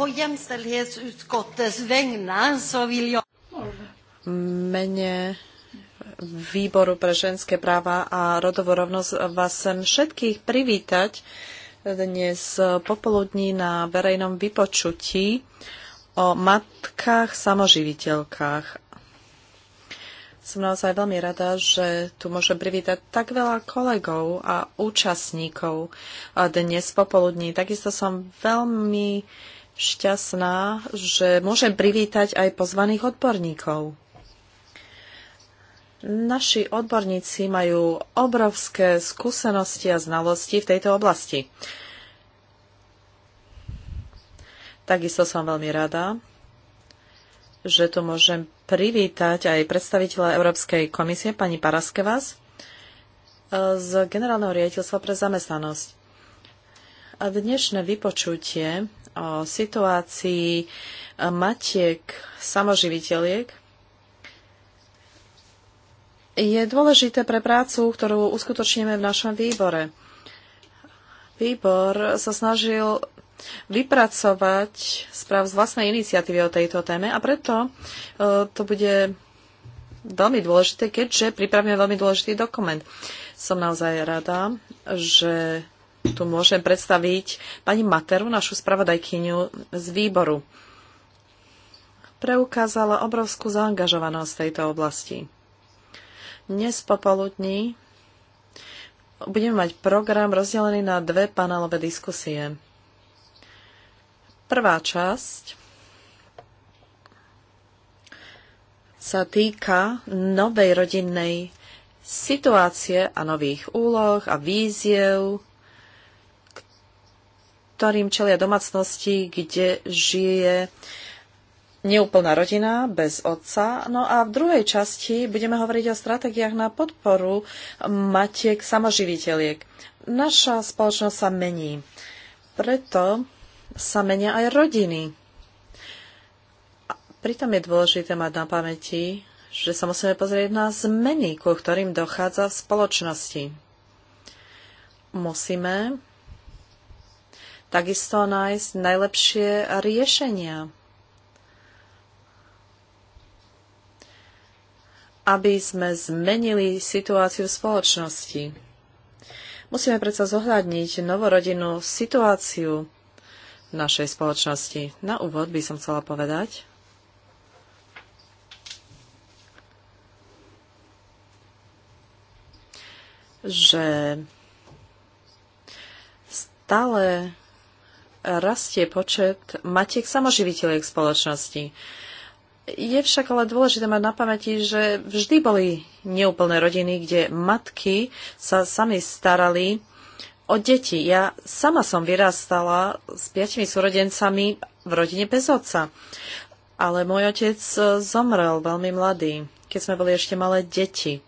På jämställdhetsutskottets vägnar så vill jag... Mene výboru pre ženské práva a rodovú rovnosť vás sem všetkých privítať dnes popoludní na verejnom vypočutí o matkách samoživiteľkách. Som naozaj veľmi rada, že tu môžem privítať tak veľa kolegov a účastníkov dnes popoludní. Takisto som veľmi šťastná, že môžem privítať aj pozvaných odborníkov. Naši odborníci majú obrovské skúsenosti a znalosti v tejto oblasti. Takisto som veľmi rada, že tu môžem privítať aj predstaviteľa Európskej komisie, pani Paraskevas, z Generálneho riaditeľstva pre zamestnanosť. A dnešné vypočutie o situácii matiek samoživiteľiek, je dôležité pre prácu, ktorú uskutočníme v našom výbore. Výbor sa snažil vypracovať správ z vlastnej iniciatívy o tejto téme a preto e, to bude veľmi dôležité, keďže pripravíme veľmi dôležitý dokument. Som naozaj rada, že tu môžem predstaviť pani Materu, našu spravodajkyňu z výboru. Preukázala obrovskú zaangažovanosť tejto oblasti. Dnes popoludní budeme mať program rozdelený na dve panelové diskusie. Prvá časť sa týka novej rodinnej situácie a nových úloh a víziev, ktorým čelia domácnosti, kde žije neúplná rodina bez otca. No a v druhej časti budeme hovoriť o stratégiách na podporu matiek samoživiteľiek. Naša spoločnosť sa mení. Preto sa menia aj rodiny. A pritom je dôležité mať na pamäti, že sa musíme pozrieť na zmeny, ku ktorým dochádza v spoločnosti. Musíme takisto nájsť najlepšie riešenia. aby sme zmenili situáciu v spoločnosti. Musíme predsa zohľadniť novorodinnú situáciu v našej spoločnosti. Na úvod by som chcela povedať, že stále rastie počet matiek samoživiteľiek spoločnosti. Je však ale dôležité mať na pamäti, že vždy boli neúplné rodiny, kde matky sa sami starali o deti. Ja sama som vyrastala s piatimi súrodencami v rodine bez otca. Ale môj otec e, zomrel veľmi mladý, keď sme boli ešte malé deti.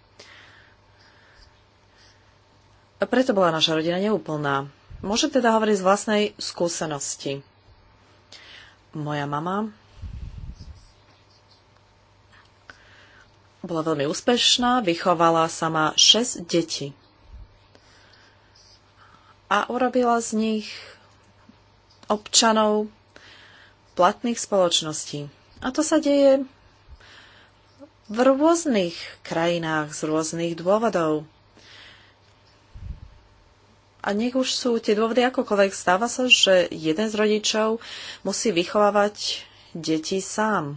A preto bola naša rodina neúplná. Môžem teda hovoriť z vlastnej skúsenosti. Moja mama bola veľmi úspešná, vychovala sama 6 detí. A urobila z nich občanov platných spoločností. A to sa deje v rôznych krajinách z rôznych dôvodov. A nech už sú tie dôvody akokoľvek, stáva sa, že jeden z rodičov musí vychovávať deti sám.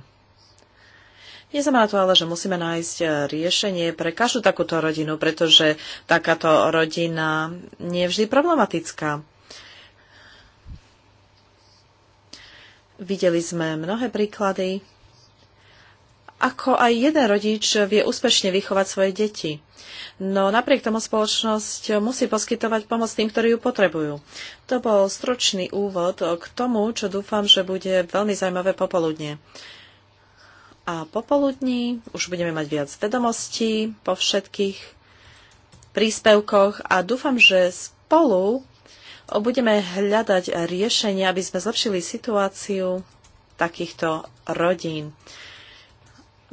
Neznamená to ale, že musíme nájsť eh, riešenie pre každú takúto rodinu, pretože takáto rodina nie je vždy problematická. Videli sme mnohé príklady ako aj jeden rodič vie úspešne vychovať svoje deti. No napriek tomu spoločnosť musí poskytovať pomoc tým, ktorí ju potrebujú. To bol stručný úvod k tomu, čo dúfam, že bude veľmi zaujímavé popoludne. A popoludní už budeme mať viac vedomostí po všetkých príspevkoch a dúfam, že spolu budeme hľadať riešenia, aby sme zlepšili situáciu takýchto rodín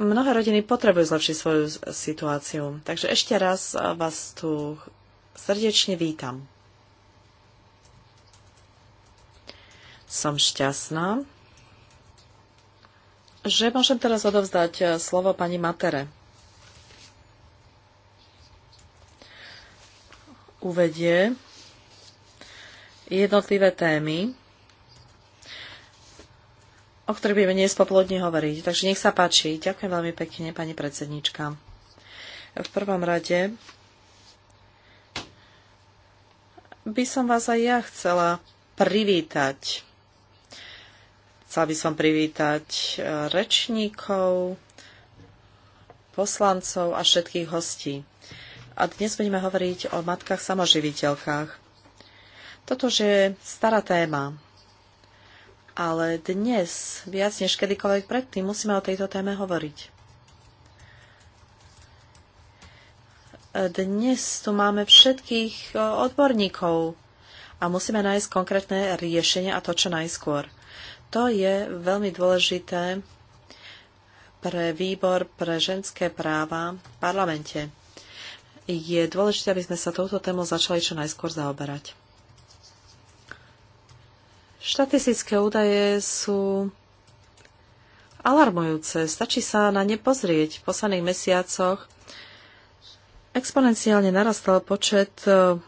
mnohé rodiny potrebujú zlepšiť svoju situáciu. Takže ešte raz eh, vás tu srdečne vítam. Som šťastná, že môžem teraz odovzdať eh, slovo pani Matere. Uvedie jednotlivé témy, o ktorých budeme dnes popoludne hovoriť. Takže nech sa páči. Ďakujem veľmi pekne, pani predsednička. V prvom rade by som vás aj ja chcela privítať. Chcela by som privítať e, rečníkov, poslancov a všetkých hostí. A dnes budeme hovoriť o matkách samoživiteľkách. Toto je stará téma ale dnes, viac než kedykoľvek predtým, musíme o tejto téme hovoriť. Dnes tu máme všetkých e, odborníkov a musíme nájsť konkrétne riešenie a to čo najskôr. To je veľmi dôležité pre výbor pre ženské práva v parlamente. Je dôležité, aby sme sa touto tému začali čo najskôr zaoberať. Štatistické údaje sú alarmujúce. Stačí sa na ne pozrieť. V posledných mesiacoch exponenciálne narastal počet e,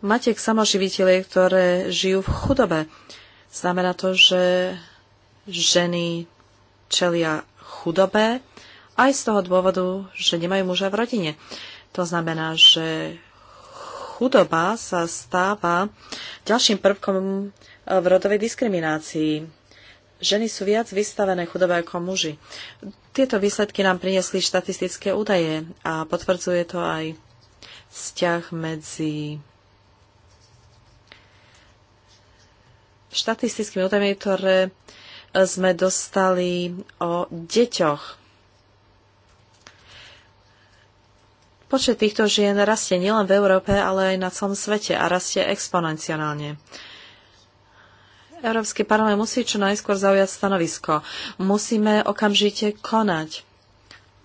matiek samoživiteľov, ktoré žijú v chudobe. Znamená to, že ženy čelia chudobe aj z toho dôvodu, že nemajú muža v rodine. To znamená, že chudoba sa stáva ďalším prvkom E, v rodovej diskriminácii. Ženy sú viac vystavené chudobe ako muži. Tieto výsledky nám priniesli štatistické údaje a potvrdzuje to aj vzťah medzi štatistickými údajmi, ktoré e, sme dostali o deťoch. Počet týchto žien rastie nielen v Európe, ale aj na celom svete a rastie exponenciálne. Európsky parlament musí čo najskôr zaujať stanovisko. Musíme okamžite konať.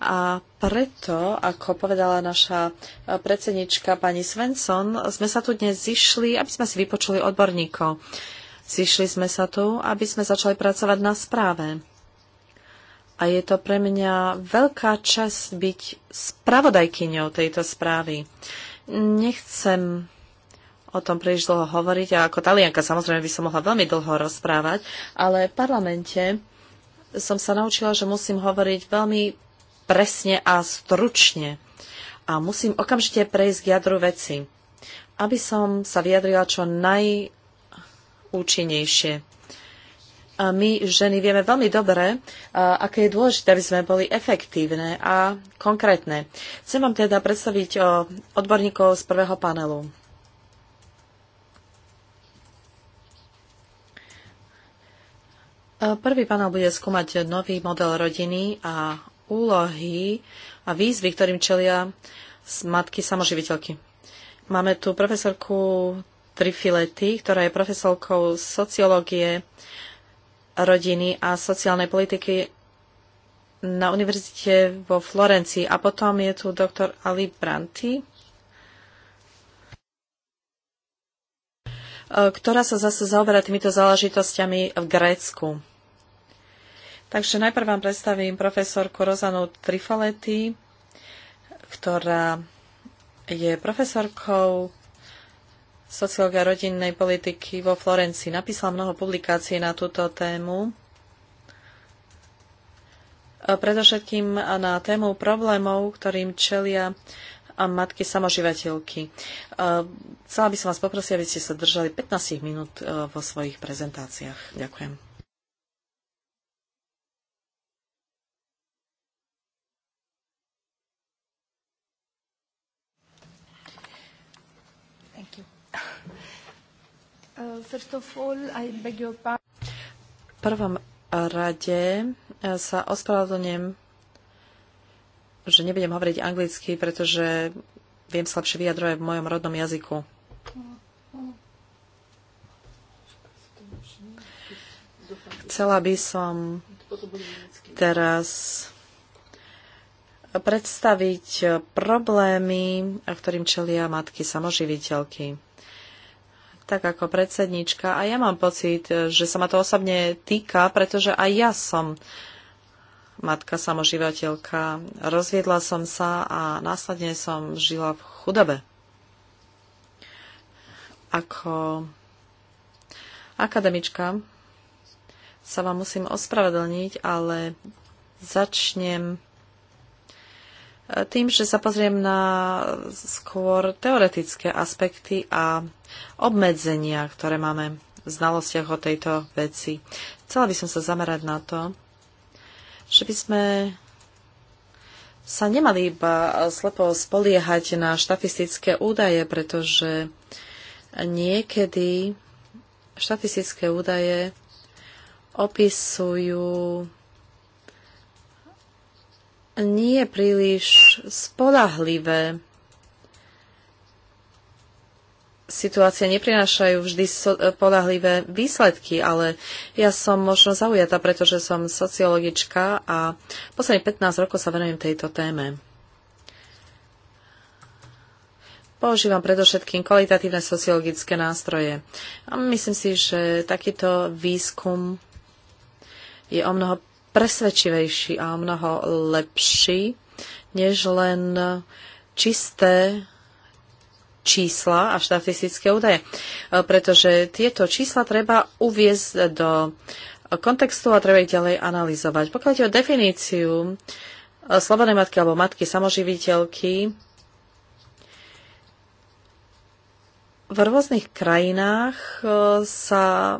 A preto, ako povedala naša predsednička pani Svensson, sme sa tu dnes zišli, aby sme si vypočuli odborníkov. Zišli sme sa tu, aby sme začali pracovať na správe. A je to pre mňa veľká čest byť spravodajkyňou tejto správy. Nechcem o tom príliš dlho hovoriť a ako talianka samozrejme by som mohla veľmi dlho rozprávať, ale v parlamente som sa naučila, že musím hovoriť veľmi presne a stručne a musím okamžite prejsť k jadru veci, aby som sa vyjadrila čo najúčinnejšie. A my ženy vieme veľmi dobre, aké je dôležité, aby sme boli efektívne a konkrétne. Chcem vám teda predstaviť odborníkov z prvého panelu. E, prvý panel bude skúmať nový model rodiny a úlohy a výzvy, ktorým čelia matky samoživiteľky. Máme tu profesorku Trifilety, ktorá je profesorkou sociológie rodiny a sociálnej politiky na univerzite vo Florencii. A potom je tu doktor Ali Branti, E, ktorá sa zase zaoberá týmito záležitosťami v Grécku. Takže najprv vám predstavím profesorku Rozanu Trifaletti, ktorá je profesorkou sociológia rodinnej politiky vo Florencii. Napísala mnoho publikácií na túto tému. E, predovšetkým na tému problémov, ktorým čelia a matky samoživateľky. E, chcela by som vás poprosiť, aby ste sa držali 15 minút e, vo svojich prezentáciách. Ďakujem. Uh, v prvom rade e, sa ospravedlňujem že nebudem hovoriť anglicky, pretože viem slabšie vyjadrovať v mojom rodnom jazyku. Chcela by som teraz predstaviť problémy, ktorým čelia matky samoživiteľky. Tak ako predsednička. A ja mám pocit, že sa ma to osobne týka, pretože aj ja som uh, matka samožívateľka. Rozviedla som sa a následne som žila v chudobe. Ako akademička sa vám musím ospravedlniť, ale začnem eh, tým, že sa pozriem na skôr teoretické aspekty a obmedzenia, ktoré máme v znalostiach o tejto veci. Chcela by som sa zamerať na to, že by sme sa nemali iba slepo spoliehať na štatistické údaje, pretože niekedy štatistické údaje opisujú nie príliš spolahlivé situácia neprinášajú vždy so, e, podahlivé výsledky, ale ja som možno zaujata, pretože som sociologička a posledných 15 rokov sa venujem tejto téme. Používam predovšetkým kvalitatívne sociologické nástroje. A myslím si, že takýto výskum je o mnoho presvedčivejší a o mnoho lepší, než len čisté čísla a štatistické údaje, e, pretože tieto čísla treba uviezť do kontextu a treba ich ďalej analyzovať. Pokiaľ ide o definíciu e, slobodnej matky alebo matky samoživiteľky, v rôznych krajinách e, sa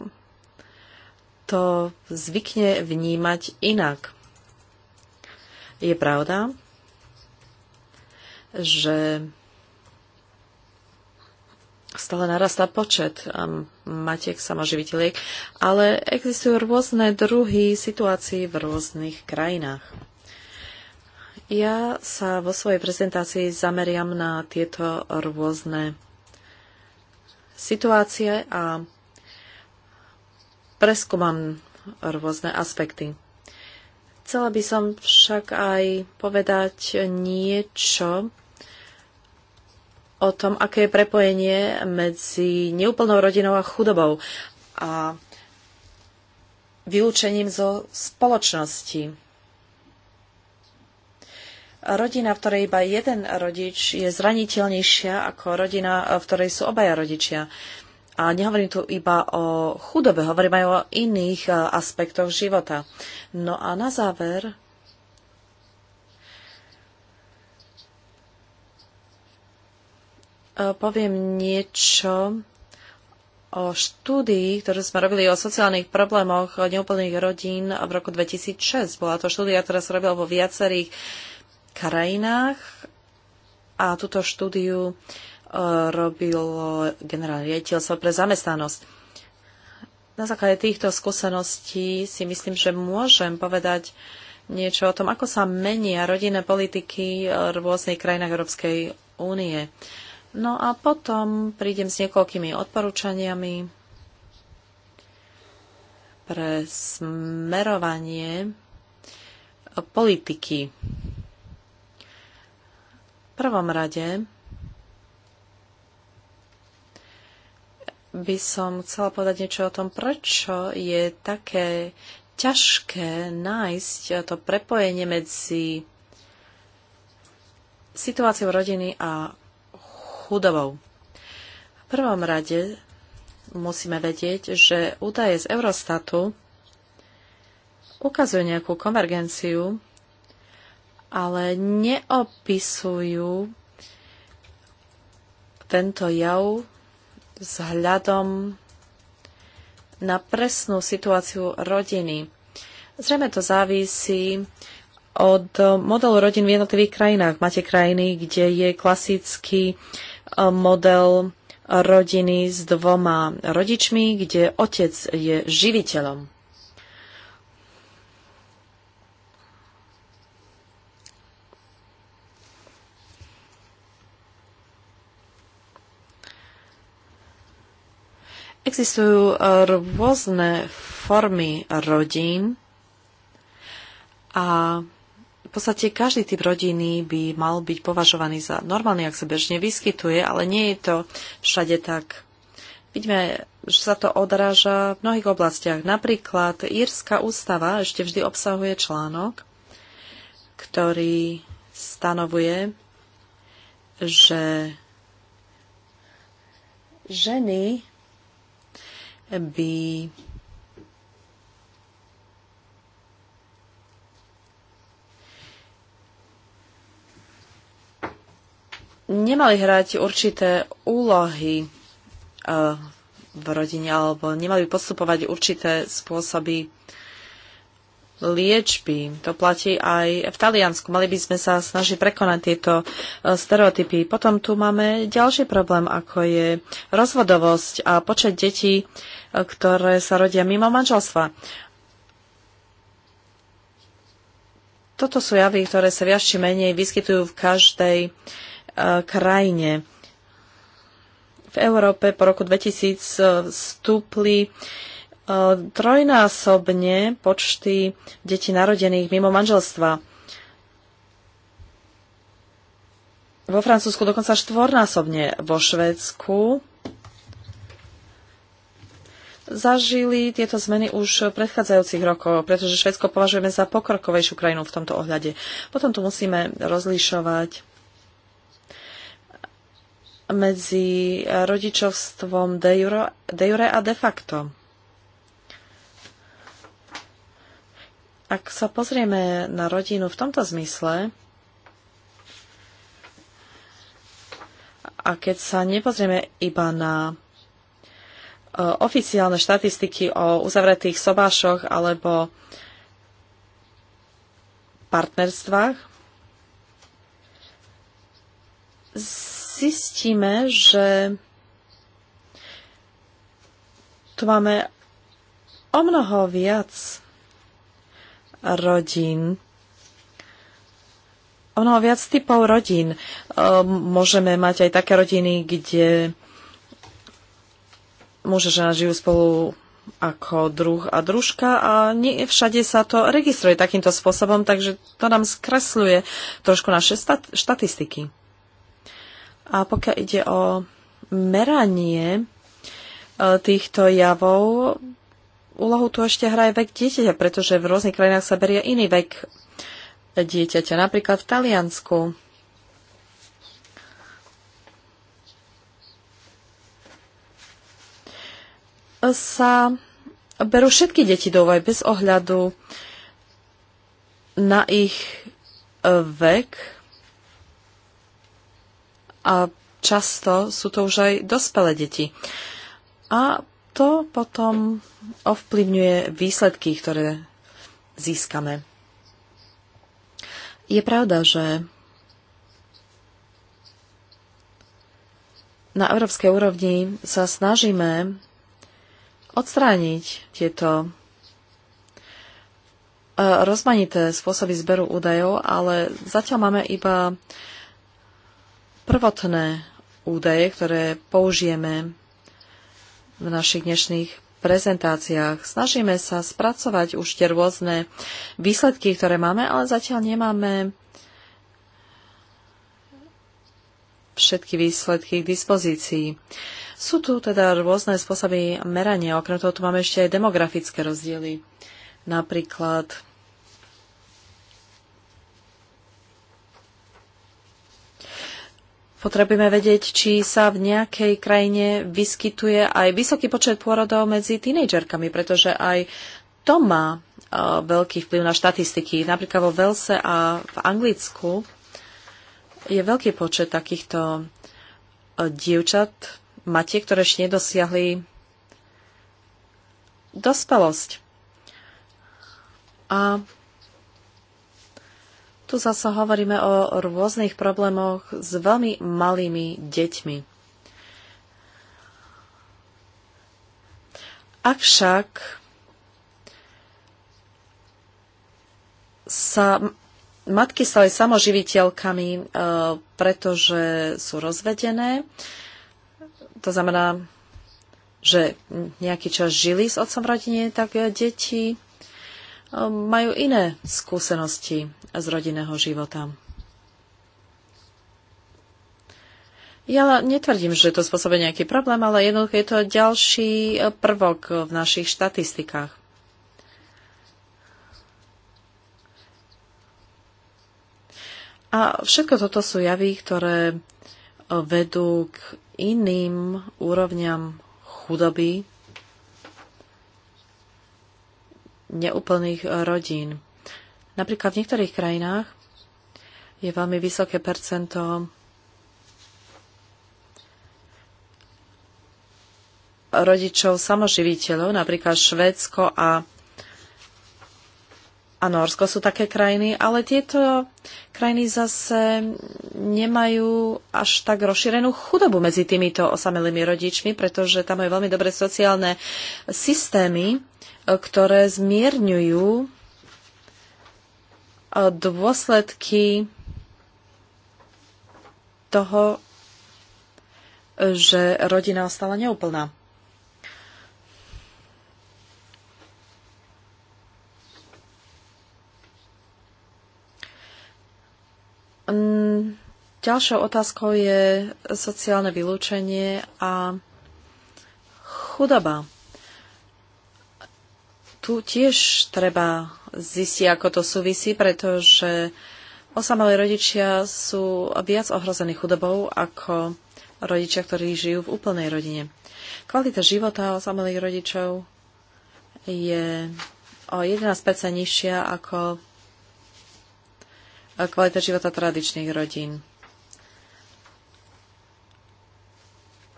to zvykne vnímať inak. Je pravda, že stále narastá počet matiek samoživiteľiek, ale existujú rôzne druhy situácií v rôznych krajinách. Ja sa vo svojej prezentácii zameriam na tieto rôzne situácie a preskúmam rôzne aspekty. Chcela by som však aj povedať niečo o tom, aké je prepojenie medzi neúplnou rodinou a chudobou a vylúčením zo spoločnosti. Rodina, v ktorej iba jeden rodič je zraniteľnejšia ako rodina, v ktorej sú obaja rodičia. A nehovorím tu iba o chudobe, hovorím aj o iných eh, aspektoch života. No a na záver Eh, poviem niečo o štúdii, ktorú sme robili o sociálnych problémoch neúplných rodín v roku 2006. Bola to štúdia, ktorá sa robila vo viacerých krajinách a túto štúdiu eh, robil generálne riaditeľstvo pre zamestnanosť. Na základe týchto skúseností si myslím, že môžem povedať niečo o tom, ako sa menia rodinné politiky v rôznych krajinách Európskej únie. Uh, No a potom prídem s niekoľkými odporúčaniami pre smerovanie politiky. V prvom rade by som chcela povedať niečo o tom, prečo je také ťažké nájsť to prepojenie medzi situáciou rodiny a chudobou. V prvom rade musíme vedieť, že údaje z Eurostatu ukazujú nejakú konvergenciu, ale neopisujú tento jav vzhľadom na presnú situáciu rodiny. Zrejme to závisí od modelu rodín v jednotlivých krajinách. Máte krajiny, kde je klasický model rodiny s dvoma rodičmi, kde otec je živiteľom. Existujú e, rôzne formy rodín a v podstate každý typ rodiny by mal byť považovaný za normálny, ak sa bežne vyskytuje, ale nie je to všade tak. Vidíme, že sa to odráža v mnohých oblastiach. Napríklad írska ústava ešte vždy obsahuje článok, ktorý stanovuje, že ženy by nemali hrať určité úlohy e, v rodine alebo nemali postupovať určité spôsoby liečby. To platí aj v Taliansku. Mali by sme sa snažiť prekonať tieto e, stereotypy. Potom tu máme ďalší problém, ako je rozvodovosť a počet detí, e, ktoré sa rodia mimo manželstva. Toto sú javy, ktoré sa viac či menej vyskytujú v každej uh, krajine. V Európe po roku 2000 stúpli e, trojnásobne počty detí narodených mimo manželstva. Vo Francúzsku dokonca štvornásobne, vo Švédsku zažili tieto zmeny už v predchádzajúcich rokoch, pretože Švedsko považujeme za pokrokovejšiu krajinu v tomto ohľade. Potom tu musíme rozlišovať medzi rodičovstvom de jure, de jure a de facto. Ak sa pozrieme na rodinu v tomto zmysle, a keď sa nepozrieme iba na e, oficiálne štatistiky o uzavretých sobášoch alebo partnerstvách, zistíme, že tu máme o mnoho viac rodín, o mnoho viac typov rodín. Ehm, môžeme mať aj také rodiny, kde môže žena žijú spolu ako druh a družka a nie všade sa to registruje takýmto spôsobom, takže to nám skresľuje trošku naše stat- štatistiky. A pokiaľ ide o meranie e, týchto javov, úlohu tu ešte hraje vek dieťaťa, pretože v rôznych krajinách sa berie iný vek dieťaťa, napríklad v Taliansku. sa berú všetky deti do bez ohľadu na ich e, vek a často sú to už aj dospelé deti. A to potom ovplyvňuje výsledky, ktoré získame. Je pravda, že na európskej úrovni sa snažíme odstrániť tieto e, rozmanité spôsoby zberu údajov, ale zatiaľ máme iba Prvotné údaje, ktoré použijeme v našich dnešných prezentáciách. Snažíme sa spracovať už tie rôzne výsledky, ktoré máme, ale zatiaľ nemáme všetky výsledky k dispozícii. Sú tu teda rôzne spôsoby merania, okrem toho tu máme ešte aj demografické rozdiely. Napríklad Potrebujeme vedieť, či sa v nejakej krajine vyskytuje aj vysoký počet pôrodov medzi tínejdžerkami, pretože aj to má uh, veľký vplyv na štatistiky. Napríklad vo Velse a v Anglicku je veľký počet takýchto uh, dievčat, matiek, ktoré ešte nedosiahli dospelosť. A tu zase hovoríme o rôznych problémoch s veľmi malými deťmi. Avšak sa matky stali samoživiteľkami, e, pretože sú rozvedené. To znamená, že nejaký čas žili s otcom v rodine, tak e, deti majú iné skúsenosti z rodinného života. Ja netvrdím, že to spôsobuje nejaký problém, ale jednoducho je to ďalší eh, prvok v našich štatistikách. A všetko toto sú javy, ktoré eh, vedú k iným úrovňam chudoby neúplných eh, rodín. Napríklad v niektorých krajinách je veľmi vysoké percento rodičov samoživiteľov, napríklad Švédsko a a Norsko sú také krajiny, ale tieto krajiny zase nemajú až tak rozšírenú chudobu medzi týmito osamelými rodičmi, pretože tam majú veľmi dobré sociálne systémy, e, ktoré zmierňujú e, dôsledky toho, e, že rodina ostala neúplná. Ďalšou otázkou je sociálne vylúčenie a chudoba. Tu tiež treba zistiť, ako to súvisí, pretože osamelí rodičia sú viac ohrození chudobou ako rodičia, ktorí žijú v úplnej rodine. Kvalita života osamelých rodičov je o 11% nižšia ako kvalita života tradičných rodín.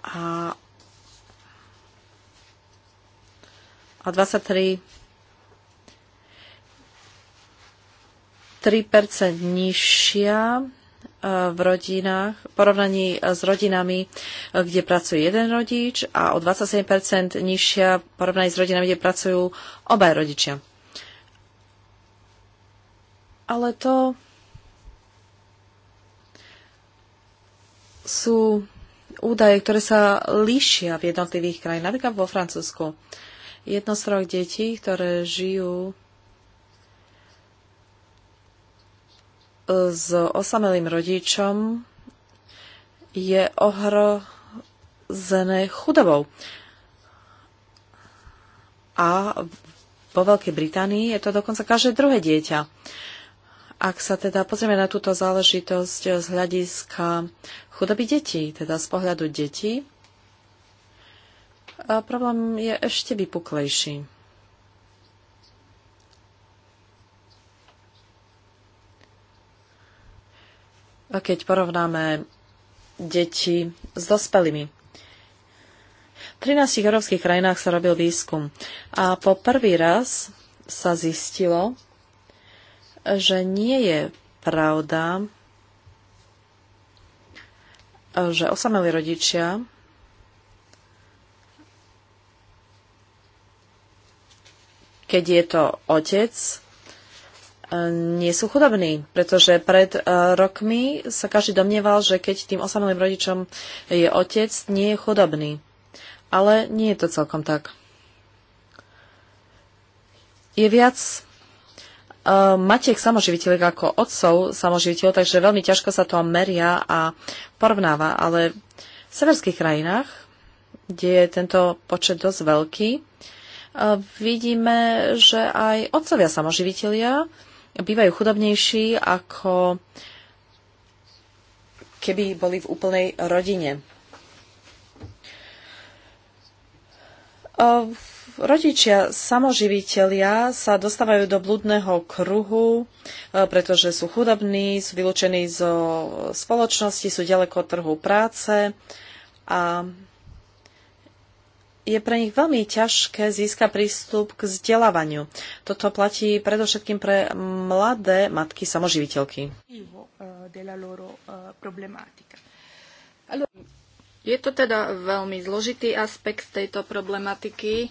A, a 23 3% nižšia e, v rodinách, v porovnaní s rodinami, e, kde pracuje jeden rodič a o 27% nižšia v porovnaní s rodinami, kde pracujú obaj rodičia. Ale to sú údaje, ktoré sa líšia v jednotlivých krajinách, napríklad vo Francúzsku. Jedno z troch detí, ktoré žijú e, s osamelým rodičom, je ohrozené chudobou. A vo Veľkej Británii je to dokonca každé druhé dieťa. Ak sa teda pozrieme na túto záležitosť eh, z hľadiska chudoby detí, teda z pohľadu detí, eh, problém je ešte vypuklejší. A Keď porovnáme deti s dospelými. V 13 európskych krajinách sa robil výskum a po prvý raz sa zistilo, že nie je pravda, že osamelí rodičia keď je to otec, nie sú chudobní, pretože pred e, rokmi sa každý domnieval, že keď tým osamelým rodičom je otec, nie je chudobný. Ale nie je to celkom tak. Je viac Ehm, matiek samoživiteľiek ako otcov samoživiteľov, takže veľmi ťažko sa to meria a porovnáva. Ale v severských krajinách, kde je tento počet dosť veľký, ehm, vidíme, že aj otcovia samoživiteľia bývajú chudobnejší ako keby boli v úplnej rodine. Uh, Rodičia samoživitelia sa dostávajú do blúdneho kruhu, e, pretože sú chudobní, sú vylúčení zo spoločnosti, sú ďaleko od trhu práce a je pre nich veľmi ťažké získať prístup k vzdelávaniu. Toto platí predovšetkým pre mladé matky samoživiteľky. Je to teda veľmi zložitý aspekt tejto problematiky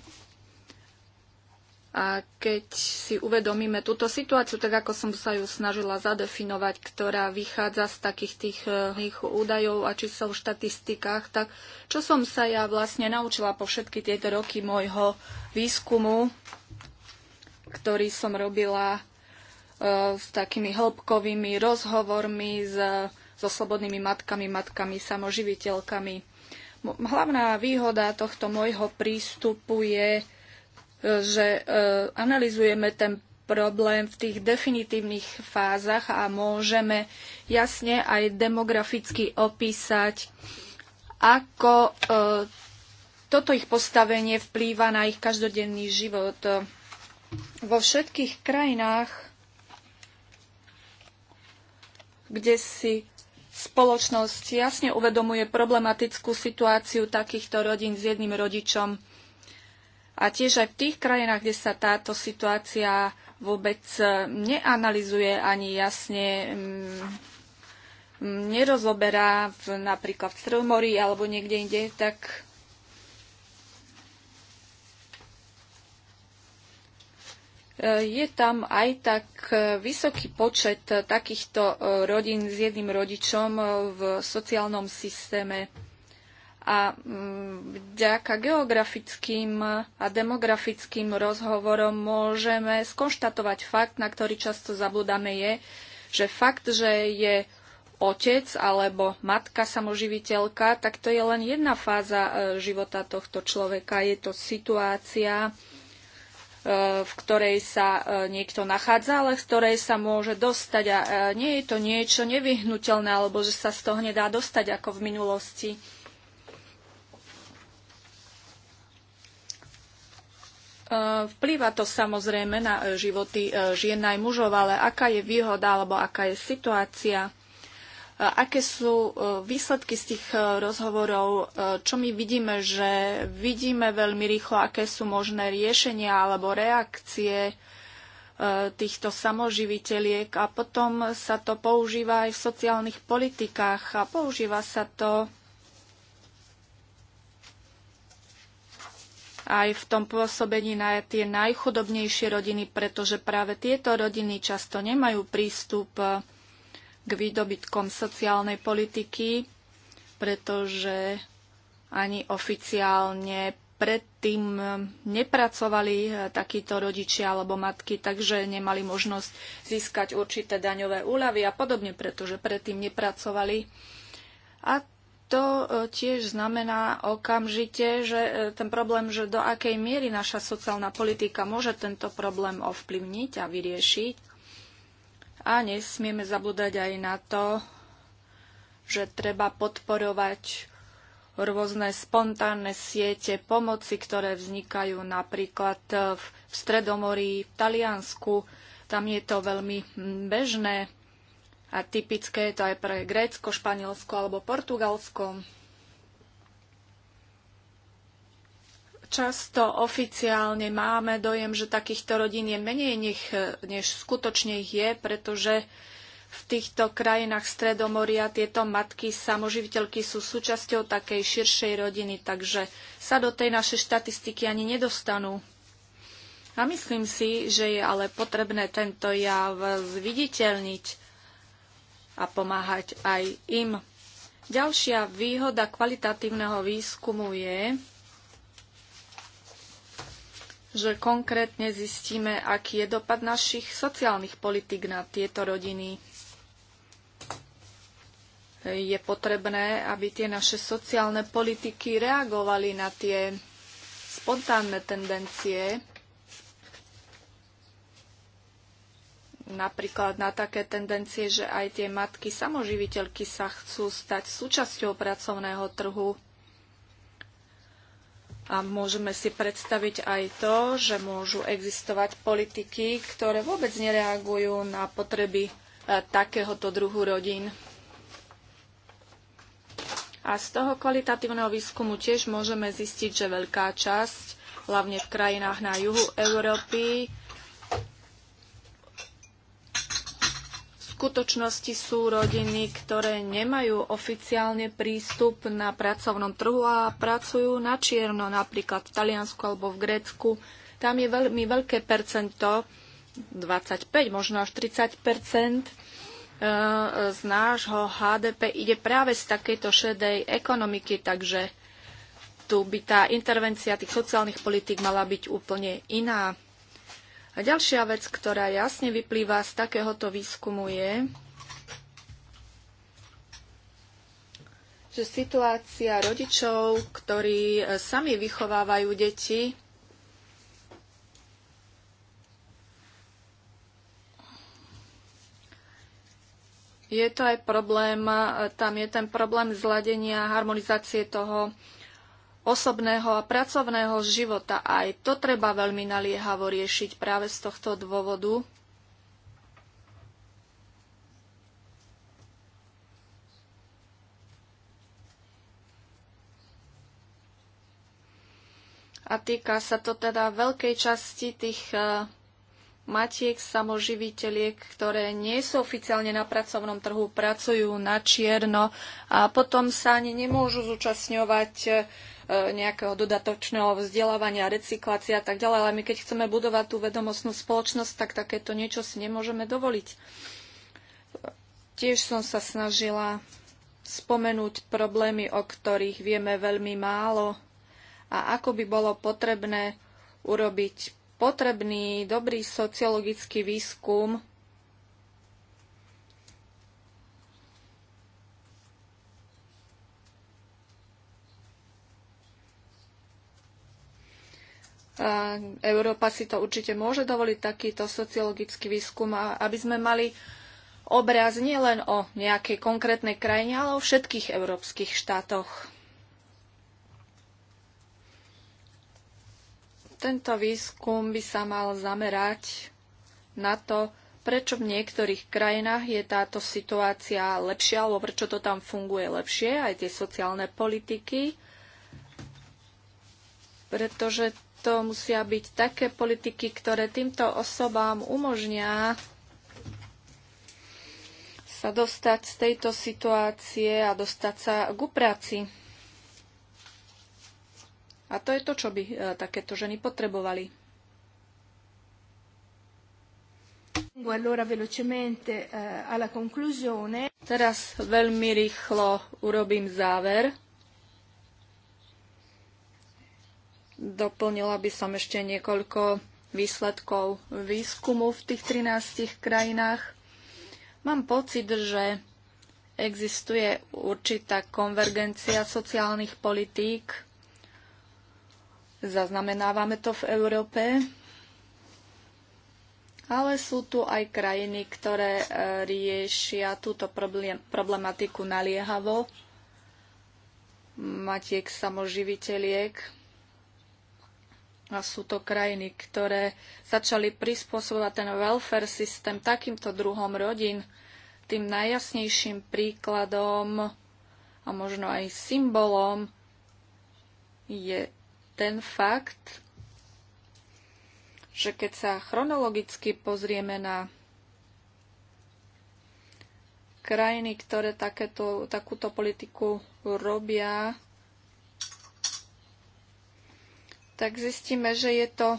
a keď si uvedomíme túto situáciu, tak ako som sa ju snažila zadefinovať, ktorá vychádza z takých tých eh, údajov a či sa v štatistikách, tak čo som sa ja vlastne naučila po všetky tieto roky môjho výskumu, ktorý som robila e, s takými hĺbkovými rozhovormi s, so slobodnými matkami, matkami, samoživiteľkami. Hlavná výhoda tohto môjho prístupu je, že e, analizujeme ten problém v tých definitívnych fázach a môžeme jasne aj demograficky opísať, ako e, toto ich postavenie vplýva na ich každodenný život. Vo všetkých krajinách, kde si spoločnosť jasne uvedomuje problematickú situáciu takýchto rodín s jedným rodičom, a tiež aj v tých krajinách, kde sa táto situácia vôbec eh, neanalizuje ani jasne mm, mm, nerozoberá v, napríklad v Stromorí alebo niekde inde, tak eh, je tam aj tak eh, vysoký počet takýchto rodín s jedným rodičom v sociálnom systéme. A mm, vďaka geografickým a demografickým rozhovorom môžeme skonštatovať fakt, na ktorý často zabudáme je, že fakt, že je otec alebo matka samoživiteľka, tak to je len jedna fáza e, života tohto človeka. Je to situácia, e, v ktorej sa e, niekto nachádza, ale v ktorej sa môže dostať. A nie je to niečo nevyhnutelné, alebo že sa z toho nedá dostať ako v minulosti. Eh, vplýva to samozrejme na eh, životy eh, žien aj mužov, ale aká je výhoda alebo aká je situácia? Aké sú výsledky z tých rozhovorov? Čo my vidíme, že vidíme veľmi rýchlo, aké sú možné riešenia alebo reakcie týchto samoživiteľiek a potom sa to používa aj v sociálnych politikách a používa sa to aj v tom pôsobení na tie najchudobnejšie rodiny, pretože práve tieto rodiny často nemajú prístup eh, k výdobytkom sociálnej politiky, pretože ani oficiálne predtým eh, nepracovali eh, takíto rodičia alebo matky, takže nemali možnosť získať určité daňové úľavy a podobne, pretože predtým nepracovali. A to e, tiež znamená okamžite, že e, ten problém, že do akej miery naša sociálna politika môže tento problém ovplyvniť a vyriešiť. A nesmieme zabúdať aj na to, že treba podporovať rôzne spontánne siete pomoci, ktoré vznikajú napríklad e, v Stredomorí, v Taliansku. Tam je to veľmi bežné a typické je to aj pre Grécko, Španielsko alebo Portugalsko. Často oficiálne máme dojem, že takýchto rodín je menej, nech, než skutočne ich je, pretože v týchto krajinách Stredomoria tieto matky samoživiteľky sú súčasťou takej širšej rodiny, takže sa do tej našej štatistiky ani nedostanú. A myslím si, že je ale potrebné tento jav zviditeľniť a pomáhať aj im. Ďalšia výhoda kvalitatívneho výskumu je, že konkrétne zistíme, aký je dopad našich sociálnych politik na tieto rodiny. Je potrebné, aby tie naše sociálne politiky reagovali na tie spontánne tendencie, napríklad na také tendencie, že aj tie matky samoživiteľky sa chcú stať súčasťou pracovného trhu. A môžeme si predstaviť aj to, že môžu existovať politiky, ktoré vôbec nereagujú na potreby e, takéhoto druhu rodín. A z toho kvalitatívneho výskumu tiež môžeme zistiť, že veľká časť, hlavne v krajinách na juhu Európy, skutočnosti sú rodiny, ktoré nemajú oficiálne prístup na pracovnom trhu a pracujú na čierno, napríklad v Taliansku alebo v Grécku. Tam je veľmi veľké percento, 25, možno až 30 percent e, z nášho HDP ide práve z takejto šedej ekonomiky, takže tu by tá intervencia tých sociálnych politík mala byť úplne iná. A ďalšia vec, ktorá jasne vyplýva z takéhoto výskumu je, že situácia rodičov, ktorí e, sami vychovávajú deti, je to aj problém, e, tam je ten problém zladenia, harmonizácie toho osobného a pracovného života. Aj to treba veľmi naliehavo riešiť práve z tohto dôvodu. A týka sa to teda veľkej časti tých eh, matiek samoživiteľiek, ktoré nie sú oficiálne na pracovnom trhu, pracujú na čierno a potom sa ani nemôžu zúčastňovať e, nejakého dodatočného vzdelávania, recyklácia a tak ďalej. Ale my keď chceme budovať tú vedomostnú spoločnosť, tak takéto niečo si nemôžeme dovoliť. Tiež som sa snažila spomenúť problémy, o ktorých vieme veľmi málo a ako by bolo potrebné urobiť potrebný dobrý sociologický výskum Európa si to určite môže dovoliť takýto sociologický výskum, aby sme mali obraz nielen o nejakej konkrétnej krajine, ale o všetkých európskych štátoch. Tento výskum by sa mal zamerať na to, prečo v niektorých krajinách je táto situácia lepšia, alebo prečo to tam funguje lepšie, aj tie sociálne politiky, pretože to musia byť také politiky, ktoré týmto osobám umožnia sa dostať z tejto situácie a dostať sa k práci. A to je to, čo by e, takéto ženy potrebovali. Eh, Teraz veľmi rýchlo urobím záver. Doplnila by som ešte niekoľko výsledkov výskumu v tých 13 krajinách. Mám pocit, že existuje určitá konvergencia sociálnych politík Zaznamenávame to v Európe, ale sú tu aj krajiny, ktoré e, riešia túto problematiku naliehavo. Matiek samoživiteľiek. A sú to krajiny, ktoré začali prispôsobovať ten welfare systém takýmto druhom rodín. Tým najjasnejším príkladom a možno aj symbolom je ten fakt, že keď sa chronologicky pozrieme na krajiny, ktoré takéto, takúto politiku robia, tak zistíme, že je to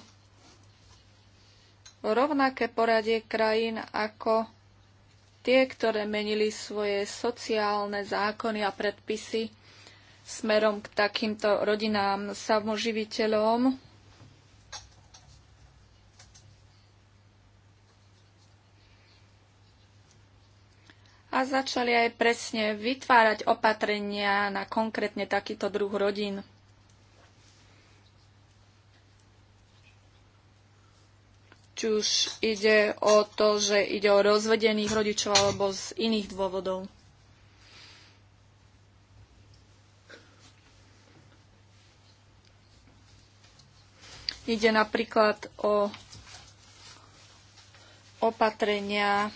rovnaké poradie krajín ako tie, ktoré menili svoje sociálne zákony a predpisy smerom k takýmto rodinám samoživiteľom. A začali aj presne vytvárať opatrenia na konkrétne takýto druh rodín. či už ide o to, že ide o rozvedených rodičov alebo z iných dôvodov. Ide napríklad o opatrenia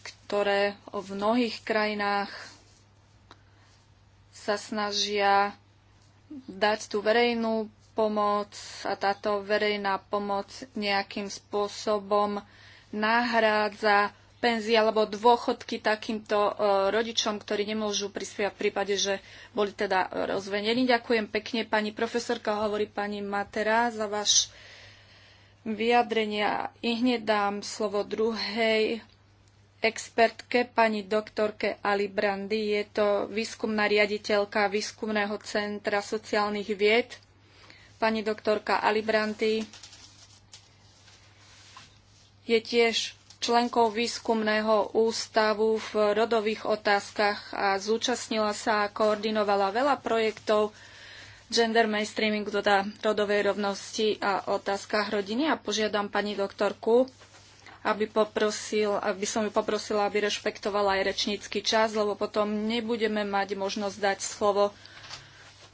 ktoré v mnohých krajinách sa snažia dať tú verejnú pomoc a táto verejná pomoc nejakým spôsobom nahrádza penzie alebo dôchodky takýmto e, rodičom, ktorí nemôžu prispievať v prípade, že boli teda rozvenení. Ďakujem pekne pani profesorka, hovorí pani Matera za váš vyjadrenia. I hneď dám slovo druhej expertke, pani doktorke Ali Brandy. Je to výskumná riaditeľka Výskumného centra sociálnych vied. Pani doktorka Ali Brandy je tiež členkou výskumného ústavu v rodových otázkach a zúčastnila sa a koordinovala veľa projektov gender mainstreaming, teda rodovej rovnosti a otázkach rodiny. A požiadam pani doktorku, aby, poprosil, aby som ju poprosila, aby rešpektovala aj rečnícky čas, lebo potom nebudeme mať možnosť dať slovo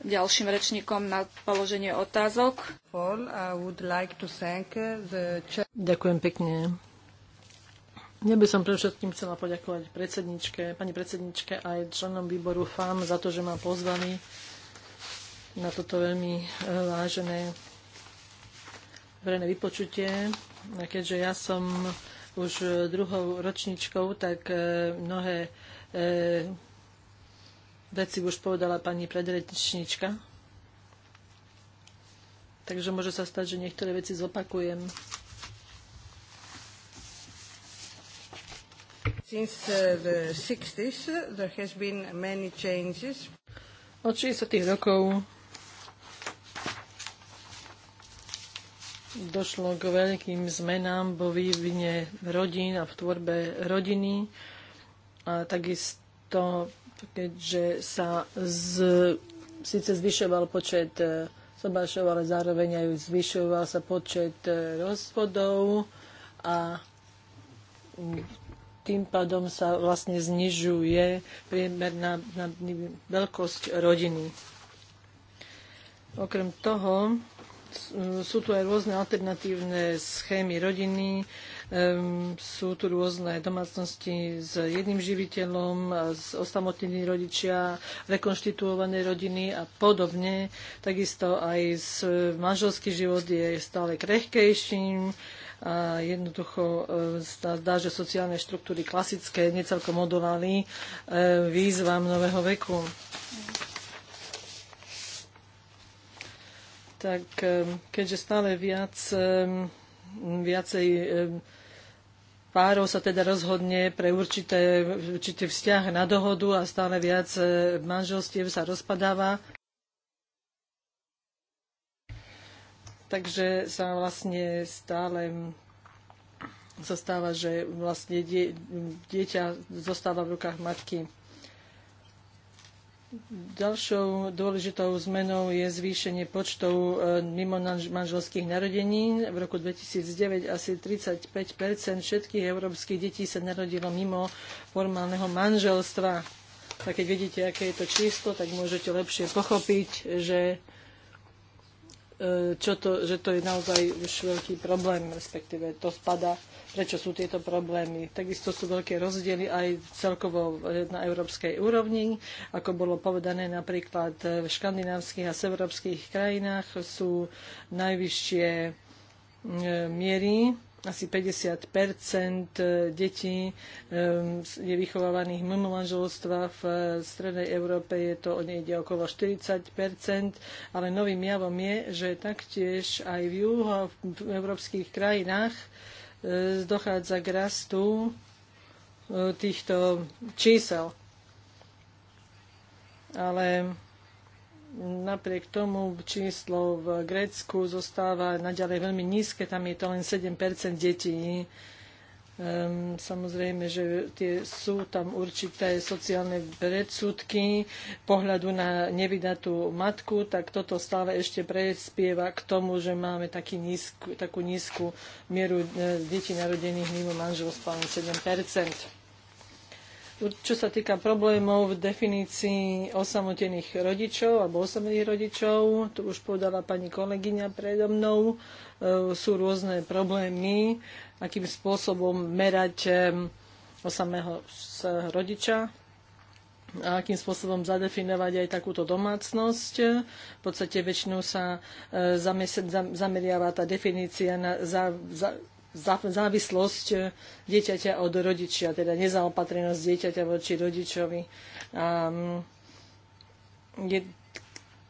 ďalším rečníkom na položenie otázok. Ďakujem pekne ja by som všetkým chcela poďakovať predsedničke, pani predsedničke aj členom výboru FAM za to, že ma pozvali na toto veľmi e, vážené verejné vypočutie. A keďže ja som už druhou ročničkou, tak e, mnohé e, veci už povedala pani predrečnička. Takže môže sa stať, že niektoré veci zopakujem. Since uh, the 60s, there has been many changes. Od 60. rokov došlo k veľkým zmenám vo vývine rodín a v tvorbe rodiny. A takisto, keďže sa z, síce zvyšoval počet sobášov, e, ale zároveň aj zvyšoval sa počet e, rozvodov a tým pádom sa vlastne znižuje priemerná veľkosť rodiny. Okrem toho sú tu aj rôzne alternatívne schémy rodiny, sú tu rôzne domácnosti s jedným živiteľom, s osamotnými rodičia, rekonštituované rodiny a podobne. Takisto aj manželský život je stále krehkejším a jednoducho e, zdá, že sociálne štruktúry klasické necelkom odolali e, výzvam nového veku. Tak e, keďže stále viac, viacej párov sa teda rozhodne pre určité, určité vzťah na dohodu a stále viac manželstiev sa rozpadáva. takže sa vlastne stále zostáva, že vlastne die, dieťa zostáva v rukách matky. Ďalšou dôležitou zmenou je zvýšenie počtov e, mimo manželských narodení. V roku 2009 asi 35 všetkých európskych detí sa narodilo mimo formálneho manželstva. Tak keď vidíte, aké je to číslo, tak môžete lepšie pochopiť, že E, čo to, že to je naozaj už veľký problém, respektíve to spada, prečo sú tieto problémy. Takisto sú veľké rozdiely aj celkovo na európskej úrovni. Ako bolo povedané napríklad v škandinávskych a severovských krajinách sú najvyššie e, miery asi 50 e, detí e, je vychovávaných mimo manželstva. V e, Strednej Európe je to od nejde okolo 40 ale novým javom je, že taktiež aj v juho v európskych krajinách dochádza k rastu týchto čísel. Ale napriek tomu číslo v Grécku zostáva naďalej veľmi nízke, tam je to len 7 detí. Um, samozrejme, že tie, sú tam určité sociálne predsudky pohľadu na nevydatú matku, tak toto stále ešte prespieva k tomu, že máme taký nízku, takú nízku mieru e, detí narodených mimo manželstva, len 7 čo sa týka problémov v definícii osamotených rodičov alebo osamotených rodičov, tu už povedala pani kolegyňa predo mnou, e, sú rôzne problémy, akým spôsobom merať e, osamého rodiča a akým spôsobom zadefinovať aj takúto domácnosť. V podstate väčšinou sa e, zameriava tá definícia na za, za, závislosť e, dieťaťa od rodičia, teda nezaopatrenosť dieťaťa voči rodičovi. A mm, je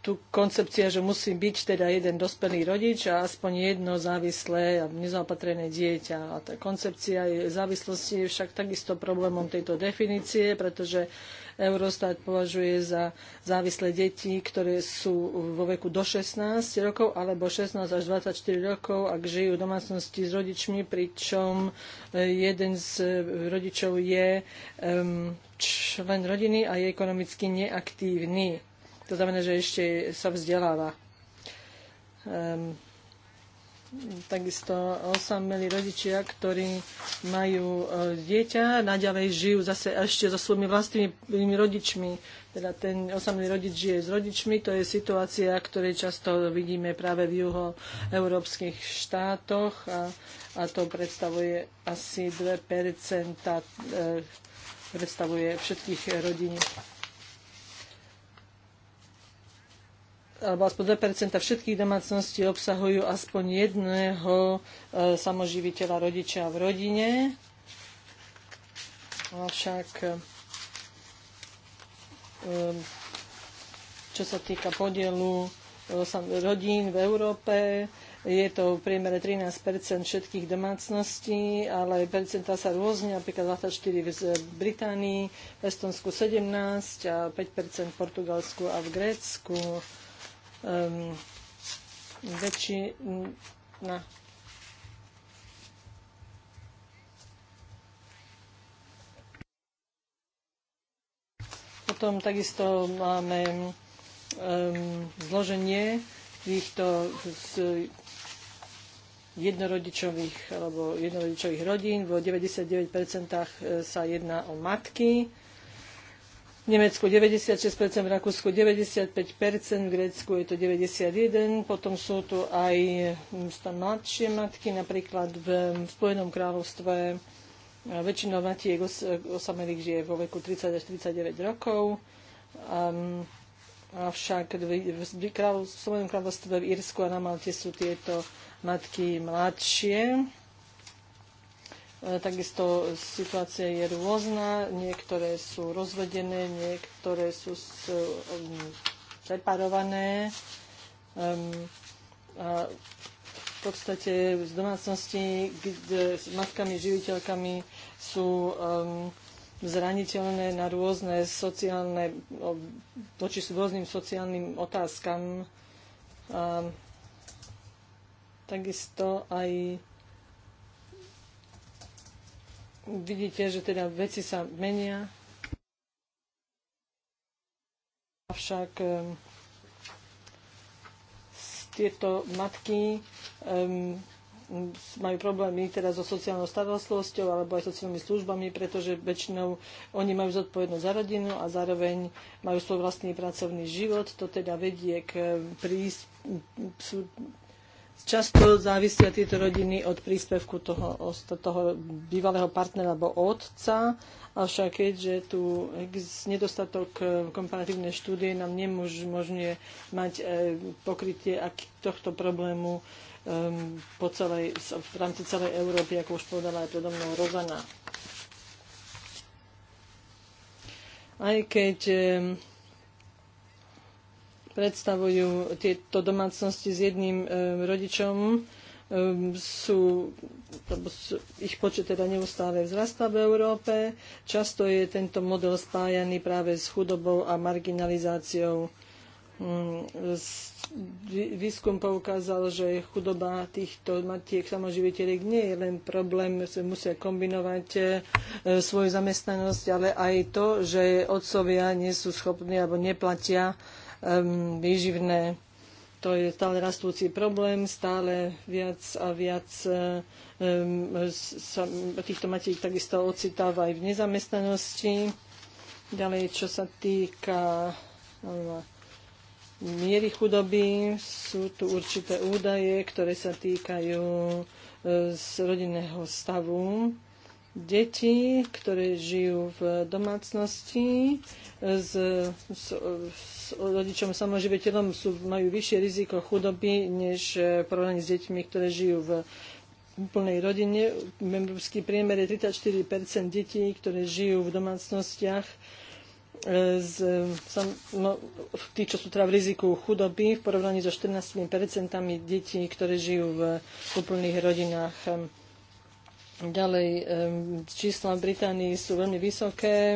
tu koncepcia, že musí byť teda jeden dospelý rodič a aspoň jedno závislé a nezaopatrené dieťa. A tá koncepcia závislosti je však takisto problémom tejto definície, pretože Eurostat považuje za závislé deti, ktoré sú vo veku do 16 rokov alebo 16 až 24 rokov, ak žijú v domácnosti s rodičmi, pričom e, jeden z e, rodičov je člen rodiny a je ekonomicky neaktívny. To znamená, že ešte sa vzdeláva takisto osamelí rodičia, ktorí majú e, dieťa, naďalej žijú zase ešte so svojimi vlastnými rodičmi. Teda ten osamelý rodič žije s rodičmi, to je situácia, ktorej často vidíme práve v juhoeurópskych štátoch a, a to predstavuje asi 2% e, predstavuje všetkých rodín. alebo aspoň 2 všetkých domácností obsahujú aspoň jedného e, samoživiteľa rodiča v rodine. Avšak e, čo sa týka podielu e, rodín v Európe, je to v priemere 13 všetkých domácností, ale percentá sa rôzne, napríklad 24 v Británii, v Estonsku 17 a 5 v Portugalsku a v Grécku um, ehm, väčšina Potom takisto máme um, zloženie týchto z jednorodičových alebo jednorodičových rodín. Vo 99% e, sa jedná o matky v Nemecku 96%, v Rakúsku 95%, v Grécku je to 91%, potom sú tu aj mm, mladšie matky, napríklad v Spojenom kráľovstve väčšinou matiek os- osamelých žije vo veku 30 až 39 rokov. Um, avšak v, v, v Spojenom kráľovstve v Írsku a na Malte sú tieto matky mladšie. E, takisto situácia je rôzna, niektoré sú rozvedené, niektoré sú um, separované. A v podstate z domácnosti kde s matkami, živiteľkami sú zraniteľné na rôzne sociálne, toči sú rôznym sociálnym otázkam. A takisto aj vidíte, že teda veci sa menia. Avšak tieto matky um, majú problémy teda so sociálnou starostlosťou alebo aj sociálnymi službami, pretože väčšinou oni majú zodpovednosť za rodinu a zároveň majú svoj vlastný pracovný život. To teda vedie k prís, často závisia tieto rodiny od príspevku toho, toho bývalého partnera alebo otca, avšak keďže tu nedostatok e, komparatívnej štúdie nám nemôžne mať e, pokrytie tohto problému po celej, v rámci celej Európy, ako už povedala aj predo mnou Rozana. Aj keď predstavujú tieto domácnosti s jedným e, rodičom, e, sú, ich počet teda neustále vzrastá v Európe. Často je tento model spájaný práve s chudobou a marginalizáciou. Mm, výskum poukázal, že chudoba týchto matiek samoživiteľiek nie je len problém, že musia kombinovať e, svoju zamestnanosť, ale aj to, že otcovia nie sú schopní alebo neplatia výživné. To je stále rastúci problém, stále viac a viac eh, sa týchto matiek takisto ocitáva aj v nezamestnanosti. Ďalej, čo sa týka eh, miery chudoby, sú tu určité údaje, ktoré sa týkajú eh, z rodinného stavu deti, ktoré žijú v domácnosti s, s, s rodičom samoživiteľom, sú, majú vyššie riziko chudoby než eh, v porovnaní s deťmi, ktoré žijú v úplnej rodine. Európsky priemer je 34 detí, ktoré žijú v domácnostiach z, eh, sam, no, tí, čo sú teda v riziku chudoby v porovnaní so 14 detí, ktoré žijú v úplných rodinách. Ďalej, čísla v Británii sú veľmi vysoké,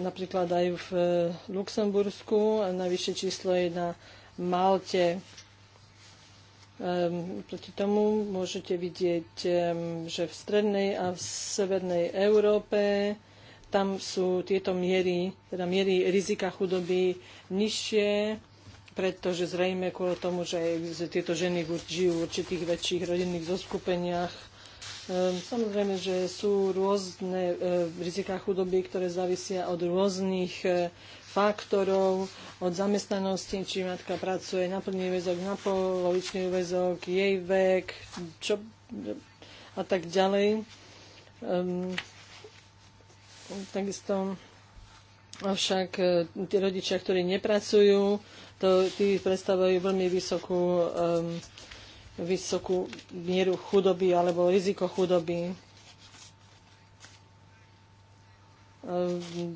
napríklad aj v eh, Luxembursku, a najvyššie číslo je na Malte. Proti tomu môžete vidieť, že v strednej a v severnej Európe tam sú tieto miery, teda miery rizika chudoby nižšie, pretože zrejme kvôli tomu, že tieto ženy žijú v určitých väčších rodinných zoskupeniach, Ehm, samozrejme, že sú rôzne e, riziká chudoby, ktoré závisia od rôznych e, faktorov, od zamestnanosti, či matka pracuje na plný väzok, na polovičný väzok, jej vek, čo a tak ďalej. Um, takisto avšak e, tí rodičia, ktorí nepracujú, to, tí predstavujú veľmi vysokú um, vysokú mieru chudoby alebo riziko chudoby. Ehm,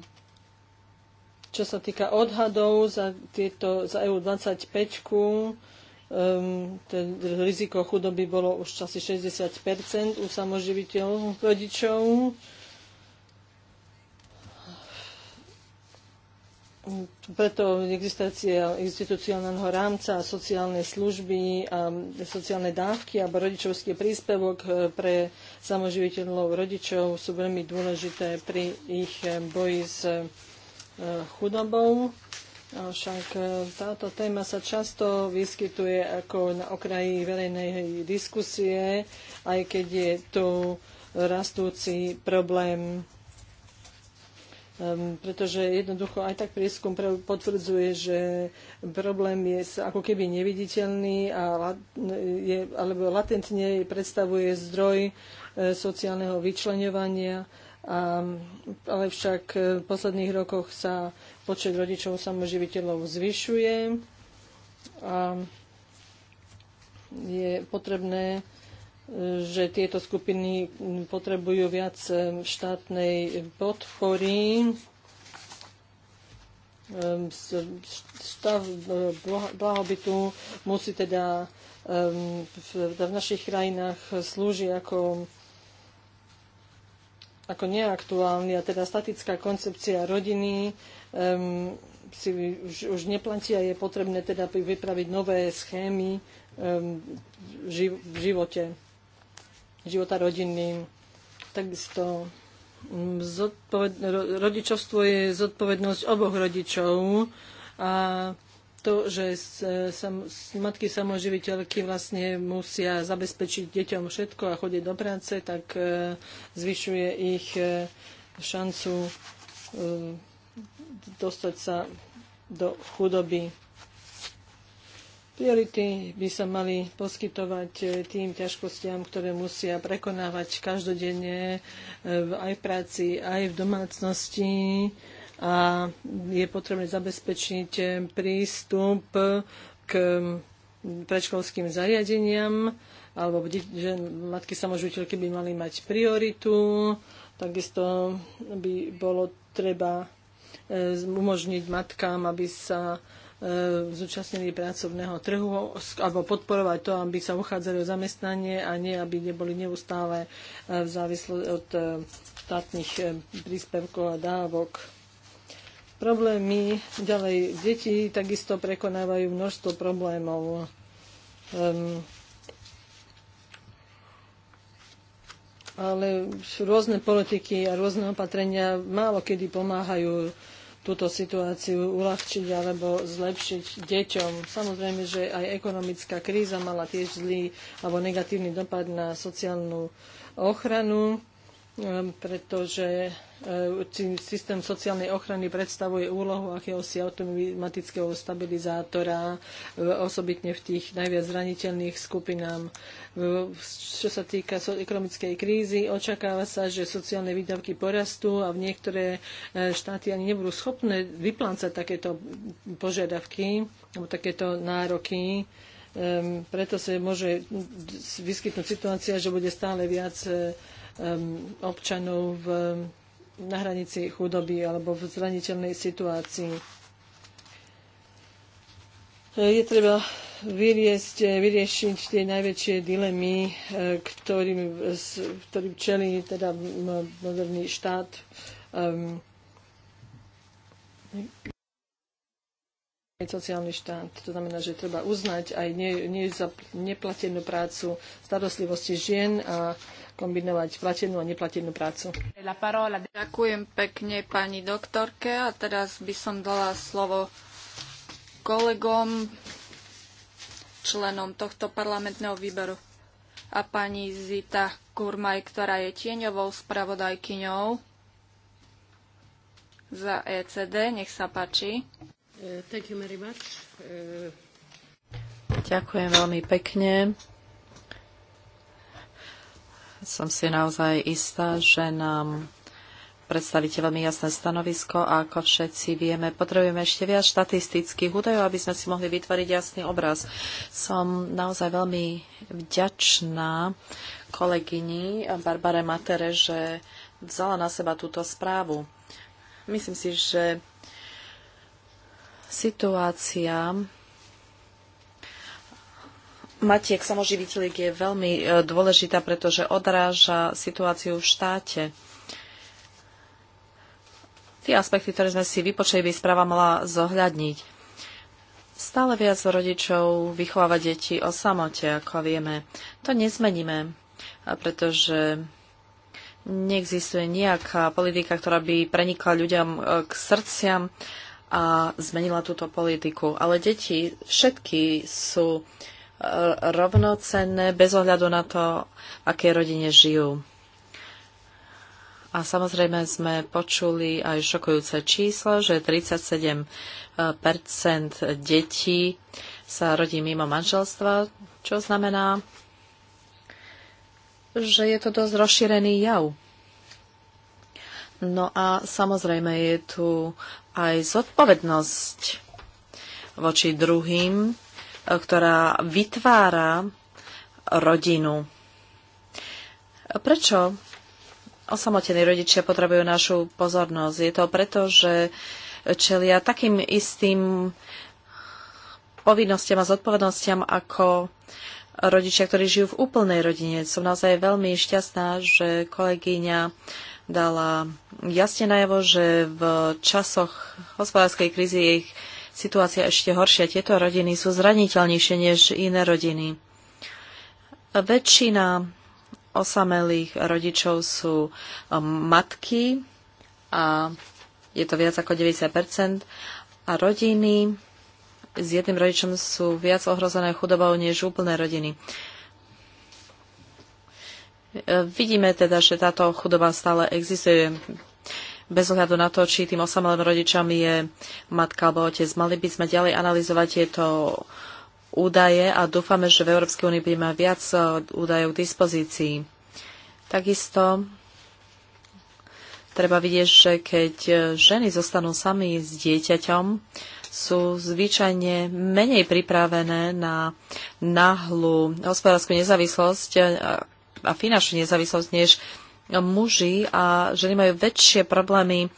čo sa týka odhadov za, tieto, za EU25, um, ten riziko chudoby bolo už asi 60 u samoživiteľov rodičov. preto existácia institucionálneho rámca, sociálne služby a sociálne dávky alebo rodičovský príspevok e, pre samoživiteľov rodičov sú veľmi dôležité pri ich e, boji s e, chudobou. Však táto téma sa často vyskytuje ako na okraji verejnej diskusie, aj keď je tu rastúci problém um, pretože jednoducho aj tak prieskum potvrdzuje, že problém je ako keby neviditeľný a je, alebo latentne predstavuje zdroj e, sociálneho vyčlenovania. A, ale však e, v posledných rokoch sa počet rodičov samoživiteľov zvyšuje a je potrebné že tieto skupiny potrebujú viac štátnej podpory. Stav e, blahobytu musí teda v našich krajinách slúži ako ako neaktuálny a teda statická koncepcia rodiny si už, už neplatí a je potrebné teda vypraviť nové schémy v živote života rodiny. Takisto mm, zodpoved- rodičovstvo je zodpovednosť oboch rodičov a to, že sam, matky samoživiteľky vlastne musia zabezpečiť deťom všetko a chodiť do práce, tak e, zvyšuje ich e, šancu e, dostať sa do chudoby. Priority by sa mali poskytovať eh, tým ťažkostiam, ktoré musia prekonávať každodenne eh, aj v práci, aj v domácnosti a je potrebné zabezpečiť eh, prístup k mm, predškolským zariadeniam, alebo že matky samoživiteľky by mali mať prioritu, takisto by bolo treba umožniť matkám, aby sa E, zúčastnení pracovného trhu alebo podporovať to, aby sa uchádzali o zamestnanie a nie, aby neboli neustále e, v závislosti od e, štátnych príspevkov a dávok. Problémy ďalej. Deti takisto prekonávajú množstvo problémov. ale rôzne politiky a rôzne opatrenia málo kedy pomáhajú túto situáciu uľahčiť alebo zlepšiť deťom. Samozrejme, že aj ekonomická kríza mala tiež zlý alebo negatívny dopad na sociálnu ochranu pretože e, systém sociálnej ochrany predstavuje úlohu akéhosi automatického stabilizátora, e, osobitne v tých najviac zraniteľných skupinám. E, čo sa týka ekonomickej krízy, očakáva sa, že sociálne výdavky porastú a v niektoré štáty ani nebudú schopné vyplácať takéto požiadavky alebo takéto nároky preto sa môže vyskytnúť situácia, že bude stále viac Um, občanov v, na hranici chudoby alebo v zraniteľnej situácii. Je treba vyriesť, vyriešiť tie najväčšie dilemy, eh, ktorým, ktorým čelí teda moderný štát. Um, sociálny štát. To znamená, že treba uznať aj ne, ne, neplatenú prácu starostlivosti žien a kombinovať platenú a neplatenú prácu. Ďakujem pekne pani doktorke a teraz by som dala slovo kolegom, členom tohto parlamentného výboru a pani Zita Kurmaj, ktorá je tieňovou spravodajkyňou za ECD. Nech sa páči. Uh, uh, Ďakujem veľmi pekne som si naozaj istá, že nám predstavíte veľmi jasné stanovisko a ako všetci vieme, potrebujeme ešte viac štatistických údajov, aby sme si mohli vytvoriť jasný obraz. Som naozaj veľmi vďačná kolegyni Barbare Matere, že vzala na seba túto správu. Myslím si, že situácia matiek samoživiteľiek je veľmi e, dôležitá, pretože odráža situáciu v štáte. Tie aspekty, ktoré sme si vypočuli, by správa mala zohľadniť. Stále viac rodičov vychováva deti o samote, ako vieme. To nezmeníme, pretože neexistuje nejaká politika, ktorá by prenikla ľuďom e, k srdciam a zmenila túto politiku. Ale deti všetky sú rovnocenné bez ohľadu na to, aké rodine žijú. A samozrejme sme počuli aj šokujúce číslo, že 37 e, detí sa rodí mimo manželstva, čo znamená, že je to dosť rozšírený jav. No a samozrejme je tu aj zodpovednosť voči druhým ktorá vytvára rodinu. Prečo osamotení rodičia potrebujú našu pozornosť? Je to preto, že čelia takým istým povinnostiam a zodpovednostiam ako rodičia, ktorí žijú v úplnej rodine. Som naozaj veľmi šťastná, že kolegyňa dala jasne najavo, že v časoch hospodárskej krízy je ich situácia ešte horšia. Tieto rodiny sú zraniteľnejšie než iné rodiny. Väčšina osamelých rodičov sú um, matky a je to viac ako 90 a rodiny s jedným rodičom sú viac ohrozené chudobou než úplné rodiny. Vidíme teda, že táto chudoba stále existuje bez ohľadu na to, či tým osamelým rodičom je matka alebo otec. Mali by sme ďalej analyzovať tieto údaje a dúfame, že v Európskej únii budeme mať viac eh, údajov k dispozícii. Takisto treba vidieť, že keď eh, ženy zostanú sami s dieťaťom, sú zvyčajne menej pripravené na náhlu hospodárskú nezávislosť eh, a finančnú nezávislosť než muži a ženy majú väčšie problémy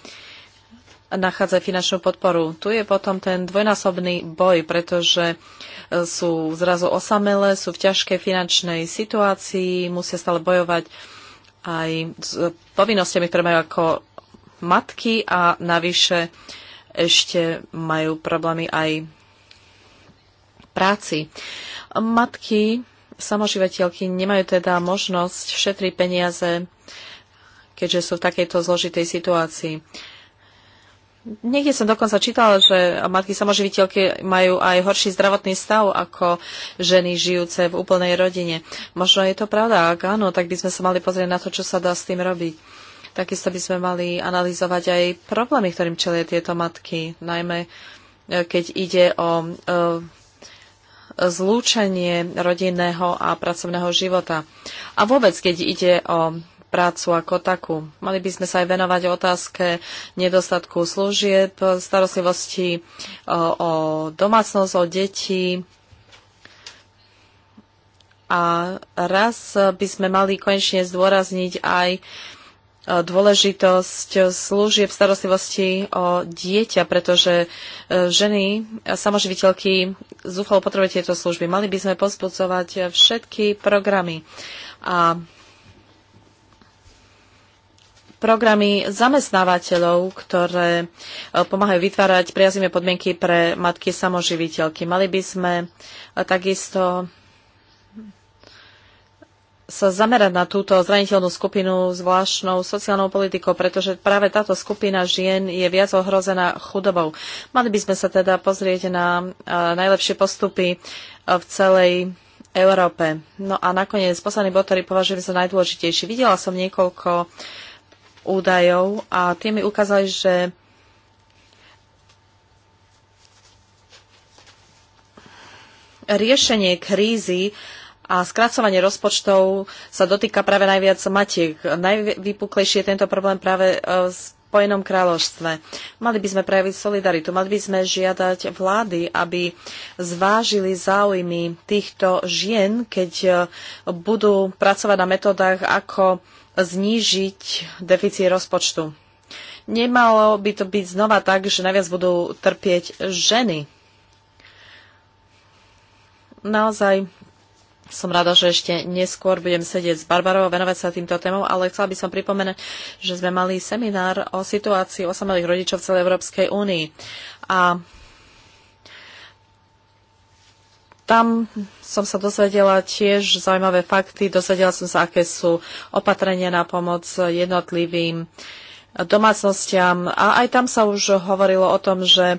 nachádzať finančnú podporu. Tu je potom ten dvojnásobný boj, pretože e, sú zrazu osamelé, sú v ťažkej finančnej situácii, musia stále bojovať aj s povinnostiami, ktoré majú ako matky a navyše ešte majú problémy aj práci. Matky samoživateľky nemajú teda možnosť šetriť peniaze, keďže sú v takejto zložitej situácii. Niekde som dokonca čítala, že matky samoživiteľky majú aj horší zdravotný stav ako ženy žijúce v úplnej rodine. Možno je to pravda, ak áno, tak by sme sa mali pozrieť na to, čo sa dá s tým robiť. Takisto by sme mali analyzovať aj problémy, ktorým čelia tieto matky, najmä e, keď ide o e, zlúčenie rodinného a pracovného života. A vôbec, keď ide o prácu ako takú. Mali by sme sa aj venovať otázke nedostatku služieb, starostlivosti o, e, o domácnosť, o deti. A raz by sme mali konečne zdôrazniť aj E, dôležitosť služieb starostlivosti o dieťa, pretože e, ženy, samoživiteľky zúfalo potrebujú tieto služby. Mali by sme pospúcovať všetky programy a programy zamestnávateľov, ktoré e, pomáhajú vytvárať priaznivé podmienky pre matky samoživiteľky. Mali by sme takisto sa zamerať na túto zraniteľnú skupinu zvláštnou sociálnou politikou, pretože práve táto skupina žien je viac ohrozená chudobou. Mali by sme sa teda pozrieť na e, najlepšie postupy e, v celej Európe. No a nakoniec posledný bod, ktorý považujem za najdôležitejší. Videla som niekoľko údajov a tie mi ukázali, že riešenie krízy a skracovanie rozpočtov sa dotýka práve najviac matiek. Najvypuklejší je tento problém práve e, v Spojenom kráľovstve. Mali by sme prejaviť solidaritu, mali by sme žiadať vlády, aby zvážili záujmy týchto žien, keď e, budú pracovať na metodách, ako znížiť deficit rozpočtu. Nemalo by to byť znova tak, že najviac budú trpieť ženy naozaj som rada, že ešte neskôr budem sedieť s Barbarou a venovať sa týmto témom, ale chcela by som pripomenúť, že sme mali seminár o situácii osamelých rodičov v celej Európskej únii. A tam som sa dozvedela tiež zaujímavé fakty, dozvedela som sa, aké sú opatrenia na pomoc jednotlivým uh, domácnostiam. A aj tam sa už hovorilo o tom, že e,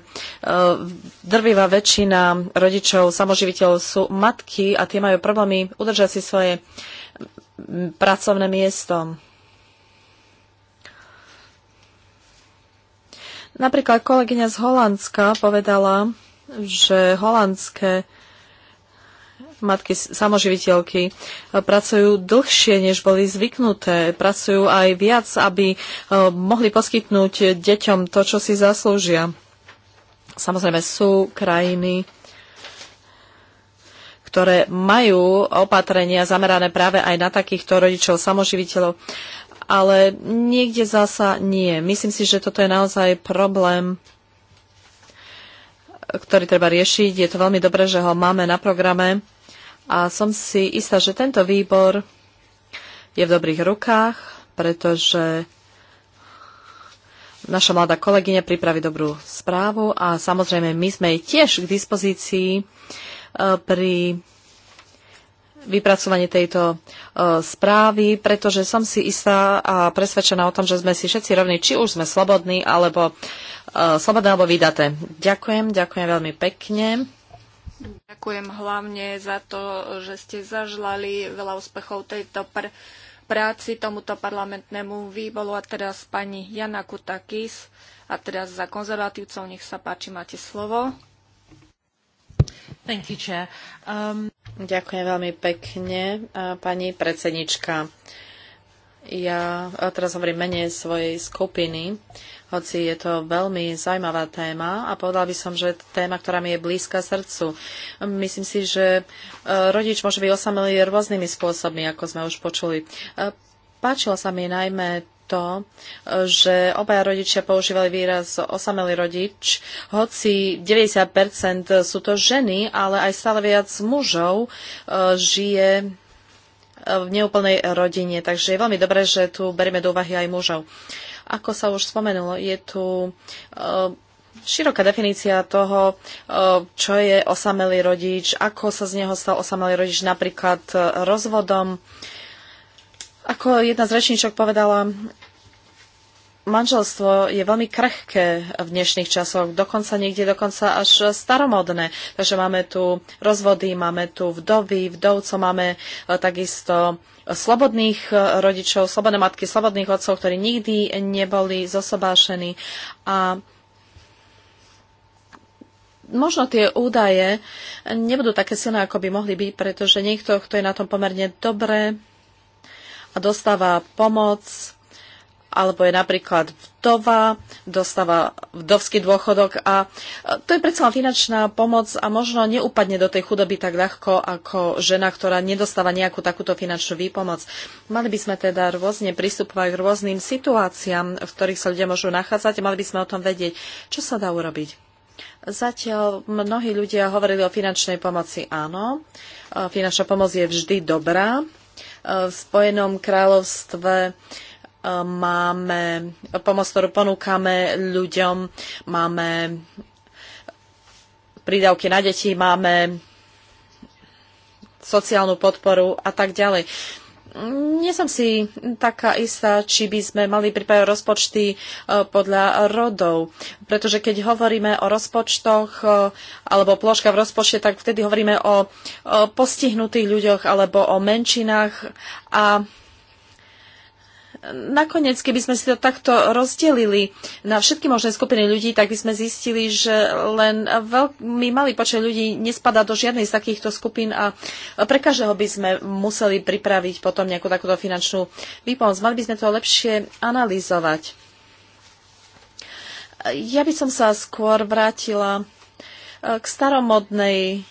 drvivá väčšina rodičov, samoživiteľov sú matky a tie majú problémy udržať si svoje pracovné miesto. Napríklad kolegyňa z Holandska povedala, že holandské matky samoživiteľky e, pracujú dlhšie, než boli zvyknuté. Pracujú aj viac, aby e, mohli poskytnúť deťom to, čo si zaslúžia. Samozrejme sú krajiny, ktoré majú opatrenia zamerané práve aj na takýchto rodičov, samoživiteľov, ale niekde zasa nie. Myslím si, že toto je naozaj problém, ktorý treba riešiť. Je to veľmi dobré, že ho máme na programe a som si istá, že tento výbor je v dobrých rukách, pretože naša mladá kolegyňa pripraví dobrú správu a samozrejme my sme jej tiež k dispozícii e, pri vypracovaní tejto e, správy, pretože som si istá a presvedčená o tom, že sme si všetci rovní, či už sme slobodní alebo e, slobodné alebo vydaté. Ďakujem, ďakujem veľmi pekne. Ďakujem hlavne za to, že ste zažlali veľa úspechov tejto pr- práci tomuto parlamentnému výboru. A teraz pani Jana Kutakis. A teraz za konzervatívcov, nech sa páči, máte slovo. Thank you, Chair. Um... Ďakujem veľmi pekne, pani predsednička. Ja teraz hovorím menej svojej skupiny. Uh, hoci je to veľmi zaujímavá téma a povedala by som, že téma, ktorá mi je blízka srdcu. Myslím si, že e, rodič môže byť osamelý rôznymi spôsobmi, ako sme už počuli. E, páčilo sa mi najmä to, e, že obaja rodičia používali výraz osamelý rodič, hoci 90% sú to ženy, ale aj stále viac mužov žije v neúplnej rodine. Takže je veľmi dobré, že tu berieme do úvahy aj mužov. Uh, ako sa už spomenulo, je tu eh, široká definícia toho, eh, čo je osamelý rodič, ako sa z neho stal osamelý rodič napríklad eh, rozvodom. Ako jedna z rečníčok povedala, manželstvo je veľmi krehké v dnešných časoch, dokonca niekde dokonca až staromodné. Takže máme tu rozvody, máme tu vdovy, vdovco, máme e, takisto slobodných e, rodičov, slobodné matky, slobodných otcov, ktorí nikdy neboli zosobášení. A možno tie údaje nebudú také silné, ako by mohli byť, pretože niekto, kto je na tom pomerne dobre a dostáva pomoc, alebo je napríklad vdova, dostáva vdovský dôchodok a to je predsa finančná pomoc a možno neupadne do tej chudoby tak ľahko ako žena, ktorá nedostáva nejakú takúto finančnú výpomoc. Mali by sme teda rôzne pristupovať k rôznym situáciám, v ktorých sa ľudia môžu nachádzať a mali by sme o tom vedieť, čo sa dá urobiť. Zatiaľ mnohí ľudia hovorili o finančnej pomoci. Áno, e, finančná pomoc je vždy dobrá. E, v Spojenom kráľovstve máme pomoc, ktorú ponúkame ľuďom, máme prídavky na deti, máme sociálnu podporu a tak ďalej. Nie som si taká istá, či by sme mali pripájať rozpočty e, podľa rodov, pretože keď hovoríme o rozpočtoch e, alebo ploška v rozpočte, tak vtedy hovoríme o postihnutých ľuďoch alebo o menšinách a nakoniec, keby sme si to takto rozdelili na všetky možné skupiny ľudí, tak by sme zistili, že len veľmi malý počet ľudí nespadá do žiadnej z takýchto skupín a pre každého by sme museli pripraviť potom nejakú takúto finančnú výpomoc. Mali by sme to lepšie analyzovať. Ja by som sa skôr vrátila k staromodnej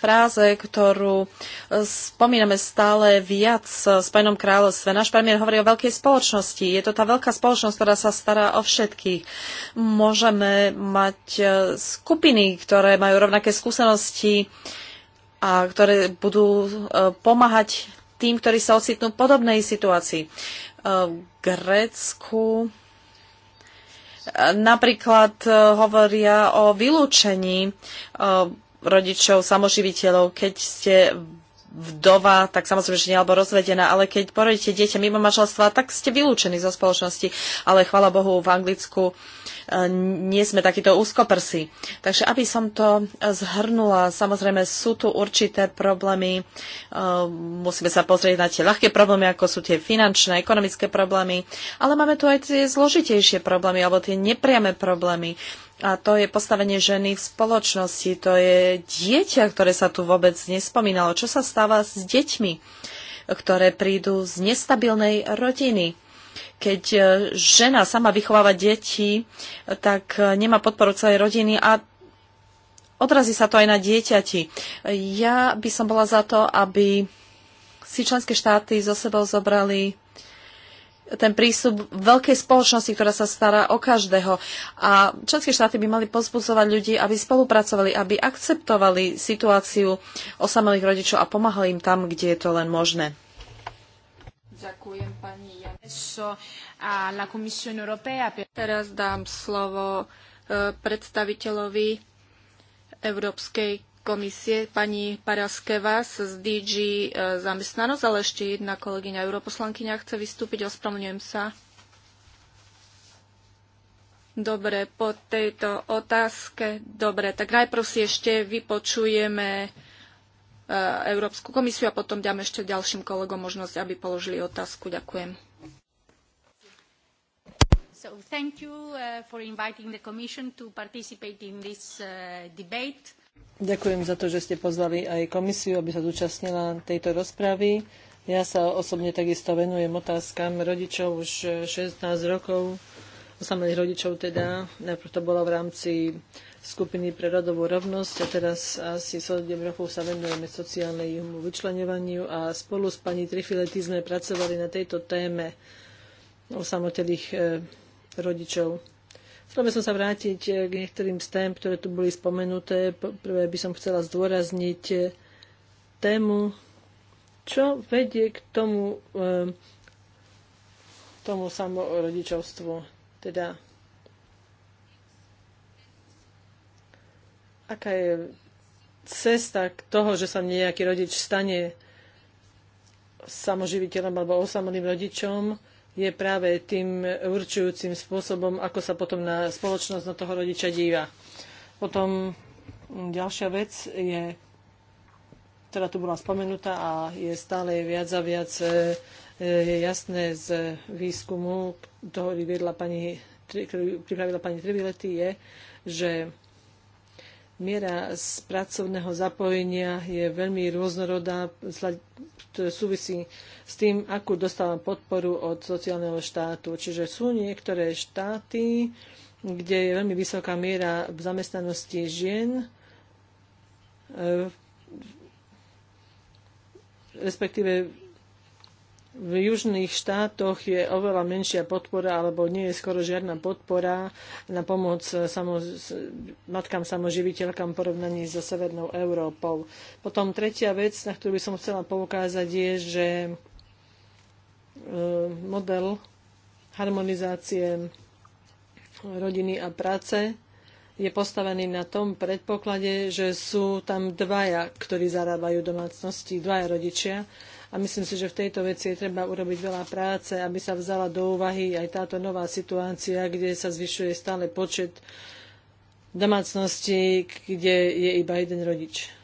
fráze, ktorú e, spomíname stále viac v Spojenom kráľovstve. Náš premiér hovorí o veľkej spoločnosti. Je to tá veľká spoločnosť, ktorá sa stará o všetkých. Môžeme mať e, skupiny, ktoré majú rovnaké skúsenosti a ktoré budú e, pomáhať tým, ktorí sa ocitnú v podobnej situácii. V Grécku napríklad hovoria o vylúčení rodičov, samoživiteľov, keď ste vdova, tak samozrejme, že nie, alebo rozvedená, ale keď porodíte dieťa mimo manželstva, tak ste vylúčení zo spoločnosti. Ale chvala Bohu, v Anglicku e, nie sme takýto úzkoprsí. Takže aby som to e, zhrnula, samozrejme sú tu určité problémy. E, musíme sa pozrieť na tie ľahké problémy, ako sú tie finančné, ekonomické problémy, ale máme tu aj tie zložitejšie problémy, alebo tie nepriame problémy a to je postavenie ženy v spoločnosti. To je dieťa, ktoré sa tu vôbec nespomínalo. Čo sa stáva s deťmi, ktoré prídu z nestabilnej rodiny? Keď e, žena sama vychováva deti, tak e, nemá podporu celej rodiny a odrazí sa to aj na dieťati. Ja by som bola za to, aby si členské štáty zo sebou zobrali ten prístup veľkej spoločnosti, ktorá sa stará o každého. A členské štáty by mali pozbudzovať ľudí, aby spolupracovali, aby akceptovali situáciu osamelých rodičov a pomáhali im tam, kde je to len možné. Ďakujem pani Janesso a la Commissione Europea. Teraz dám slovo eh, predstaviteľovi Európskej komisie, pani Paraskeva z DG e, zamestnanosť, ale ešte jedna kolegyňa europoslankyňa chce vystúpiť, ospravedlňujem sa. Dobre, po tejto otázke. Dobre, tak najprv si ešte vypočujeme e, Európsku komisiu a potom dáme ešte ďalším kolegom možnosť, aby položili otázku. Ďakujem. So thank you e, for inviting the Commission to participate in this debate. Ďakujem za to, že ste pozvali aj komisiu, aby sa zúčastnila tejto rozpravy. Ja sa osobne takisto venujem otázkam rodičov už 16 rokov, osamelých rodičov teda. Najprv to bolo v rámci skupiny pre rodovú rovnosť a teraz asi 7 rokov sa venujeme sociálnej vyčlenovaniu a spolu s pani Trifilety sme pracovali na tejto téme osamotelých eh, rodičov. Chcela by som sa vrátiť eh, k niektorým z tém, ktoré tu boli spomenuté. Prvé by som chcela zdôrazniť eh, tému, čo vedie k tomu, eh, tomu samorodičovstvu. Teda aká je cesta k toho, že sa nejaký rodič stane samoživiteľom alebo osamelým rodičom je práve tým určujúcim spôsobom, ako sa potom na spoločnosť na toho rodiča díva. Potom ďalšia vec je, ktorá tu bola spomenutá a je stále viac a viac e, e, je jasné z výskumu, ktorý, pani, ktorý pripravila pani Trivilety, je, že Miera z pracovného zapojenia je veľmi rôznorodá, súvisí s tým, akú dostávam podporu od sociálneho štátu. Čiže sú niektoré štáty, kde je veľmi vysoká miera zamestnanosti žien, e, respektíve v južných štátoch je oveľa menšia podpora, alebo nie je skoro žiadna podpora na pomoc samoz, matkám samoživiteľkám v porovnaní so Severnou Európou. Potom tretia vec, na ktorú by som chcela poukázať, je, že e, model harmonizácie rodiny a práce je postavený na tom predpoklade, že sú tam dvaja, ktorí zarábajú domácnosti, dvaja rodičia a myslím si, že v tejto veci je treba urobiť veľa práce, aby sa vzala do úvahy aj táto nová situácia, kde sa zvyšuje stále počet domácností, kde je iba jeden rodič.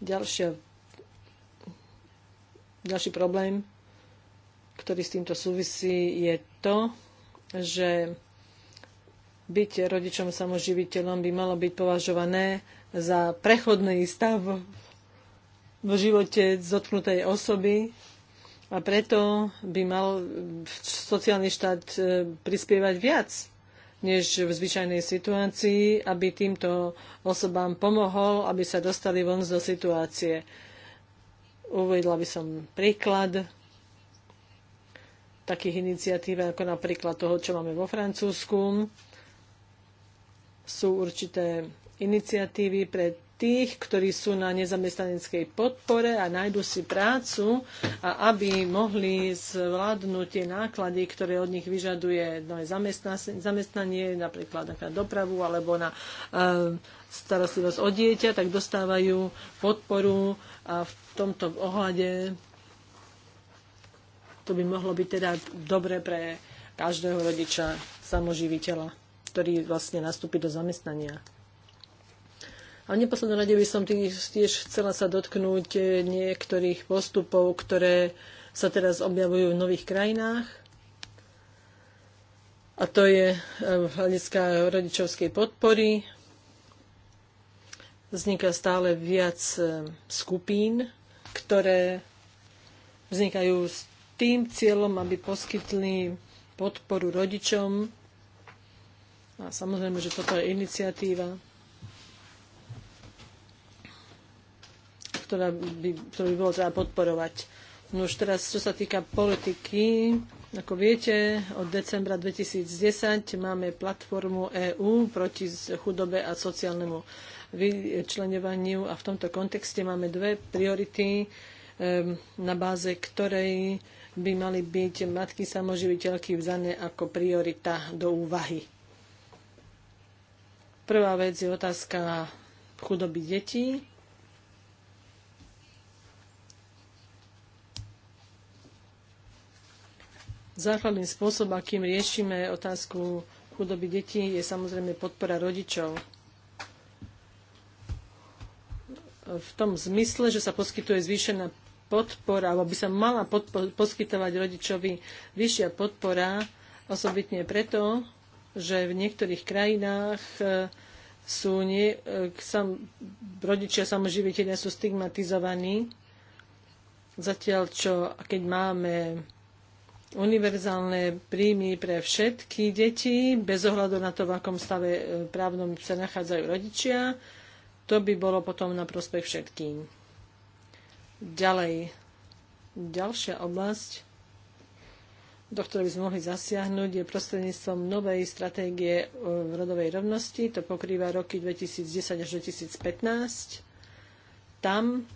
Ďalšia, ďalší problém, ktorý s týmto súvisí, je to, že byť rodičom samoživiteľom by malo byť považované za prechodný stav v živote zotknutej osoby a preto by mal sociálny štát e, prispievať viac než v zvyčajnej situácii, aby týmto osobám pomohol, aby sa dostali von do situácie. Uvedla by som príklad takých iniciatív, ako napríklad toho, čo máme vo Francúzsku. Sú určité iniciatívy pre tých, ktorí sú na nezamestnaneckej podpore a nájdu si prácu a aby mohli zvládnuť tie náklady, ktoré od nich vyžaduje no, zamestnanie, napríklad na dopravu alebo na eh, starostlivosť o dieťa, tak dostávajú podporu a v tomto ohľade to by mohlo byť teda dobre pre každého rodiča, samoživiteľa, ktorý vlastne nastúpi do zamestnania. A v neposlednom rade by som tiež chcela sa dotknúť eh, niektorých postupov, ktoré sa teraz objavujú v nových krajinách. A to je eh, hľadiska rodičovskej podpory. Vzniká stále viac eh, skupín, ktoré vznikajú s tým cieľom, aby poskytli podporu rodičom. A samozrejme, že toto je iniciatíva ktorá by, ktorú by bolo treba podporovať. No už teraz, čo sa týka politiky, ako viete, od decembra 2010 máme platformu EÚ proti chudobe a sociálnemu vyčlenovaniu a v tomto kontexte máme dve priority, ehm, na báze ktorej by mali byť matky samoživiteľky vzané ako priorita do úvahy. Prvá vec je otázka chudoby detí. Základný spôsob, akým riešime otázku chudoby detí, je samozrejme podpora rodičov. V tom zmysle, že sa poskytuje zvýšená podpora, alebo by sa mala podpo- poskytovať rodičovi vyššia podpora, osobitne preto, že v niektorých krajinách e, sú nie, e, sam, rodičia samoživiteľia sú stigmatizovaní, zatiaľ čo keď máme univerzálne príjmy pre všetky deti, bez ohľadu na to, v akom stave e, právnom sa nachádzajú rodičia. To by bolo potom na prospech všetkým. Ďalej, ďalšia oblasť, do ktorej by sme mohli zasiahnuť, je prostredníctvom novej stratégie e, rodovej rovnosti. To pokrýva roky 2010 až 2015. Tam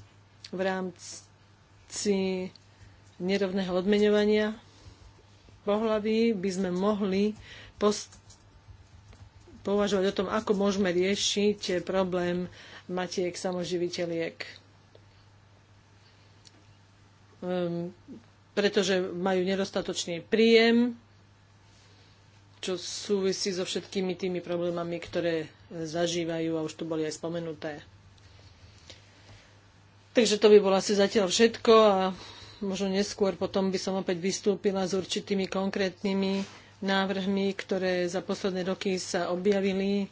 v rámci nerovného odmeňovania pohlaví by sme mohli považovať o tom, ako môžeme riešiť problém matiek samoživiteľiek. Um, pretože majú nedostatočný príjem, čo súvisí so všetkými tými problémami, ktoré e, zažívajú a už tu boli aj spomenuté. Takže to by bolo asi zatiaľ všetko a možno neskôr potom by som opäť vystúpila s určitými konkrétnymi návrhmi, ktoré za posledné roky sa objavili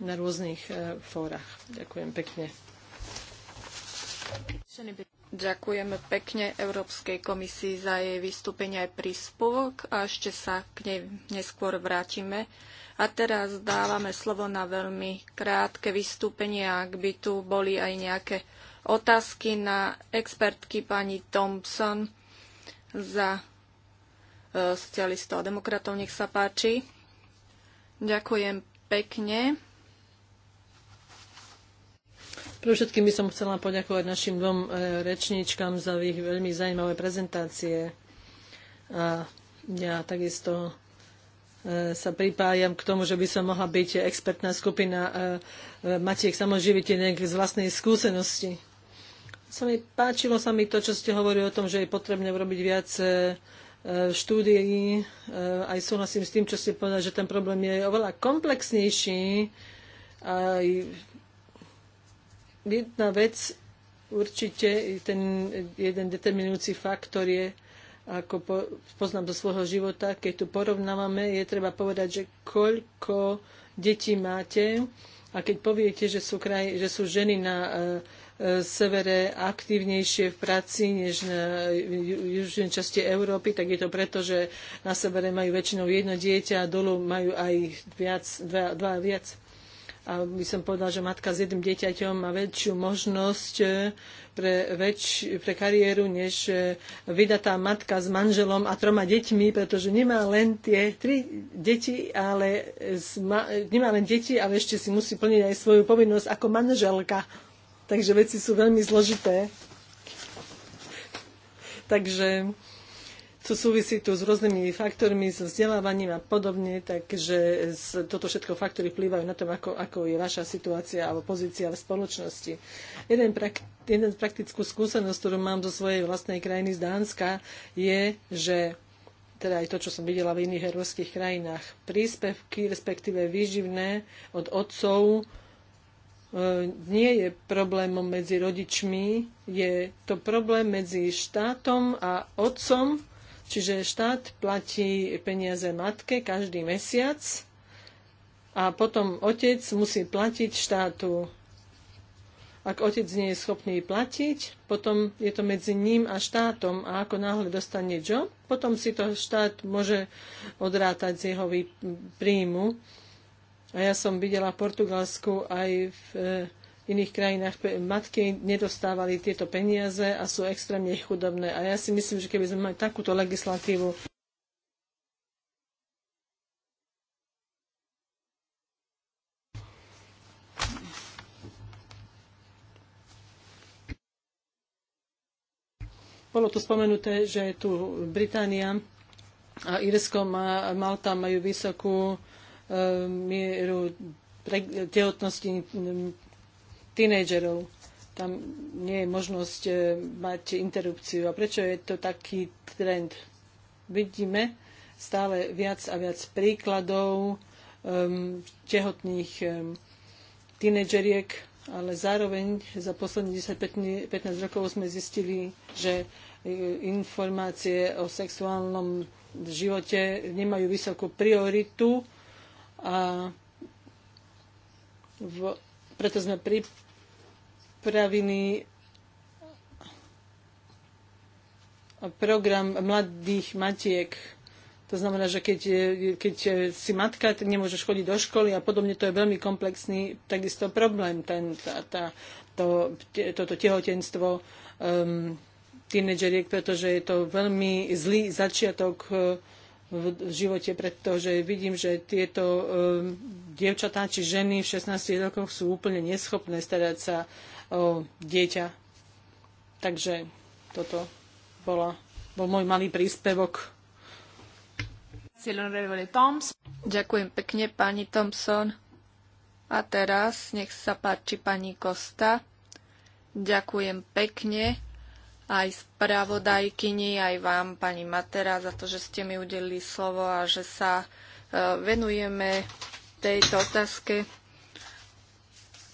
na rôznych e, fórach. Ďakujem pekne. Ďakujeme pekne Európskej komisii za jej vystúpenie aj príspevok a ešte sa k nej neskôr vrátime. A teraz dávame slovo na veľmi krátke vystúpenie, ak by tu boli aj nejaké otázky na expertky pani Thompson za e, socialistov a demokratov. Nech sa páči. Ďakujem pekne. Pre všetkým by som chcela poďakovať našim dvom e, rečníčkam za ich veľmi zaujímavé prezentácie. A ja takisto e, sa pripájam k tomu, že by som mohla byť expertná skupina Matiek samoživiteľnek z vlastnej skúsenosti sa mi páčilo sa mi to, čo ste hovorili o tom, že je potrebné urobiť viac e, e, štúdií. E, aj súhlasím s tým, čo ste povedali, že ten problém je oveľa komplexnejší. Aj jedna vec, určite ten jeden determinujúci faktor je, ako poznám do svojho života, keď tu porovnávame, je treba povedať, že koľko detí máte a keď poviete, že sú, kraj, že sú ženy na uh, severe aktívnejšie v práci než na južnej časti Európy, tak je to preto, že na severe majú väčšinou jedno dieťa a dolu majú aj viac, dva, dva viac. A by som povedala, že matka s jedným dieťaťom má väčšiu možnosť e, pre, väč, pre kariéru, než e, vydatá matka s manželom a troma deťmi, pretože nemá len tie tri deti, ale nemá len deti, ale ešte si musí plniť aj svoju povinnosť ako manželka takže veci sú veľmi zložité. Takže to súvisí tu s rôznymi faktormi, s vzdelávaním a podobne, takže toto všetko faktory vplývajú na to, ako, ako je vaša situácia alebo pozícia v spoločnosti. Jeden, prak, jeden praktickú skúsenosť, ktorú mám zo svojej vlastnej krajiny z Dánska, je, že teda aj to, čo som videla v iných európskych krajinách, príspevky, respektíve výživné od otcov E, nie je problémom medzi rodičmi, je to problém medzi štátom a otcom, čiže štát platí peniaze matke každý mesiac a potom otec musí platiť štátu. Ak otec nie je schopný platiť, potom je to medzi ním a štátom a ako náhle dostane job, potom si to štát môže odrátať z jeho príjmu a ja som videla v Portugalsku aj v e, iných krajinách matky nedostávali tieto peniaze a sú extrémne chudobné. A ja si myslím, že keby sme mali takúto legislatívu, Bolo tu spomenuté, že tu Británia a Irsko, a Malta majú vysokú mieru tehotnosti tínejdžerov. Tam nie je možnosť e, mať interrupciu. A prečo je to taký trend? Vidíme stále viac a viac príkladov um, tehotných um, ale zároveň za posledných 10-15 rokov sme zistili, že informácie o sexuálnom živote nemajú vysokú prioritu a v, preto sme pripravili program mladých matiek. To znamená, že keď, keď si matka, tak nemôžeš chodiť do školy a podobne. To je veľmi komplexný takisto problém, ten, tá, tá, to, toto tehotenstvo um, tínedžeriek, pretože je to veľmi zlý začiatok uh, v živote, pretože vidím, že tieto eh, dievčatá či ženy v 16 rokoch sú úplne neschopné starať sa o dieťa. Takže toto bola, bol môj malý príspevok. Ďakujem pekne, pani Thompson. A teraz nech sa páči pani Kosta. Ďakujem pekne aj spravodajkyni, aj vám, pani Matera, za to, že ste mi udelili slovo a že sa e, venujeme tejto otázke.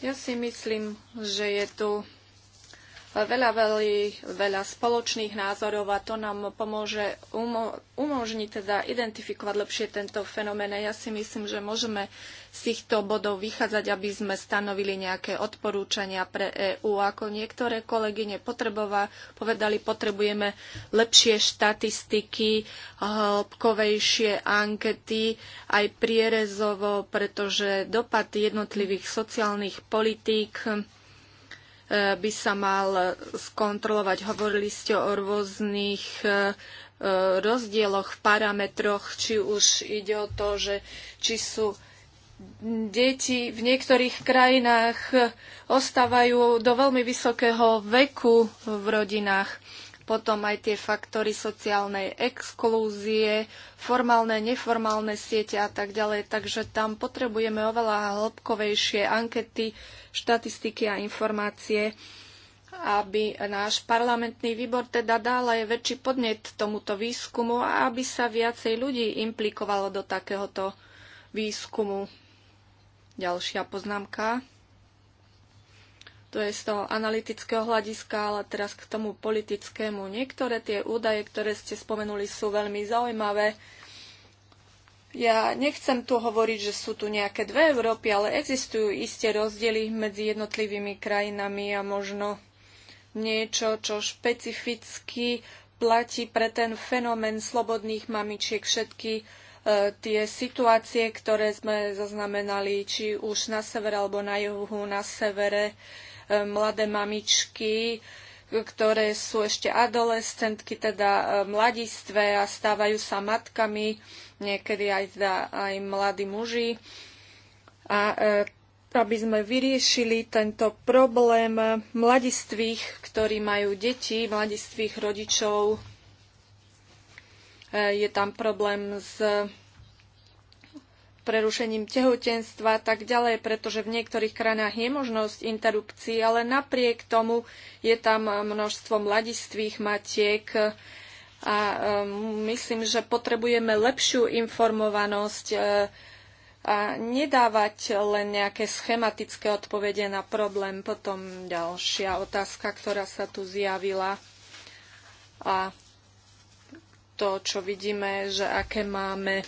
Ja si myslím, že je tu veľa, veľa, veľa spoločných názorov a to nám pomôže umo- umožniť teda identifikovať lepšie tento fenomén. Ja si myslím, že môžeme z týchto bodov vychádzať, aby sme stanovili nejaké odporúčania pre EÚ. Ako niektoré kolegyne potrebova, povedali, potrebujeme lepšie štatistiky, hĺbkovejšie ankety, aj prierezovo, pretože dopad jednotlivých sociálnych politík E, by sa mal skontrolovať. Hovorili ste o rôznych e, e, rozdieloch v parametroch, či už ide o to, že či sú deti v niektorých krajinách ostávajú do veľmi vysokého veku v rodinách potom aj tie faktory sociálnej exklúzie, formálne, neformálne siete a tak ďalej. Takže tam potrebujeme oveľa hĺbkovejšie ankety, štatistiky a informácie, aby náš parlamentný výbor teda dal aj väčší podnet tomuto výskumu a aby sa viacej ľudí implikovalo do takéhoto výskumu. Ďalšia poznámka to je z toho analytického hľadiska, ale teraz k tomu politickému. Niektoré tie údaje, ktoré ste spomenuli, sú veľmi zaujímavé. Ja nechcem tu hovoriť, že sú tu nejaké dve Európy, ale existujú isté rozdiely medzi jednotlivými krajinami a možno niečo, čo špecificky platí pre ten fenomén slobodných mamičiek všetky e, tie situácie, ktoré sme zaznamenali, či už na severe alebo na juhu, na severe. E, E, mladé mamičky, ktoré sú ešte adolescentky, teda e, mladistvé a stávajú sa matkami, niekedy aj, teda aj mladí muži. A e, aby sme vyriešili tento problém mladistvých, ktorí majú deti, mladistvých rodičov, je tam problém s prerušením tehotenstva a tak ďalej, pretože v niektorých krajinách je možnosť interrupcií, ale napriek tomu je tam množstvo mladistvých matiek a um, myslím, že potrebujeme lepšiu informovanosť e, a nedávať len nejaké schematické odpovede na problém. Potom ďalšia otázka, ktorá sa tu zjavila. A to, čo vidíme, že aké máme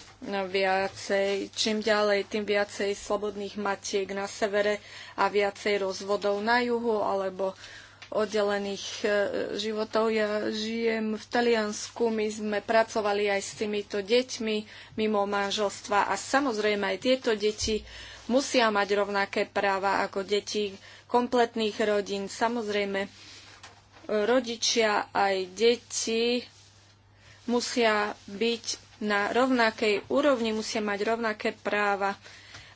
viacej, čím ďalej, tým viacej slobodných matiek na severe a viacej rozvodov na juhu alebo oddelených e, životov. Ja žijem v Taliansku, my sme pracovali aj s týmito deťmi mimo manželstva a samozrejme aj tieto deti musia mať rovnaké práva ako deti kompletných rodín. Samozrejme, rodičia aj deti musia byť na rovnakej úrovni, musia mať rovnaké práva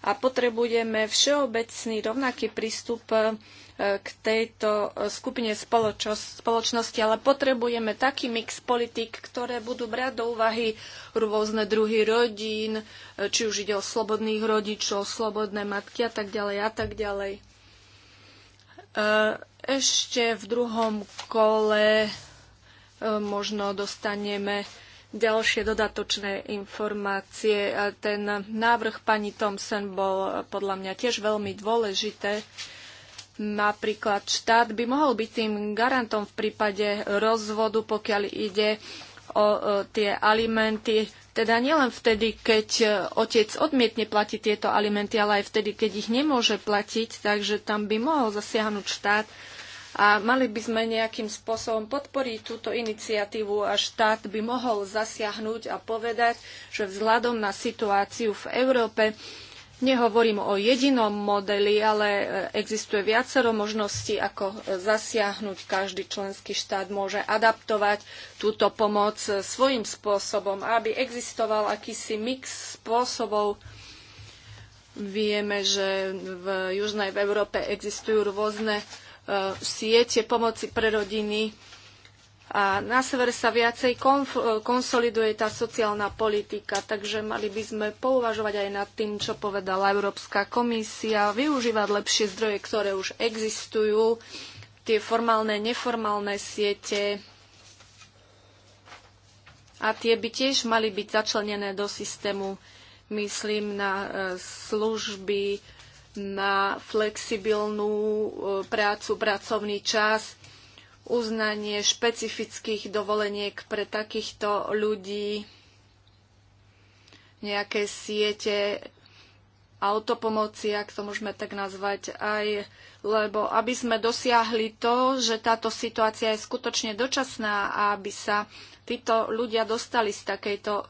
a potrebujeme všeobecný rovnaký prístup e, k tejto e, skupine spoločnosti, ale potrebujeme taký mix politik, ktoré budú brať do úvahy rôzne druhy rodín, e, či už ide o slobodných rodičov, slobodné matky a tak ďalej a tak ďalej. Ešte v druhom kole možno dostaneme ďalšie dodatočné informácie. Ten návrh pani Thompson bol podľa mňa tiež veľmi dôležité. Napríklad štát by mohol byť tým garantom v prípade rozvodu, pokiaľ ide o e, tie alimenty. Teda nielen vtedy, keď e, otec odmietne platiť tieto alimenty, ale aj vtedy, keď ich nemôže platiť, takže tam by mohol zasiahnuť štát a mali by sme nejakým spôsobom podporiť túto iniciatívu a štát by mohol zasiahnuť a povedať, že vzhľadom na situáciu v Európe Nehovorím o jedinom modeli, ale e, existuje viacero možností, ako e, zasiahnuť. Každý členský štát môže adaptovať túto pomoc e, svojim spôsobom, aby existoval akýsi mix spôsobov. Vieme, že v Južnej Európe existujú rôzne siete pomoci pre rodiny. A na sever sa viacej konsoliduje tá sociálna politika, takže mali by sme pouvažovať aj nad tým, čo povedala Európska komisia, využívať lepšie zdroje, ktoré už existujú, tie formálne, neformálne siete. A tie by tiež mali byť začlenené do systému, myslím na e, služby, na flexibilnú e, prácu, pracovný čas, uznanie špecifických dovoleniek pre takýchto ľudí, nejaké siete autopomoci, ak to môžeme tak nazvať, aj lebo aby sme dosiahli to, že táto situácia je skutočne dočasná a aby sa títo ľudia dostali z takejto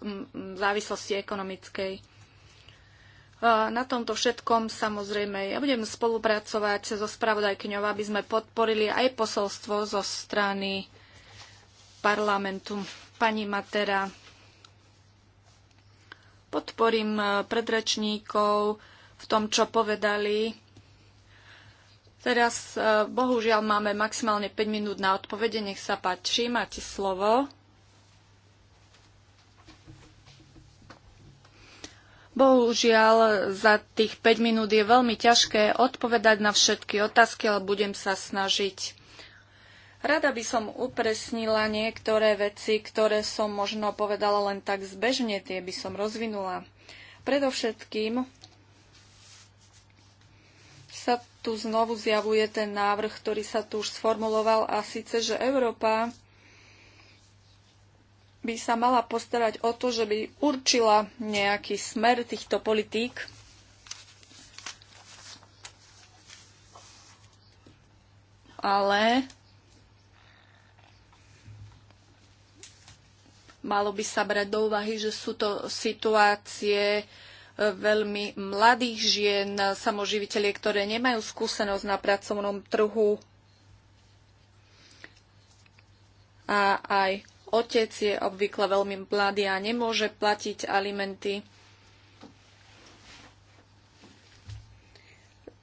závislosti ekonomickej. Na tomto všetkom samozrejme ja budem spolupracovať so spravodajkyňou, aby sme podporili aj posolstvo zo strany parlamentu. Pani Matera, podporím e, predrečníkov v tom, čo povedali. Teraz e, bohužiaľ máme maximálne 5 minút na odpovede. Nech sa páči, máte slovo. Bohužiaľ, za tých 5 minút je veľmi ťažké odpovedať na všetky otázky, ale budem sa snažiť. Rada by som upresnila niektoré veci, ktoré som možno povedala len tak zbežne, tie by som rozvinula. Predovšetkým sa tu znovu zjavuje ten návrh, ktorý sa tu už sformuloval, a síce, že Európa by sa mala postarať o to, že by určila nejaký smer týchto politík. Ale malo by sa brať do úvahy, že sú to situácie e, veľmi mladých žien, samoživiteľie, ktoré nemajú skúsenosť na pracovnom trhu a aj Otec je obvykle veľmi mladý a nemôže platiť alimenty.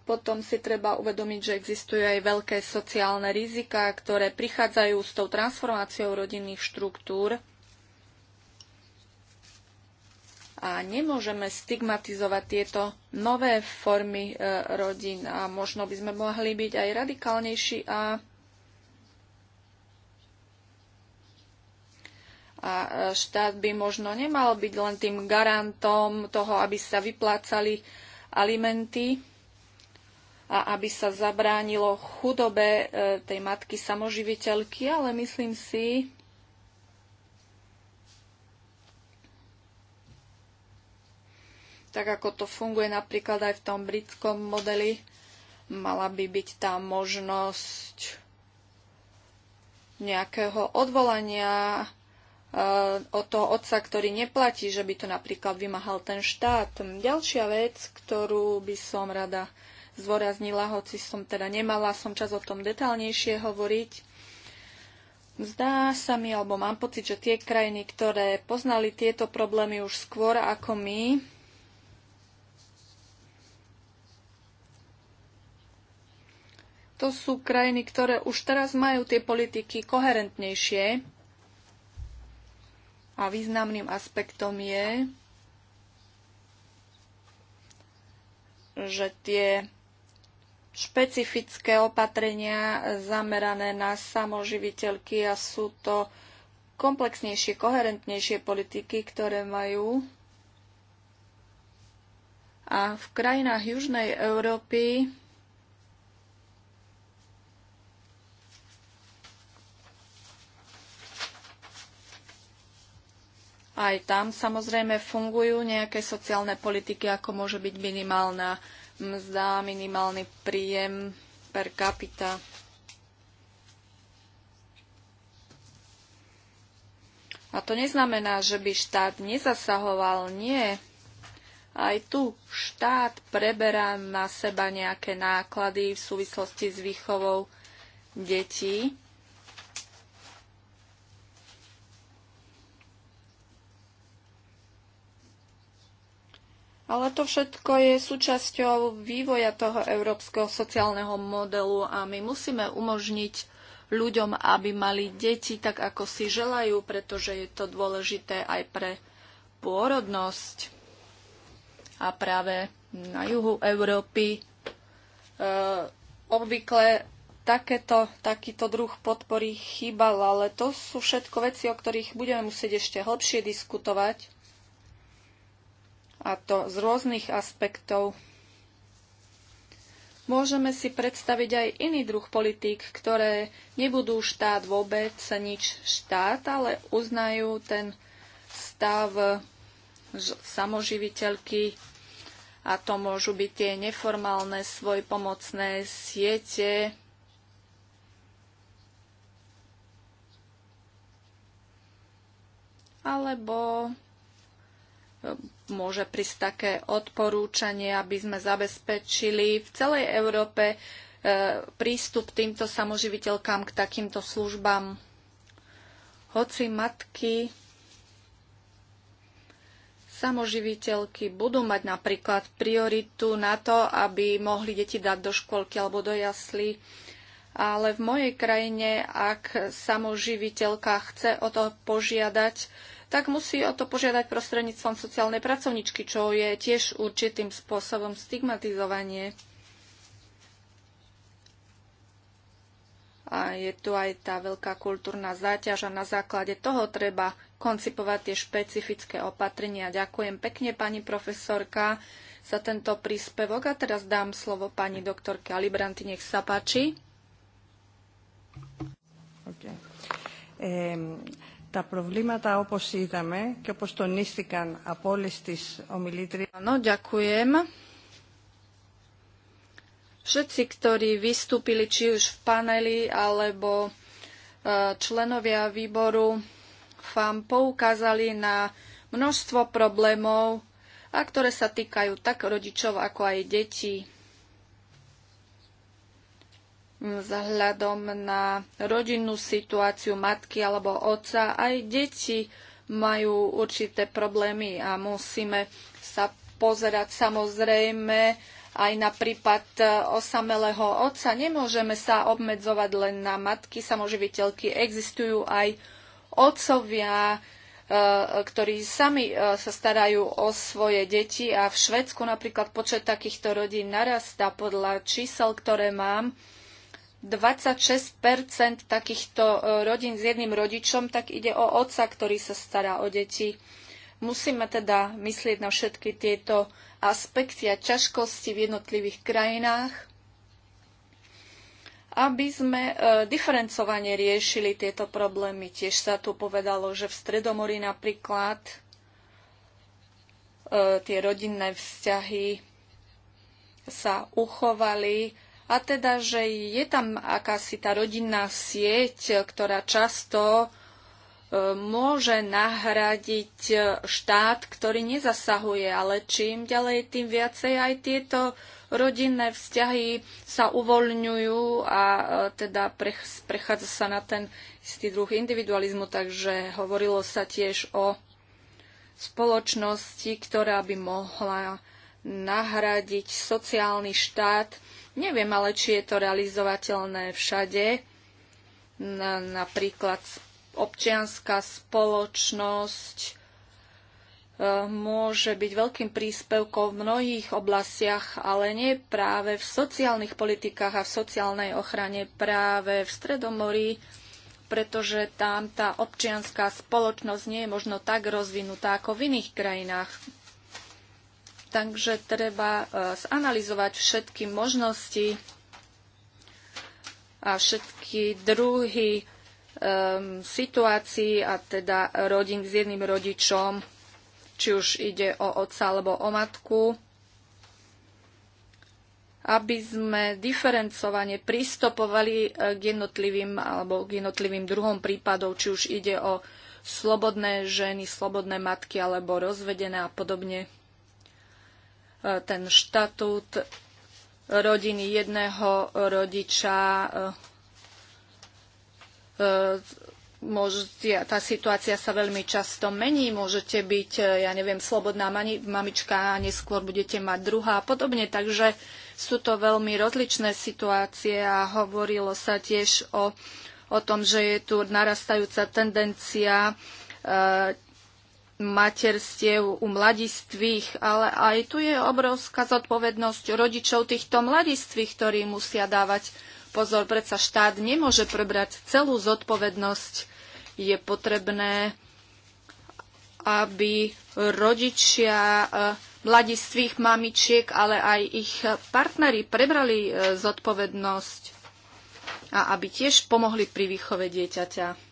Potom si treba uvedomiť, že existujú aj veľké sociálne rizika, ktoré prichádzajú s tou transformáciou rodinných štruktúr. a nemôžeme stigmatizovať tieto nové formy e, rodín a možno by sme mohli byť aj radikálnejší a A e, štát by možno nemal byť len tým garantom toho, aby sa vyplácali alimenty a aby sa zabránilo chudobe e, tej matky samoživiteľky, ale myslím si, tak ako to funguje napríklad aj v tom britskom modeli, mala by byť tá možnosť nejakého odvolania Eh, od toho otca, ktorý neplatí, že by to napríklad vymahal ten štát. Ďalšia vec, ktorú by som rada zvoraznila, hoci som teda nemala som čas o tom detálnejšie hovoriť. Zdá sa mi, alebo mám pocit, že tie krajiny, ktoré poznali tieto problémy už skôr ako my, to sú krajiny, ktoré už teraz majú tie politiky koherentnejšie a významným aspektom je, že tie špecifické opatrenia zamerané na samoživiteľky a sú to komplexnejšie, koherentnejšie politiky, ktoré majú. A v krajinách Južnej Európy Aj tam samozrejme fungujú nejaké sociálne politiky, ako môže byť minimálna mzda, minimálny príjem per capita. A to neznamená, že by štát nezasahoval. Nie. Aj tu štát preberá na seba nejaké náklady v súvislosti s výchovou detí Ale to všetko je súčasťou vývoja toho európskeho sociálneho modelu a my musíme umožniť ľuďom, aby mali deti tak, ako si želajú, pretože je to dôležité aj pre pôrodnosť. A práve na juhu Európy e, obvykle takéto, takýto druh podpory chýbal, ale to sú všetko veci, o ktorých budeme musieť ešte hlbšie diskutovať a to z rôznych aspektov. Môžeme si predstaviť aj iný druh politík, ktoré nebudú štát vôbec nič štát, ale uznajú ten stav samoživiteľky a to môžu byť tie neformálne svojpomocné siete, alebo môže prísť také odporúčanie, aby sme zabezpečili v celej Európe e, prístup týmto samoživiteľkám k takýmto službám. Hoci matky samoživiteľky budú mať napríklad prioritu na to, aby mohli deti dať do škôlky alebo do jaslí, ale v mojej krajine, ak samoživiteľka chce o to požiadať, tak musí o to požiadať prostredníctvom sociálnej pracovničky, čo je tiež určitým spôsobom stigmatizovanie. A je tu aj tá veľká kultúrna záťaž a na základe toho treba koncipovať tie špecifické opatrenia. Ďakujem pekne, pani profesorka, za tento príspevok. A teraz dám slovo pani doktorke Alibranti, nech sa páči. Okay. Um τα προβλήματα όπως είδαμε και όπως τονίστηκαν από όλες τις ομιλήτριες. ďakujem. Všetci, ktorí vystúpili či už v paneli alebo e, členovia výboru FAM poukázali na množstvo problémov, a ktoré sa týkajú tak rodičov ako aj detí. Mm, vzhľadom na rodinnú situáciu matky alebo otca. Aj deti majú určité problémy a musíme sa pozerať samozrejme aj na prípad e, osamelého otca. Nemôžeme sa obmedzovať len na matky samoživiteľky. Existujú aj otcovia, e, ktorí sami e, sa starajú o svoje deti a v Švedsku napríklad počet takýchto rodín narastá podľa čísel, ktoré mám 26 takýchto e, rodín s jedným rodičom, tak ide o otca, ktorý sa stará o deti. Musíme teda myslieť na všetky tieto aspekty a ťažkosti v jednotlivých krajinách, aby sme e, diferencovane riešili tieto problémy. Tiež sa tu povedalo, že v Stredomorí napríklad e, tie rodinné vzťahy sa uchovali a teda, že je tam akási tá rodinná sieť, ktorá často e, môže nahradiť e, štát, ktorý nezasahuje, ale čím ďalej, tým viacej aj tieto rodinné vzťahy sa uvoľňujú a e, teda prechádza sa na ten istý druh individualizmu, takže hovorilo sa tiež o spoločnosti, ktorá by mohla nahradiť sociálny štát Neviem ale, či je to realizovateľné všade. Na, napríklad občianská spoločnosť e, môže byť veľkým príspevkom v mnohých oblastiach, ale nie práve v sociálnych politikách a v sociálnej ochrane práve v Stredomorí, pretože tam tá občianská spoločnosť nie je možno tak rozvinutá ako v iných krajinách. Takže treba e, zanalizovať všetky možnosti a všetky druhy um, situácií a teda rodín s jedným rodičom, či už ide o otca alebo o matku, aby sme diferencovane pristupovali e, k jednotlivým alebo k jednotlivým druhom prípadov, či už ide o slobodné ženy, slobodné matky alebo rozvedené a podobne. E, ten štatút rodiny jedného rodiča Môžete, e, tá situácia sa veľmi často mení, môžete byť, e, ja neviem, slobodná mani, mamička, neskôr budete mať druhá a podobne, takže sú to veľmi rozličné situácie a hovorilo sa tiež o, o tom, že je tu narastajúca tendencia e, materstiev u mladistvých, ale aj tu je obrovská zodpovednosť rodičov týchto mladistvých, ktorí musia dávať pozor. Predsa štát nemôže prebrať celú zodpovednosť. Je potrebné, aby rodičia e, mladistvých mamičiek, ale aj ich partneri prebrali e, zodpovednosť a aby tiež pomohli pri výchove dieťaťa.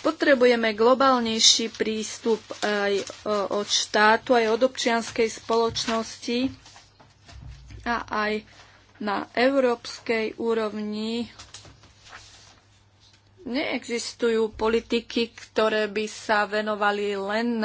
Potrebujeme globálnejší prístup aj e, od štátu, aj od občianskej spoločnosti a aj na európskej úrovni neexistujú politiky, ktoré by sa venovali len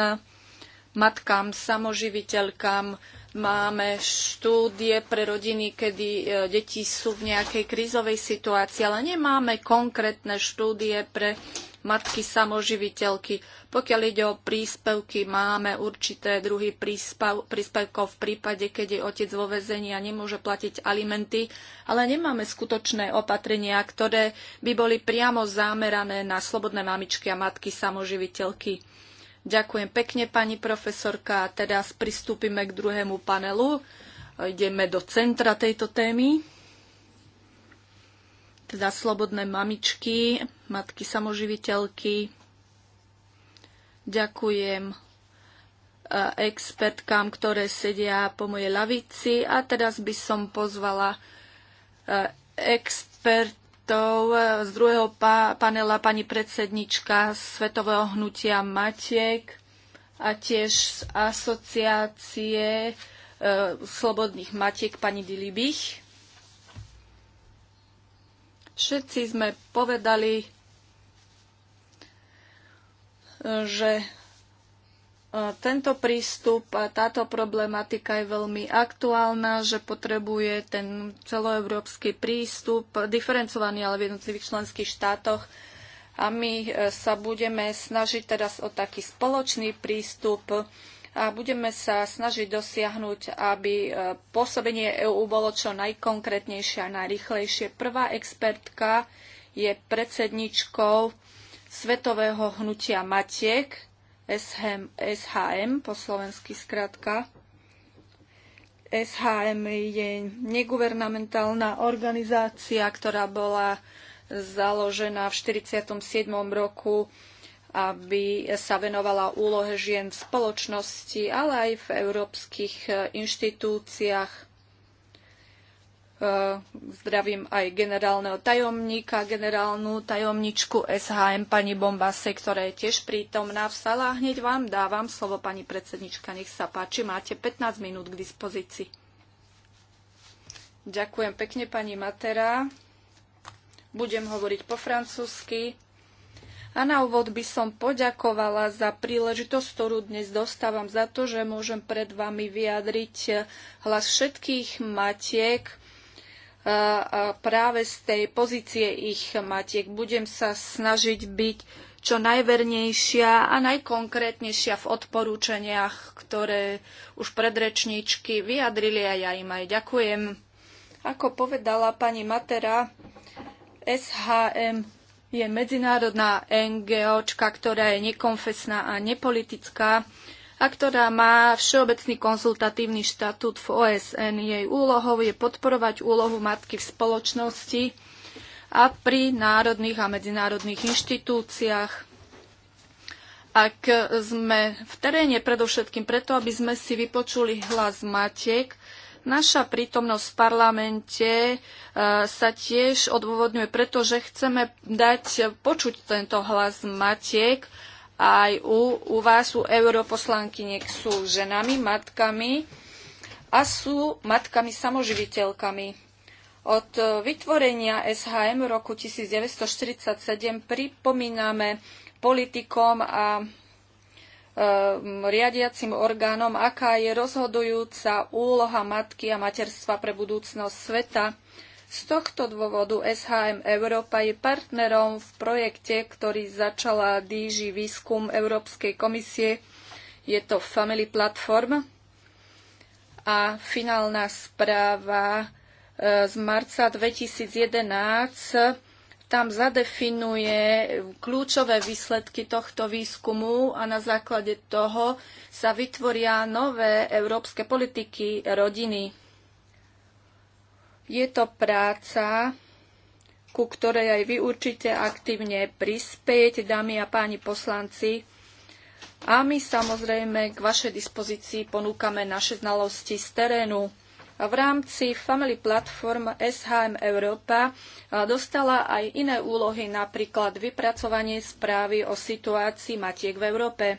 matkám, samoživiteľkám. Máme štúdie pre rodiny, kedy e, deti sú v nejakej krízovej situácii, ale nemáme konkrétne štúdie pre matky samoživiteľky. Pokiaľ ide o príspevky, máme určité druhy príspevkov v prípade, keď je otec vo väzení a nemôže platiť alimenty, ale nemáme skutočné opatrenia, ktoré by boli priamo zamerané na slobodné mamičky a matky samoživiteľky. Ďakujem pekne, pani profesorka. Teraz pristúpime k druhému panelu. Ideme do centra tejto témy teda slobodné mamičky, matky samoživiteľky. Ďakujem eh, expertkám, ktoré sedia po mojej lavici. A teraz by som pozvala eh, expertov eh, z druhého panela pani predsednička Svetového hnutia Matiek a tiež z asociácie slobodných matiek pani Dilibich. Všetci sme povedali, e, že e, tento prístup a táto problematika je veľmi aktuálna, že potrebuje ten celoeurópsky prístup, diferencovaný ale v jednotlivých členských štátoch. A my e, sa budeme snažiť teraz o taký spoločný prístup, a budeme sa snažiť dosiahnuť, aby e, pôsobenie EÚ bolo čo najkonkrétnejšie a najrychlejšie. Prvá expertka je predsedničkou Svetového hnutia Matiek, SHM, SHM po slovensky skratka. SHM je neguvernamentálna organizácia, ktorá bola založená v 1947 roku aby sa venovala úlohe žien v spoločnosti, ale aj v európskych e, inštitúciách. E, zdravím aj generálneho tajomníka, generálnu tajomničku SHM, pani Bombase, ktorá je tiež prítomná v sale. hneď vám dávam slovo, pani predsednička, nech sa páči. Máte 15 minút k dispozícii. Ďakujem pekne, pani Matera. Budem hovoriť po francúzsky. A na úvod by som poďakovala za príležitosť, ktorú dnes dostávam, za to, že môžem pred vami vyjadriť hlas všetkých matiek práve z tej pozície ich matiek. Budem sa snažiť byť čo najvernejšia a najkonkrétnejšia v odporúčaniach, ktoré už predrečníčky vyjadrili a ja im aj ďakujem. Ako povedala pani Matera, SHM je medzinárodná NGOčka, ktorá je nekonfesná a nepolitická a ktorá má všeobecný konzultatívny štatút v OSN. Jej úlohou je podporovať úlohu matky v spoločnosti a pri národných a medzinárodných inštitúciách ak sme v teréne predovšetkým preto, aby sme si vypočuli hlas matiek Naša prítomnosť v parlamente e, sa tiež odôvodňuje, pretože chceme dať počuť tento hlas matiek aj u, u vás, u nech sú ženami, matkami a sú matkami samoživiteľkami. Od e, vytvorenia SHM v roku 1947 pripomíname politikom a Ehm, riadiacim orgánom, aká je rozhodujúca úloha matky a materstva pre budúcnosť sveta. Z tohto dôvodu SHM Európa je partnerom v projekte, ktorý začala DG výskum Európskej komisie. Je to Family Platform a finálna správa ehm, z marca 2011 tam zadefinuje kľúčové výsledky tohto výskumu a na základe toho sa vytvoria nové európske politiky rodiny. Je to práca, ku ktorej aj vy určite aktívne prispiejete, dámy a páni poslanci. A my samozrejme k vašej dispozícii ponúkame naše znalosti z terénu. V rámci Family Platform SHM Európa dostala aj iné úlohy, napríklad vypracovanie správy o situácii matiek v Európe.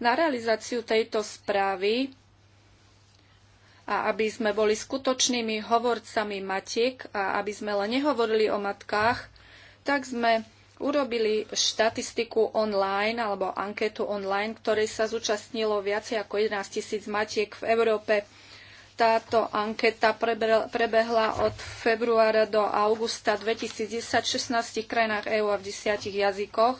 Na realizáciu tejto správy a aby sme boli skutočnými hovorcami matiek a aby sme len nehovorili o matkách, tak sme urobili štatistiku online alebo anketu online, ktorej sa zúčastnilo viacej ako 11 tisíc matiek v Európe. Táto anketa prebehla od februára do augusta 2010 v 16 krajinách EÚ a v 10 jazykoch.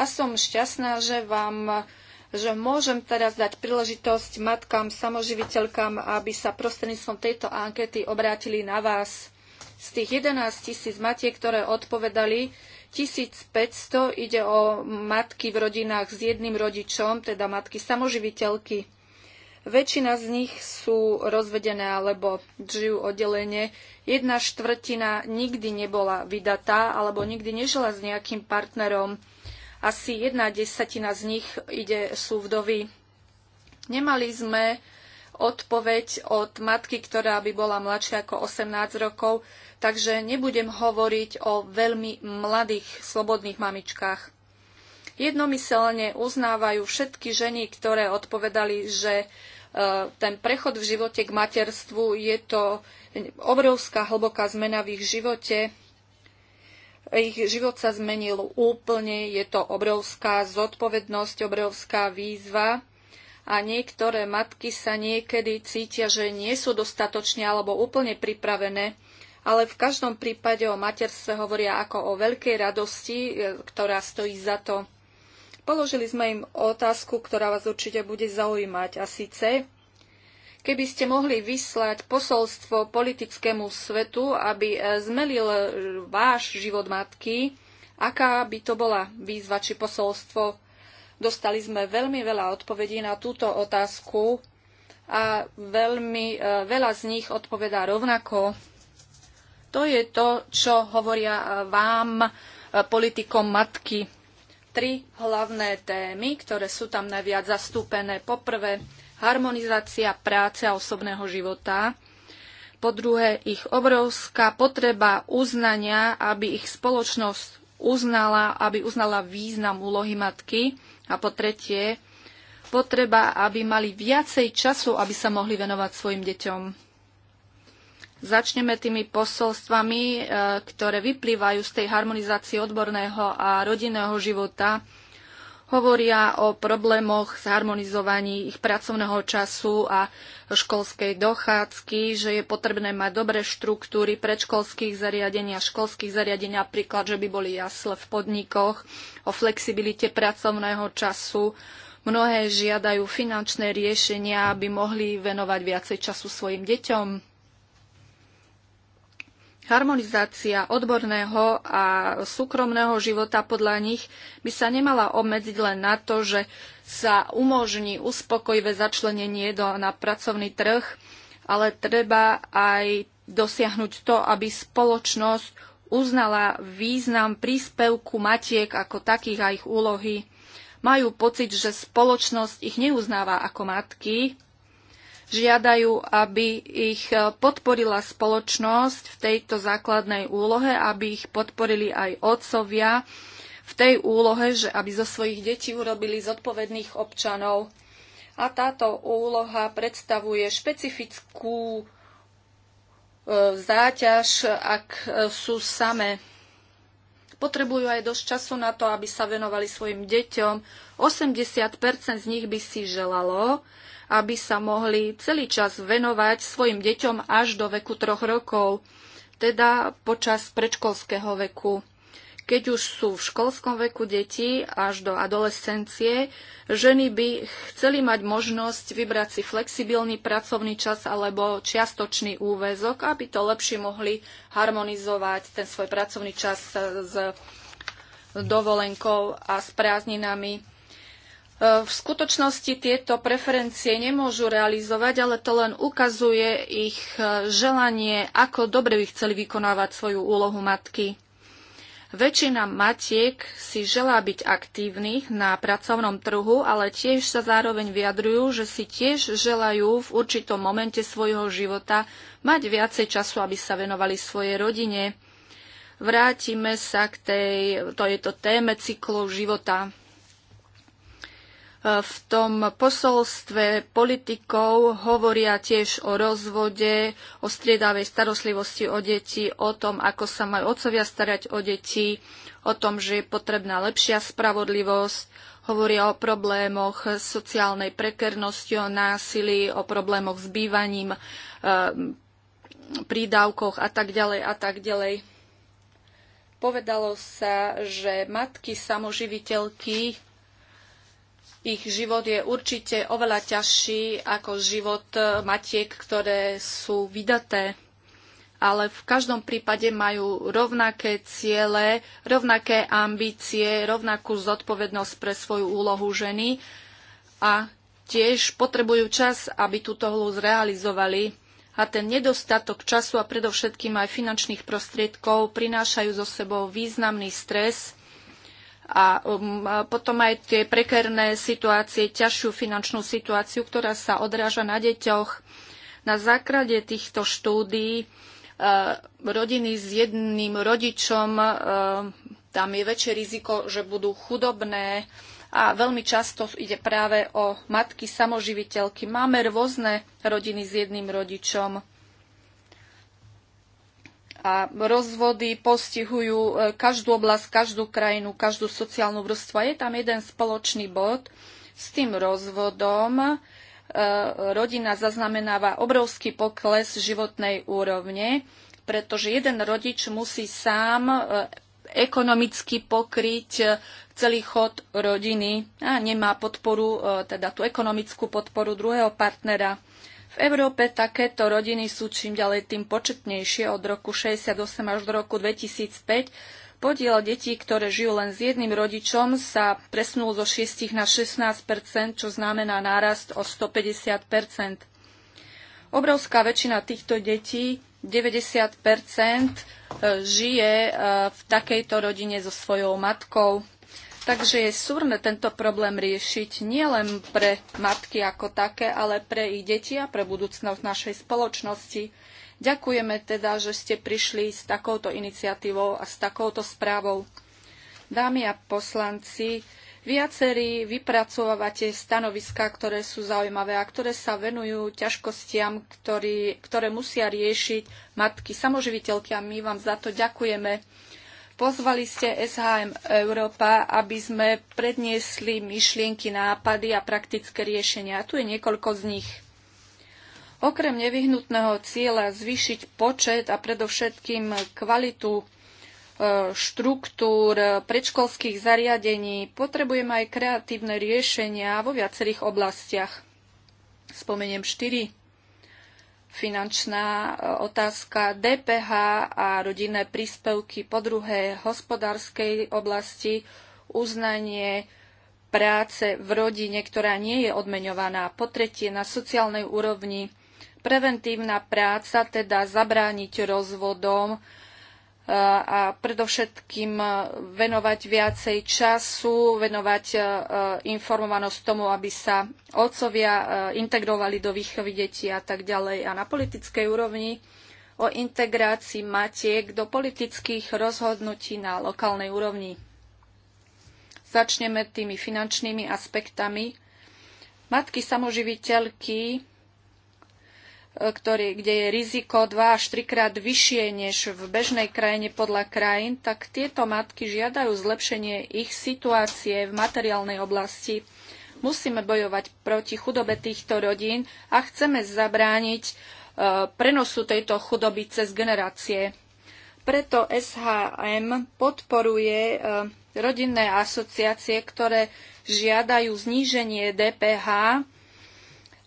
A som šťastná, že vám že môžem teraz dať príležitosť matkám, samoživiteľkám, aby sa prostredníctvom tejto ankety obrátili na vás. Z tých 11 tisíc matiek, ktoré odpovedali, 1500 ide o matky v rodinách s jedným rodičom, teda matky samoživiteľky. Väčšina z nich sú rozvedené alebo žijú oddelenie. Jedna štvrtina nikdy nebola vydatá alebo nikdy nežila s nejakým partnerom. Asi jedna desatina z nich ide, sú vdovy. Nemali sme odpoveď od matky, ktorá by bola mladšia ako 18 rokov, takže nebudem hovoriť o veľmi mladých slobodných mamičkách. Jednomyselne uznávajú všetky ženy, ktoré odpovedali, že Eh, ten prechod v živote k materstvu, je to obrovská hlboká zmena v ich živote. Ich život sa zmenil úplne, je to obrovská zodpovednosť, obrovská výzva a niektoré matky sa niekedy cítia, že nie sú dostatočne alebo úplne pripravené, ale v každom prípade o materstve hovoria ako o veľkej radosti, eh, ktorá stojí za to. Položili sme im otázku, ktorá vás určite bude zaujímať. A síce, keby ste mohli vyslať posolstvo politickému svetu, aby e, zmelil e, váš život matky, aká by to bola výzva či posolstvo? Dostali sme veľmi veľa odpovedí na túto otázku a veľmi e, veľa z nich odpovedá rovnako. To je to, čo hovoria vám politikom matky tri hlavné témy, ktoré sú tam najviac zastúpené. Poprvé, harmonizácia práce a osobného života. Po druhé, ich obrovská potreba uznania, aby ich spoločnosť uznala, aby uznala význam úlohy matky. A po tretie, potreba, aby mali viacej času, aby sa mohli venovať svojim deťom. Začneme tými posolstvami, e, ktoré vyplývajú z tej harmonizácie odborného a rodinného života. Hovoria o problémoch s harmonizovaní ich pracovného času a školskej dochádzky, že je potrebné mať dobré štruktúry predškolských zariadení a školských zariadení, napríklad, že by boli jasle v podnikoch, o flexibilite pracovného času. Mnohé žiadajú finančné riešenia, aby mohli venovať viacej času svojim deťom Harmonizácia odborného a súkromného života podľa nich by sa nemala obmedziť len na to, že sa umožní uspokojivé začlenenie do, na pracovný trh, ale treba aj dosiahnuť to, aby spoločnosť uznala význam príspevku matiek ako takých a ich úlohy. Majú pocit, že spoločnosť ich neuznáva ako matky, žiadajú, aby ich e, podporila spoločnosť v tejto základnej úlohe, aby ich podporili aj otcovia v tej úlohe, že aby zo svojich detí urobili zodpovedných občanov. A táto úloha predstavuje špecifickú e, záťaž, ak e, sú same. Potrebujú aj dosť času na to, aby sa venovali svojim deťom. 80 z nich by si želalo, aby sa mohli celý čas venovať svojim deťom až do veku troch rokov, teda počas predškolského veku. Keď už sú v školskom veku deti až do adolescencie, ženy by chceli mať možnosť vybrať si flexibilný pracovný čas alebo čiastočný úväzok, aby to lepšie mohli harmonizovať ten svoj pracovný čas s dovolenkou a s prázdninami E, v skutočnosti tieto preferencie nemôžu realizovať, ale to len ukazuje ich e, želanie, ako dobre by chceli vykonávať svoju úlohu matky. Väčšina matiek si želá byť aktívnych na pracovnom trhu, ale tiež sa zároveň vyjadrujú, že si tiež želajú v určitom momente svojho života mať viacej času, aby sa venovali svojej rodine. Vrátime sa k tej, to je to téme cyklov života v tom posolstve politikov hovoria tiež o rozvode, o striedavej starostlivosti o deti, o tom, ako sa majú otcovia starať o deti, o tom, že je potrebná lepšia spravodlivosť, hovoria o problémoch sociálnej prekernosti, o násilí, o problémoch s bývaním, eh, prídavkoch a tak ďalej a tak ďalej. Povedalo sa, že matky samoživiteľky ich život je určite oveľa ťažší ako život matiek, ktoré sú vydaté. Ale v každom prípade majú rovnaké ciele, rovnaké ambície, rovnakú zodpovednosť pre svoju úlohu ženy a tiež potrebujú čas, aby túto hlu zrealizovali. A ten nedostatok času a predovšetkým aj finančných prostriedkov prinášajú zo sebou významný stres – Um, a potom aj tie prekerné situácie, ťažšiu finančnú situáciu, ktorá sa odráža na deťoch. Na základe týchto štúdií e, rodiny s jedným rodičom, e, tam je väčšie riziko, že budú chudobné a veľmi často ide práve o matky samoživiteľky. Máme rôzne rodiny s jedným rodičom a rozvody postihujú e, každú oblasť, každú krajinu, každú sociálnu vrstvu. A je tam jeden spoločný bod s tým rozvodom. E, rodina zaznamenáva obrovský pokles životnej úrovne, pretože jeden rodič musí sám e, ekonomicky pokryť celý chod rodiny a nemá podporu, teda tú ekonomickú podporu druhého partnera. V Európe takéto rodiny sú čím ďalej tým početnejšie. Od roku 68 až do roku 2005 podiel detí, ktoré žijú len s jedným rodičom, sa presunul zo 6 na 16 čo znamená nárast o 150 Obrovská väčšina týchto detí, 90 e, žije e, v takejto rodine so svojou matkou. Takže je súrne tento problém riešiť nielen pre matky ako také, ale pre ich deti a pre budúcnosť našej spoločnosti. Ďakujeme teda, že ste prišli s takouto iniciatívou a s takouto správou. Dámy a poslanci, viacerí vypracovávate stanoviská, ktoré sú zaujímavé a ktoré sa venujú ťažkostiam, ktorý, ktoré musia riešiť matky samoživiteľky a my vám za to ďakujeme. Pozvali ste SHM Európa, aby sme predniesli myšlienky, nápady a praktické riešenia. A tu je niekoľko z nich. Okrem nevyhnutného cieľa zvýšiť počet a predovšetkým kvalitu e, štruktúr predškolských zariadení potrebujeme aj kreatívne riešenia vo viacerých oblastiach. Spomeniem štyri finančná e, otázka DPH a rodinné príspevky, po druhé hospodárskej oblasti uznanie práce v rodine, ktorá nie je odmeňovaná, po tretie na sociálnej úrovni preventívna práca, teda zabrániť rozvodom, a predovšetkým venovať viacej času, venovať e, informovanosť tomu, aby sa otcovia e, integrovali do výchovy detí a tak ďalej. A na politickej úrovni o integrácii matiek do politických rozhodnutí na lokálnej úrovni. Začneme tými finančnými aspektami. Matky samoživiteľky ktorý, kde je riziko 2 až 3 krát vyššie než v bežnej krajine podľa krajín, tak tieto matky žiadajú zlepšenie ich situácie v materiálnej oblasti. Musíme bojovať proti chudobe týchto rodín a chceme zabrániť e, prenosu tejto chudoby cez generácie. Preto SHM podporuje e, rodinné asociácie, ktoré žiadajú zníženie DPH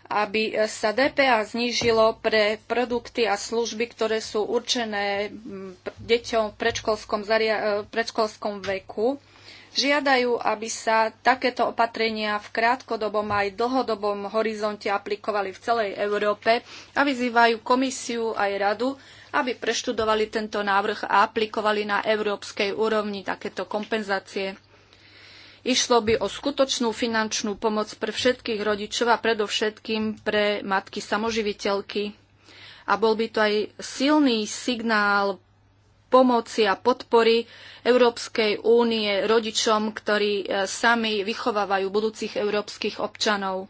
aby sa DPA znížilo pre produkty a služby, ktoré sú určené mm, deťom v predškolskom, e, predškolskom veku. Žiadajú, aby sa takéto opatrenia v krátkodobom aj dlhodobom horizonte aplikovali v celej Európe a vyzývajú komisiu aj radu, aby preštudovali tento návrh a aplikovali na európskej úrovni takéto kompenzácie. Išlo by o skutočnú finančnú pomoc pre všetkých rodičov a predovšetkým pre matky samoživiteľky. A bol by to aj silný signál pomoci a podpory Európskej únie rodičom, ktorí e, sami vychovávajú budúcich európskych občanov.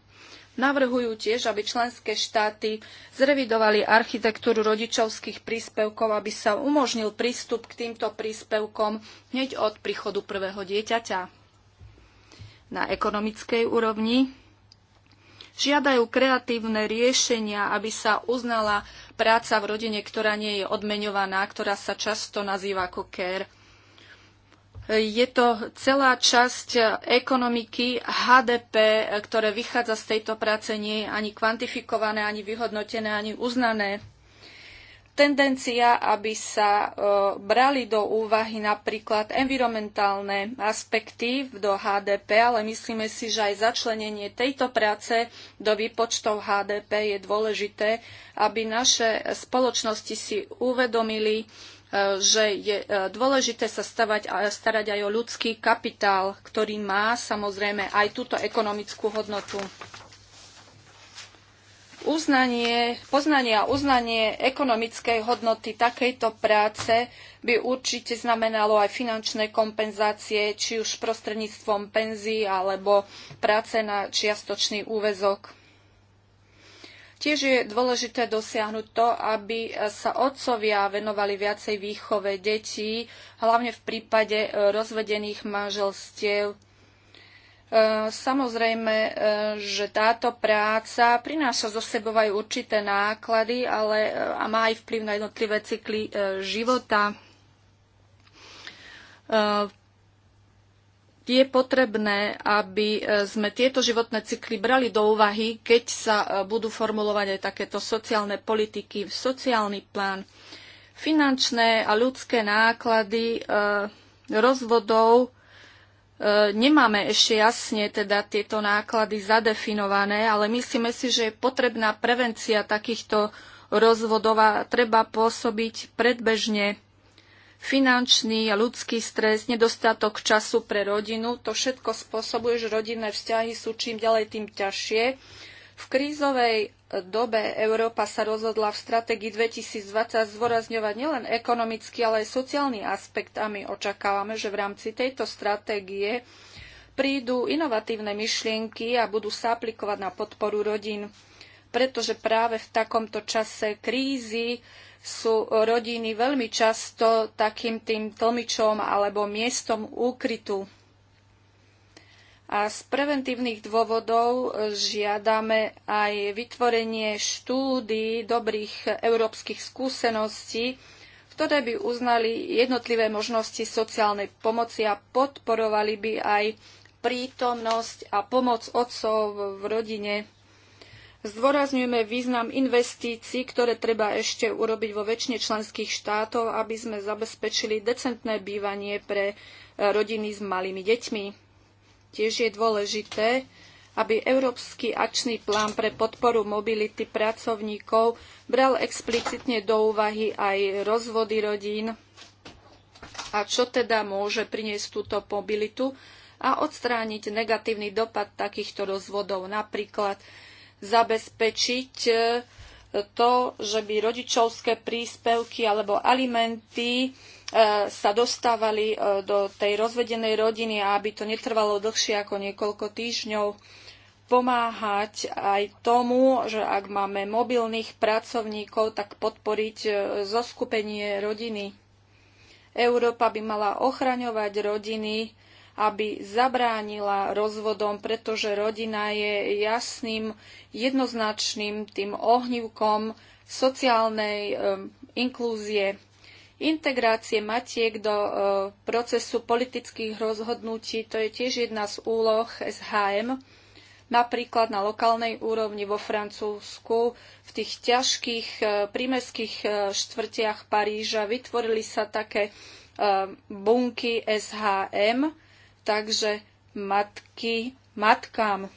Navrhujú tiež, aby členské štáty zrevidovali architektúru rodičovských príspevkov, aby sa umožnil prístup k týmto príspevkom hneď od príchodu prvého dieťaťa na ekonomickej úrovni. Žiadajú kreatívne riešenia, aby sa uznala práca v rodine, ktorá nie je odmeňovaná, ktorá sa často nazýva ako care. Je to celá časť ekonomiky HDP, ktoré vychádza z tejto práce, nie je ani kvantifikované, ani vyhodnotené, ani uznané tendencia, aby sa e, brali do úvahy napríklad environmentálne aspekty do HDP, ale myslíme si, že aj začlenenie tejto práce do výpočtov HDP je dôležité, aby naše spoločnosti si uvedomili, e, že je e, dôležité sa stavať, starať aj o ľudský kapitál, ktorý má samozrejme aj túto ekonomickú hodnotu uznanie, poznanie a uznanie ekonomickej hodnoty takejto práce by určite znamenalo aj finančné kompenzácie, či už prostredníctvom penzí alebo práce na čiastočný úvezok. Tiež je dôležité dosiahnuť to, aby sa otcovia venovali viacej výchove detí, hlavne v prípade e, rozvedených manželstiev E, samozrejme, e, že táto práca prináša zo sebou aj určité náklady ale, e, a má aj vplyv na jednotlivé cykly života. Je potrebné, aby sme tieto životné cykly brali do úvahy, keď sa budú formulovať aj takéto sociálne politiky, sociálny plán, finančné a ľudské náklady rozvodov, E, nemáme ešte jasne teda tieto náklady zadefinované, ale myslíme si, že je potrebná prevencia takýchto rozvodov a treba pôsobiť predbežne finančný a ľudský stres, nedostatok času pre rodinu, to všetko spôsobuje, že rodinné vzťahy sú čím ďalej tým ťažšie. V krízovej dobe Európa sa rozhodla v stratégii 2020 zdôrazňovať nielen ekonomický, ale aj sociálny aspekt a my očakávame, že v rámci tejto stratégie prídu inovatívne myšlienky a budú sa aplikovať na podporu rodín, pretože práve v takomto čase krízy sú rodiny veľmi často takým tým tlmičom alebo miestom úkrytu a z preventívnych dôvodov žiadame aj vytvorenie štúdy dobrých európskych skúseností, ktoré by uznali jednotlivé možnosti sociálnej pomoci a podporovali by aj prítomnosť a pomoc otcov v rodine. Zdôrazňujeme význam investícií, ktoré treba ešte urobiť vo väčšine členských štátov, aby sme zabezpečili decentné bývanie pre rodiny s malými deťmi. Tiež je dôležité, aby Európsky akčný plán pre podporu mobility pracovníkov bral explicitne do úvahy aj rozvody rodín a čo teda môže priniesť túto mobilitu a odstrániť negatívny dopad takýchto rozvodov. Napríklad zabezpečiť e, to, že by rodičovské príspevky alebo alimenty Eh, sa dostávali eh, do tej rozvedenej rodiny a aby to netrvalo dlhšie ako niekoľko týždňov. Pomáhať aj tomu, že ak máme mobilných pracovníkov, tak podporiť eh, zoskupenie rodiny. Európa by mala ochraňovať rodiny, aby zabránila rozvodom, pretože rodina je jasným, jednoznačným tým ohnívkom sociálnej inklúzie integrácie matiek do e, procesu politických rozhodnutí, to je tiež jedna z úloh SHM, napríklad na lokálnej úrovni vo Francúzsku. V tých ťažkých e, prímeských e, štvrtiach Paríža vytvorili sa také bunky SHM, takže matky matkám.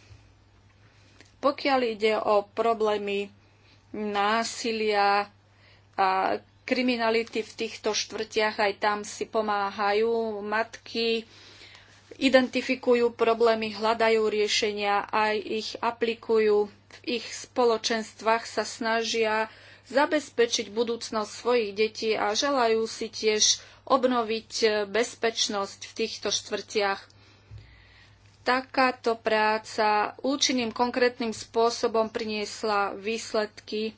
Pokiaľ ide o problémy násilia a kriminality v týchto štvrtiach, aj tam si pomáhajú matky, identifikujú problémy, hľadajú riešenia, aj ich aplikujú. V ich spoločenstvách sa snažia zabezpečiť budúcnosť svojich detí a želajú si tiež obnoviť eh, bezpečnosť v týchto štvrtiach. Takáto práca účinným konkrétnym spôsobom priniesla výsledky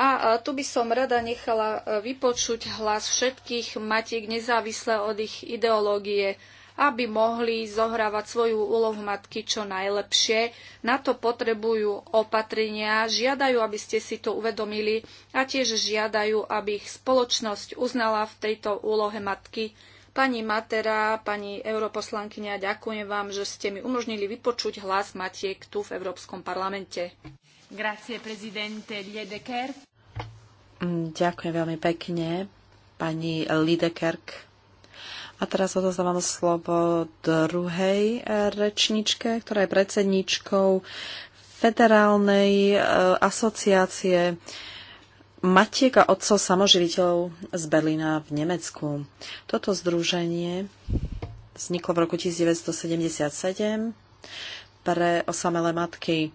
a tu by som rada nechala e, vypočuť hlas všetkých matiek nezávisle od ich ideológie, aby mohli zohrávať svoju úlohu matky čo najlepšie. Na to potrebujú opatrenia, žiadajú, aby ste si to uvedomili a tiež žiadajú, aby ich spoločnosť uznala v tejto úlohe matky. Pani Matera, pani europoslankyňa, ďakujem vám, že ste mi umožnili vypočuť hlas matiek tu v Európskom parlamente. Grazie, Liedeker. Mm, ďakujem veľmi pekne, pani Lidekerk. A teraz odozdávam slovo druhej eh, rečničke, ktorá je predsedničkou Federálnej eh, asociácie Matiek a otcov samoživiteľov z Berlína v Nemecku. Toto združenie vzniklo v roku 1977 pre osamelé matky.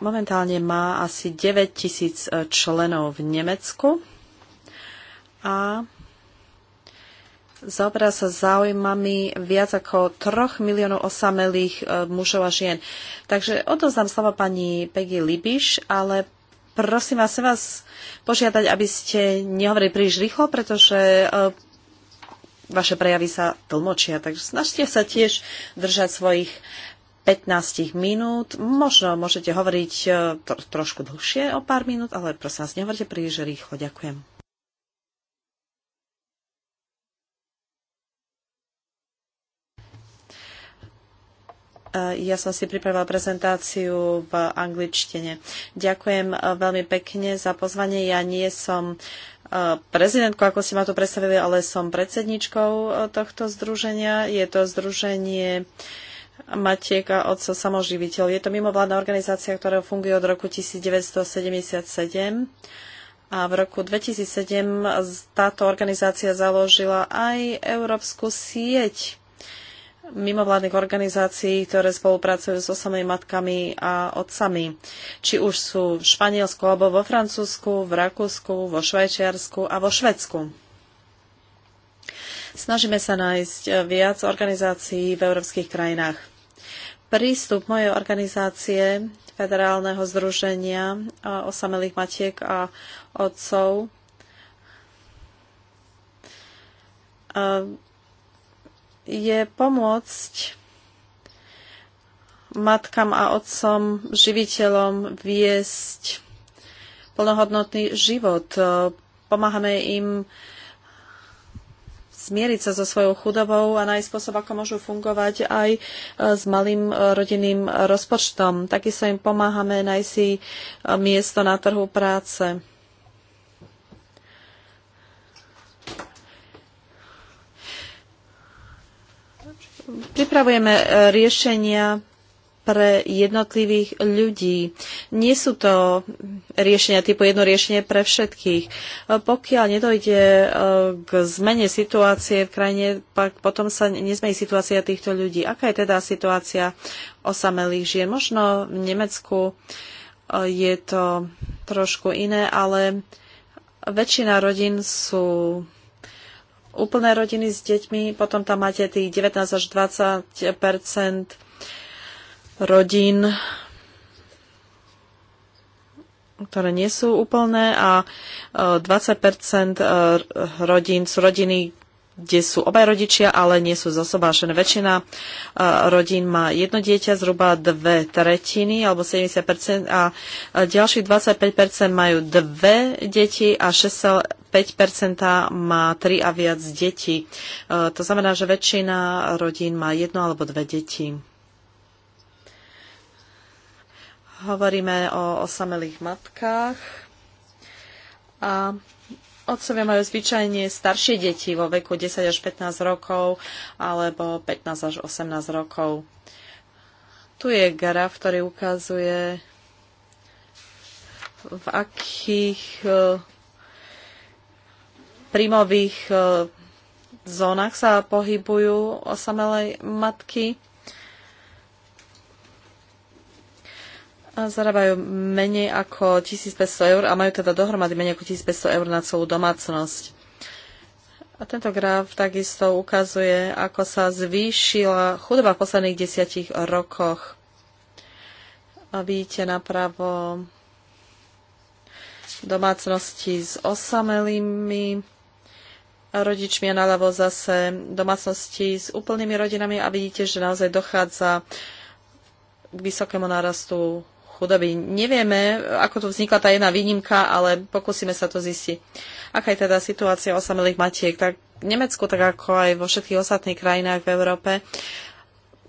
Momentálne má asi 9 tisíc e, členov v Nemecku a zaoberá sa záujmami viac ako troch miliónov osamelých e, mužov a žien. Takže odovzdám slovo pani Peggy Libiš, ale prosím vás, vás požiadať, aby ste nehovorili príliš rýchlo, pretože e, vaše prejavy sa tlmočia, takže snažte sa tiež držať svojich 15 minút. Možno môžete hovoriť e, trošku dlhšie o pár minút, ale prosím vás, nehovorte príliš rýchlo. Ďakujem. E, ja som si pripravila prezentáciu v angličtine. Ďakujem e, veľmi pekne za pozvanie. Ja nie som prezidentkou, ako ste ma tu predstavili, ale som predsedničkou tohto združenia. Je to združenie uh, matiek a otcov samoživiteľ. Je to mimovládna organizácia, ktorá funguje od roku 1977 a v roku 2007 táto organizácia založila aj Európsku sieť mimovládnych organizácií, ktoré spolupracujú s osamými matkami a otcami. Či už sú v Španielsku alebo vo Francúzsku, v Rakúsku, vo Švajčiarsku a vo Švedsku. Snažíme sa nájsť viac organizácií v európskych krajinách. Prístup mojej organizácie Federálneho združenia osamelých matiek a otcov je pomôcť matkám a otcom, živiteľom viesť plnohodnotný život. Pomáhame im zmieriť sa so svojou chudobou a nájsť spôsob, ako môžu fungovať aj e, s malým e, rodinným rozpočtom. Takisto im pomáhame nájsť si e, miesto na trhu práce. Pripravujeme riešenia pre jednotlivých ľudí. Nie sú to riešenia typu jedno riešenie pre všetkých. Pokiaľ nedojde e, k zmene situácie v krajine, pak potom sa nezmení situácia týchto ľudí. Aká je teda situácia osamelých žien? Možno v Nemecku e, je to trošku iné, ale väčšina rodín sú úplné rodiny s deťmi, potom tam máte tých 19 až 20 rodín, ktoré nie sú úplné a 20 e, e, rodín sú rodiny, kde sú obaj rodičia, ale nie sú zasobášené. Väčšina e, rodín má jedno dieťa, zhruba dve tretiny alebo 70 a ďalších 25 majú dve deti a 6 5% má 3 a viac detí. To znamená, že väčšina rodín má jedno alebo dve deti. Hovoríme o osamelých matkách a otcovia majú zvyčajne staršie deti vo veku 10 až 15 rokov alebo 15 až 18 rokov. Tu je graf, ktorý ukazuje, v akých e, príjmových e, zónach sa pohybujú osamelé matky. zarábajú menej ako 1500 eur a majú teda dohromady menej ako 1500 eur na celú domácnosť. A tento graf takisto ukazuje, ako sa zvýšila chudoba v posledných desiatich rokoch. A vidíte napravo domácnosti s osamelými rodičmi a naľavo zase domácnosti s úplnými rodinami a vidíte, že naozaj dochádza k vysokému nárastu chudoby. Nevieme, ako tu vznikla tá jedna výnimka, ale pokúsime sa to zistiť. Aká je teda situácia osamelých matiek? Tak v Nemecku, tak ako aj vo všetkých ostatných krajinách v Európe,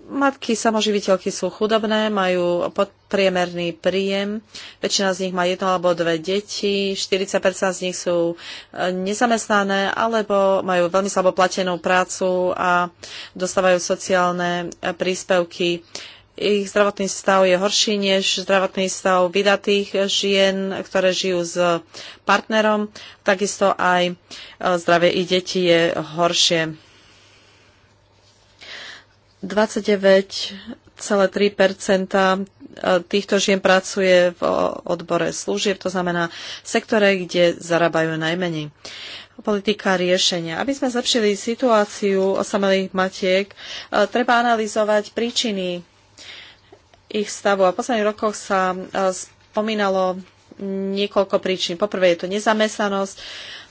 matky samoživiteľky sú chudobné, majú podpriemerný príjem, väčšina z nich má jedno alebo dve deti, 40% z nich sú e, nezamestnané alebo majú veľmi slabo platenú prácu a dostávajú sociálne e, príspevky ich zdravotný stav je horší než zdravotný stav vydatých žien, ktoré žijú s partnerom. Takisto aj e, zdravie ich detí je horšie. 29,3 e, týchto žien pracuje v odbore služieb, to znamená v sektore, kde zarábajú najmenej. Politika riešenia. Aby sme zlepšili situáciu osamelých matiek, e, treba analyzovať príčiny ich stavu. A v posledných rokoch sa e, spomínalo niekoľko príčin. Poprvé je to nezamestnanosť,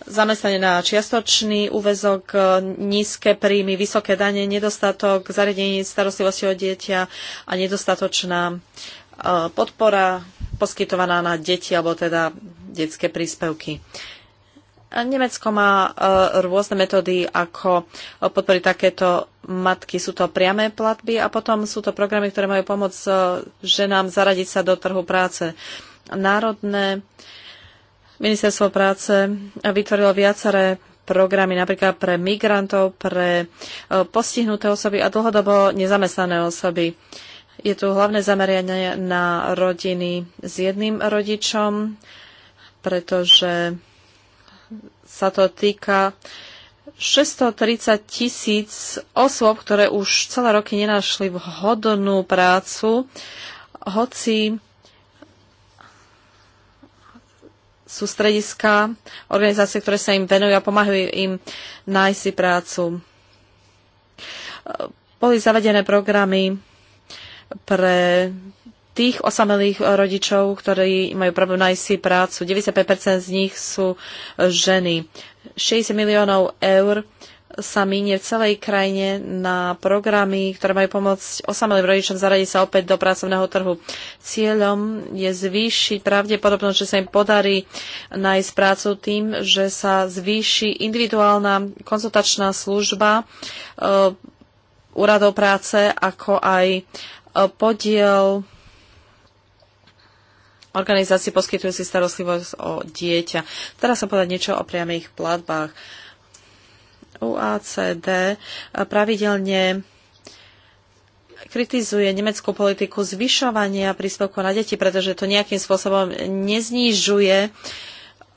zamestnanie na čiastočný úvezok, e, nízke príjmy, vysoké dane, nedostatok zariadení starostlivosti o dieťa a nedostatočná e, podpora poskytovaná na deti alebo teda detské príspevky. Nemecko má e, rôzne metódy, ako podporiť takéto matky. Sú to priame platby a potom sú to programy, ktoré majú pomôcť e, ženám zaradiť sa do trhu práce. Národné ministerstvo práce vytvorilo viaceré programy napríklad pre migrantov, pre e, postihnuté osoby a dlhodobo nezamestnané osoby. Je tu hlavné zamerianie na rodiny s jedným rodičom, pretože sa to týka 630 tisíc osôb, ktoré už celé roky nenašli vhodnú prácu, hoci sú strediska, organizácie, ktoré sa im venujú a pomáhajú im nájsť si prácu. Boli zavedené programy pre tých osamelých eh, rodičov, ktorí majú problém nájsť si prácu. 95% z nich sú eh, ženy. 60 miliónov eur sa minie v celej krajine na programy, ktoré majú pomôcť osamelým rodičom zaradiť sa opäť do pracovného trhu. Cieľom je zvýšiť pravdepodobnosť, že sa im podarí nájsť prácu tým, že sa zvýši individuálna konzultačná služba eh, úradov práce, ako aj podiel poskytujú si starostlivosť o dieťa. Teraz sa povedať niečo o priamých platbách. UACD pravidelne kritizuje nemeckú politiku zvyšovania príspevku na deti, pretože to nejakým spôsobom neznižuje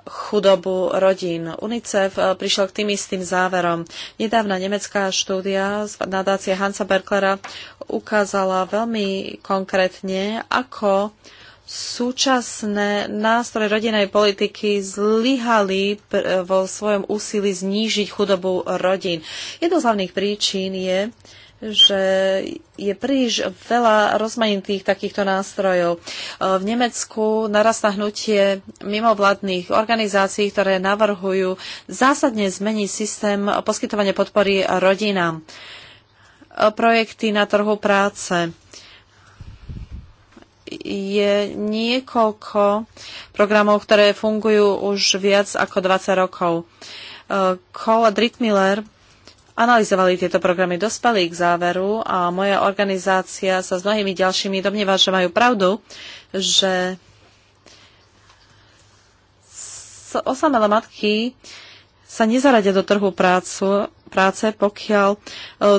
chudobu rodín. UNICEF eh, prišiel k tým istým záverom. Nedávna nemecká štúdia z nadácie Hansa Berklera ukázala veľmi konkrétne, ako súčasné nástroje rodinnej politiky zlyhali vo svojom úsilí znížiť chudobu rodín. Jednou z hlavných príčin je, že je príliš veľa rozmanitých takýchto nástrojov. E, v Nemecku narastá hnutie mimovládnych organizácií, ktoré navrhujú zásadne zmeniť systém poskytovania podpory rodinám. E, projekty na trhu práce je niekoľko programov, ktoré fungujú už viac ako 20 rokov. Eh, Cole a Drick Miller analyzovali tieto programy, dospali k záveru a moja organizácia sa s mnohými ďalšími domnieva, že majú pravdu, že osamelé matky sa nezaradia do trhu prácu, práce, pokiaľ e,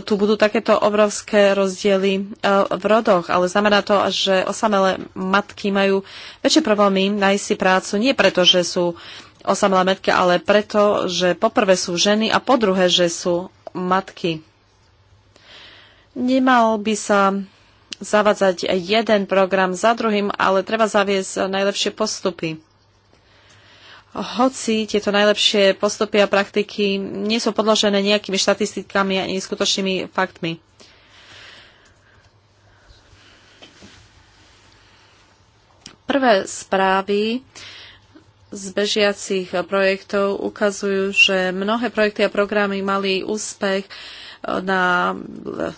tu budú takéto obrovské rozdiely e, v rodoch. Ale znamená to, že osamelé matky majú väčšie problémy nájsť si prácu, nie preto, že sú osamelé matky, ale preto, že poprvé sú ženy a po druhé, že sú matky. Nemal by sa zavádzať jeden program za druhým, ale treba zaviesť najlepšie postupy hoci tieto najlepšie postupy a praktiky nie sú podložené nejakými štatistikami ani skutočnými faktmi. Prvé správy z bežiacich projektov ukazujú, že mnohé projekty a programy mali úspech na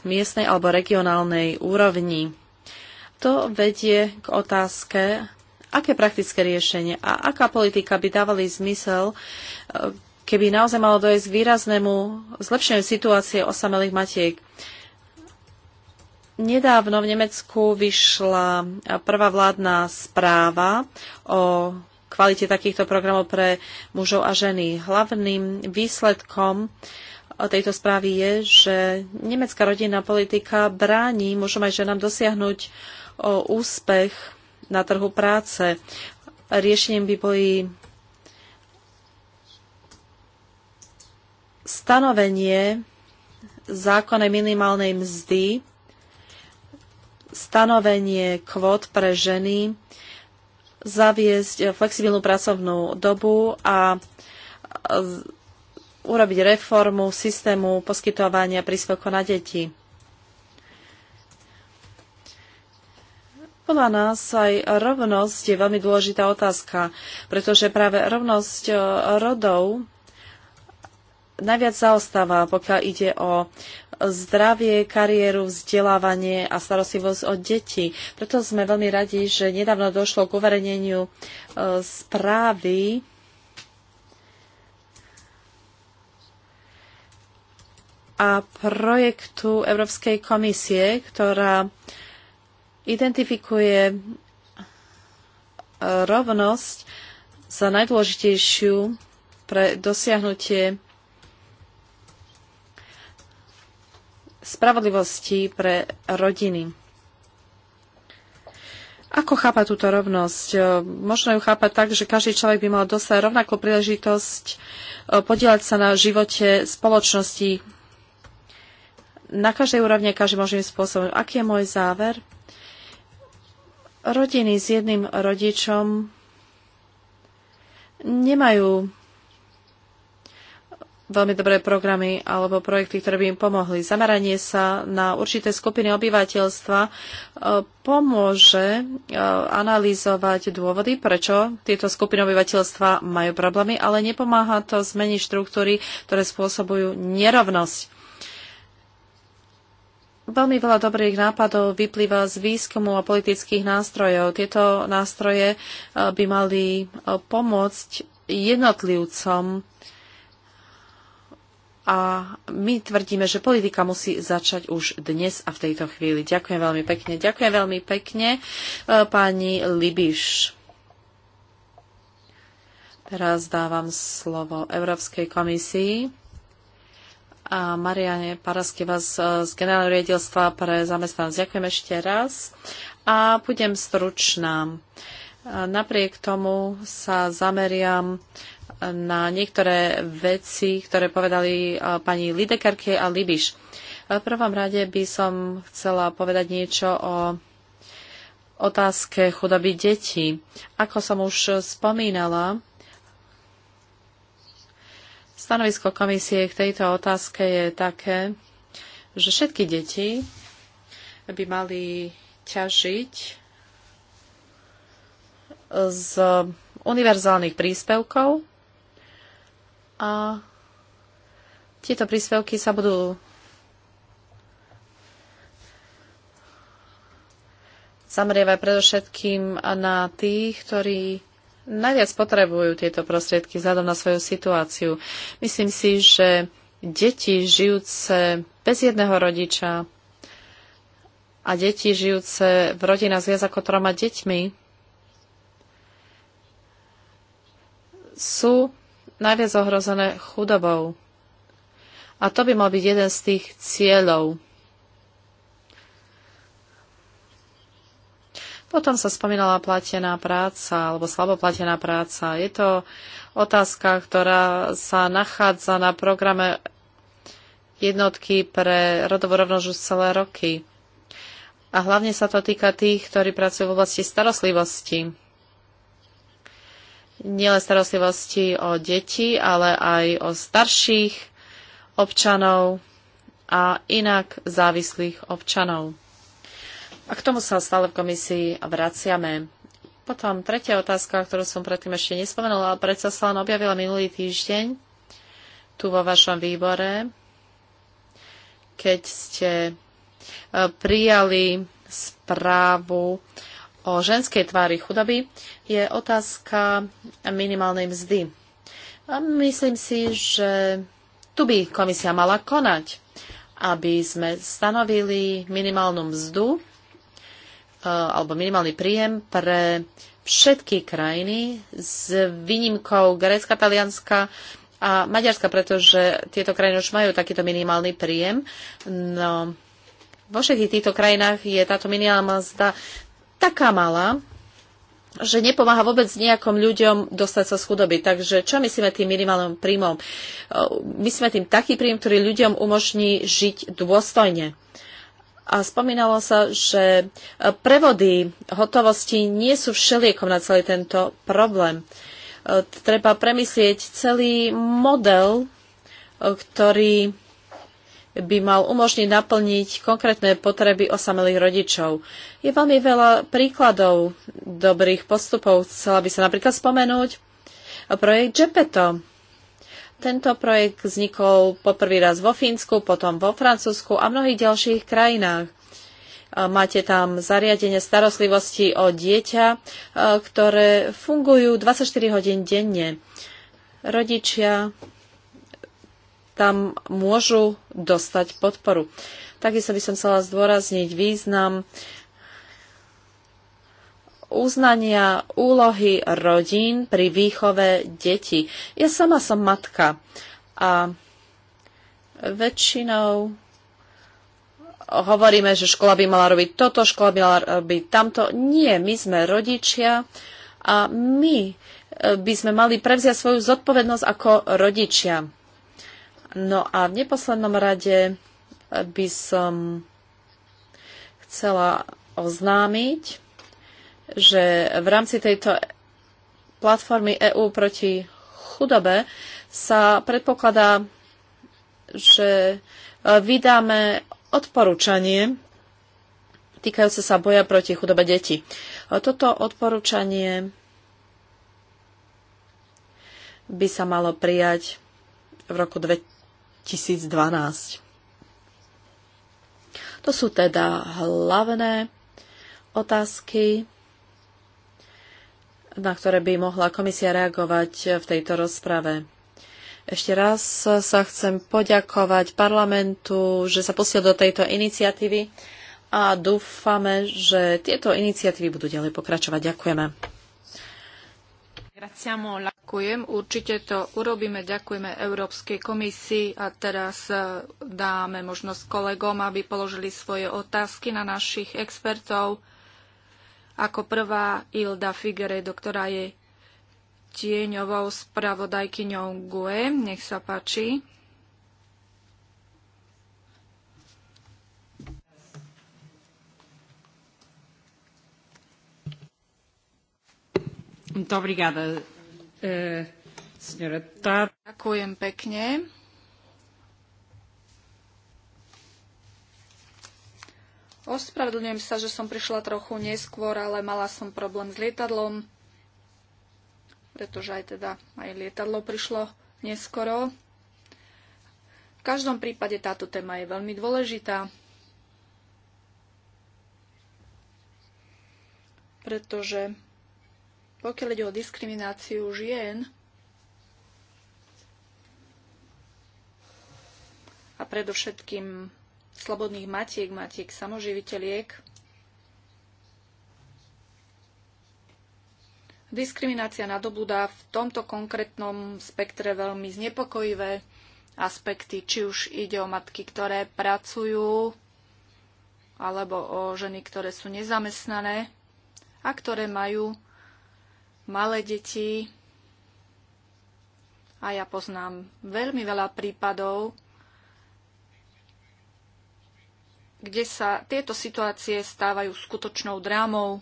miestnej alebo regionálnej úrovni. To vedie k otázke, aké praktické riešenie a aká politika by dávali zmysel, e, keby naozaj malo dojsť k výraznému zlepšeniu situácie osamelých matiek. Nedávno v Nemecku vyšla prvá vládna správa o kvalite takýchto programov pre mužov a ženy. Hlavným výsledkom tejto správy je, že nemecká rodinná politika bráni mužom aj ženám dosiahnuť úspech na trhu práce. Riešením by boli stanovenie zákonnej minimálnej mzdy, stanovenie kvót pre ženy, zaviesť flexibilnú pracovnú dobu a urobiť reformu systému poskytovania príspevkov na deti. Podľa nás aj rovnosť je veľmi dôležitá otázka, pretože práve rovnosť e, rodov najviac zaostáva, pokiaľ ide o zdravie, kariéru, vzdelávanie a starostlivosť o deti. Preto sme veľmi radi, že nedávno došlo k uverejneniu e, správy a projektu Európskej komisie, ktorá identifikuje e, rovnosť za najdôležitejšiu pre dosiahnutie spravodlivosti pre rodiny. Ako chápa túto rovnosť? E, možno ju chápať tak, že každý človek by mal dostať rovnakú príležitosť e, podielať sa na živote spoločnosti na každej úrovni, každým možným spôsobom. Aký je môj záver? Rodiny s jedným rodičom nemajú veľmi dobré programy alebo projekty, ktoré by im pomohli. Zameranie sa na určité skupiny obyvateľstva e, pomôže e, analyzovať dôvody, prečo tieto skupiny obyvateľstva majú problémy, ale nepomáha to zmeniť štruktúry, ktoré spôsobujú nerovnosť. Veľmi veľa dobrých nápadov vyplýva z výskumu a politických nástrojov. Tieto nástroje e, by mali e, pomôcť jednotlivcom a my tvrdíme, že politika musí začať už dnes a v tejto chvíli. Ďakujem veľmi pekne. Ďakujem veľmi pekne e, pani Libiš. Teraz dávam slovo Európskej komisii a Mariane Parasky vás e, z generálneho riadilstva pre zamestnanosť. Ďakujem ešte raz a budem stručná. E, napriek tomu sa zameriam na niektoré veci, ktoré povedali e, pani Lidekarke a Libiš. V prvom rade by som chcela povedať niečo o otázke chudoby detí. Ako som už spomínala, Stanovisko komisie k tejto otázke je také, že všetky deti by mali ťažiť z univerzálnych príspevkov a tieto príspevky sa budú zamrievať predovšetkým na tých, ktorí najviac potrebujú tieto prostriedky vzhľadom na svoju situáciu. Myslím si, že deti žijúce bez jedného rodiča a deti žijúce v rodinách s viac ako troma deťmi sú najviac ohrozené chudobou. A to by mal byť jeden z tých cieľov Potom sa spomínala platená práca alebo slaboplatená práca. Je to otázka, ktorá sa nachádza na programe jednotky pre rodovú rovnosť už celé roky. A hlavne sa to týka tých, ktorí pracujú v oblasti starostlivosti. Nielen starostlivosti o deti, ale aj o starších občanov a inak závislých občanov. A k tomu sa stále v komisii vraciame. Potom tretia otázka, ktorú som predtým ešte nespomenula, ale predsa sa len objavila minulý týždeň tu vo vašom výbore, keď ste e, prijali správu o ženskej tvári chudoby, je otázka minimálnej mzdy. A myslím si, že tu by komisia mala konať, aby sme stanovili minimálnu mzdu E, alebo minimálny príjem pre všetky krajiny s výnimkou Grécka, Talianska a Maďarska, pretože tieto krajiny už majú takýto minimálny príjem. No, vo všetkých týchto krajinách je táto minimálna mzda taká malá, že nepomáha vôbec nejakom ľuďom dostať sa z chudoby. Takže čo myslíme tým minimálnym príjmom? E, myslíme tým taký príjem, ktorý ľuďom umožní žiť dôstojne. A spomínalo sa, že prevody hotovosti nie sú všeliekom na celý tento problém. E, treba premyslieť celý model, e, ktorý by mal umožniť naplniť konkrétne potreby osamelých rodičov. Je veľmi veľa príkladov dobrých postupov. Chcela by sa napríklad spomenúť projekt Gepetto, tento projekt vznikol poprvý raz vo Fínsku, potom vo Francúzsku a mnohých ďalších krajinách. Máte tam zariadenie starostlivosti o dieťa, ktoré fungujú 24 hodín denne. Rodičia tam môžu dostať podporu. Takisto by som chcela zdôrazniť význam uznania úlohy rodín pri výchove detí. Ja sama som matka a väčšinou hovoríme, že škola by mala robiť toto, škola by mala robiť tamto. Nie, my sme rodičia a my e, by sme mali prevziať svoju zodpovednosť ako rodičia. No a v neposlednom rade by som chcela oznámiť, že v rámci tejto platformy EU proti chudobe sa predpokladá, že e, vydáme odporúčanie týkajúce sa boja proti chudobe detí. E, toto odporúčanie by sa malo prijať v roku 2012. To sú teda hlavné otázky, na ktoré by mohla komisia reagovať v tejto rozprave. Ešte raz sa chcem poďakovať parlamentu, že sa posiel do tejto iniciatívy a dúfame, že tieto iniciatívy budú ďalej pokračovať. Ďakujeme. Ďakujem, určite to urobíme. Ďakujeme Európskej komisii a teraz e, dáme možnosť kolegom, aby položili svoje otázky na našich expertov. Ako prvá Ilda Figueredo, ktorá je tieňovou spravodajkyňou GUE. Nech sa páči. Eh, Ďakujem pekne. Ospravedlňujem sa, že som prišla trochu neskôr, ale mala som problém s lietadlom, pretože aj teda aj lietadlo prišlo neskoro. V každom prípade táto téma je veľmi dôležitá, pretože pokiaľ ide o diskrimináciu žien a predovšetkým slobodných matiek, matiek samoživiteľiek. Diskriminácia nadobúda v tomto konkrétnom spektre veľmi znepokojivé aspekty, či už ide o matky, ktoré pracujú, alebo o ženy, ktoré sú nezamestnané a ktoré majú malé deti. A ja poznám veľmi veľa prípadov, kde sa tieto situácie stávajú skutočnou drámou.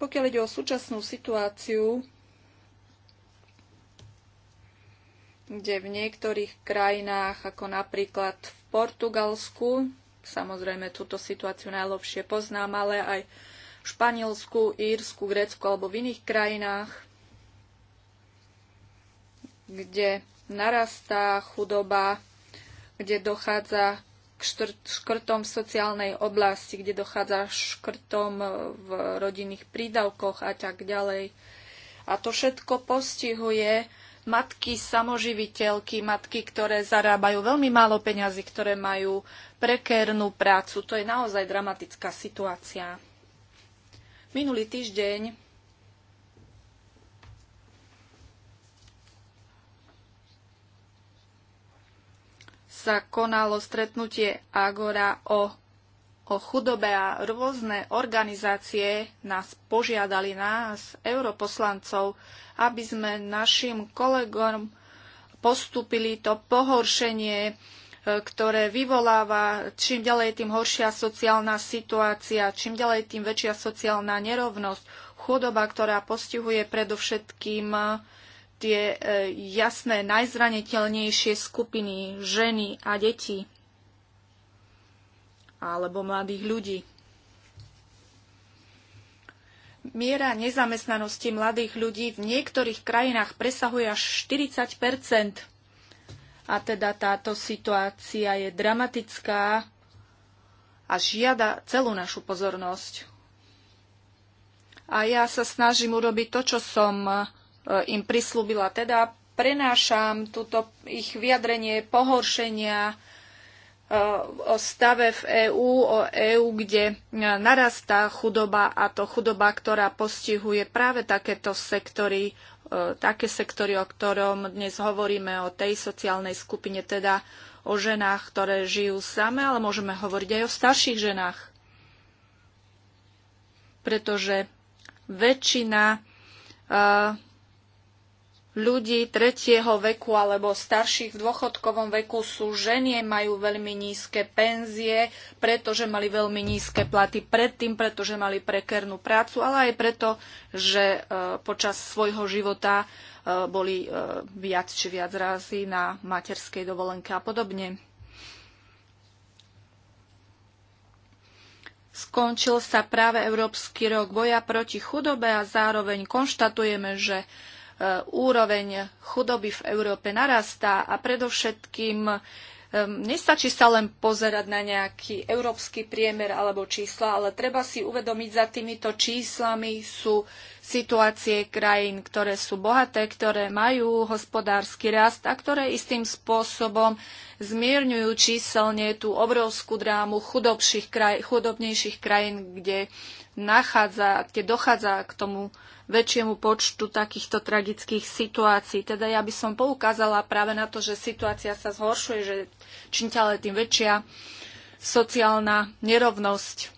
Pokiaľ ide o súčasnú situáciu, kde v niektorých krajinách, ako napríklad v Portugalsku, samozrejme túto situáciu najlepšie poznám, ale aj v Španielsku, Írsku, Grécku alebo v iných krajinách, kde narastá chudoba, kde dochádza k škrtom v sociálnej oblasti, kde dochádza škrtom e, v rodinných prídavkoch a tak ďalej. A to všetko postihuje matky samoživiteľky, matky, ktoré zarábajú veľmi málo peňazí, ktoré majú prekérnu prácu. To je naozaj dramatická situácia. Minulý týždeň sa konalo stretnutie Agora o, o chudobe a rôzne organizácie nás požiadali nás, europoslancov, aby sme našim kolegom postupili to pohoršenie, e, ktoré vyvoláva čím ďalej tým horšia sociálna situácia, čím ďalej tým väčšia sociálna nerovnosť, chudoba, ktorá postihuje predovšetkým tie e, jasné najzraniteľnejšie skupiny ženy a deti alebo mladých ľudí. Miera nezamestnanosti mladých ľudí v niektorých krajinách presahuje až 40 a teda táto situácia je dramatická a žiada celú našu pozornosť. A ja sa snažím urobiť to, čo som E, im prislúbila. Teda prenášam túto ich vyjadrenie pohoršenia e, o stave v EÚ, o EÚ, kde e, narastá chudoba a to chudoba, ktorá postihuje práve takéto sektory, také sektory, o ktorom dnes hovoríme, o tej sociálnej skupine, teda o ženách, ktoré žijú same, ale môžeme hovoriť aj o starších ženách. Pretože väčšina uh, ľudí tretieho veku alebo starších v dôchodkovom veku sú ženy, majú veľmi nízke penzie, pretože mali veľmi nízke platy predtým, pretože mali prekernú prácu, ale aj preto, že e, počas svojho života e, boli e, viac či viac razy na materskej dovolenke a podobne. Skončil sa práve Európsky rok boja proti chudobe a zároveň konštatujeme, že E, úroveň chudoby v Európe narastá a predovšetkým e, nestačí sa len pozerať na nejaký európsky priemer alebo čísla, ale treba si uvedomiť, za týmito číslami sú situácie krajín, ktoré sú bohaté, ktoré majú hospodársky rast a ktoré istým spôsobom zmierňujú číselne tú obrovskú drámu chudobnejších krajín, kde, nachádza, kde dochádza k tomu väčšiemu počtu takýchto tragických situácií. Teda ja by som poukázala práve na to, že situácia sa zhoršuje, že čím ďalej tým väčšia sociálna nerovnosť.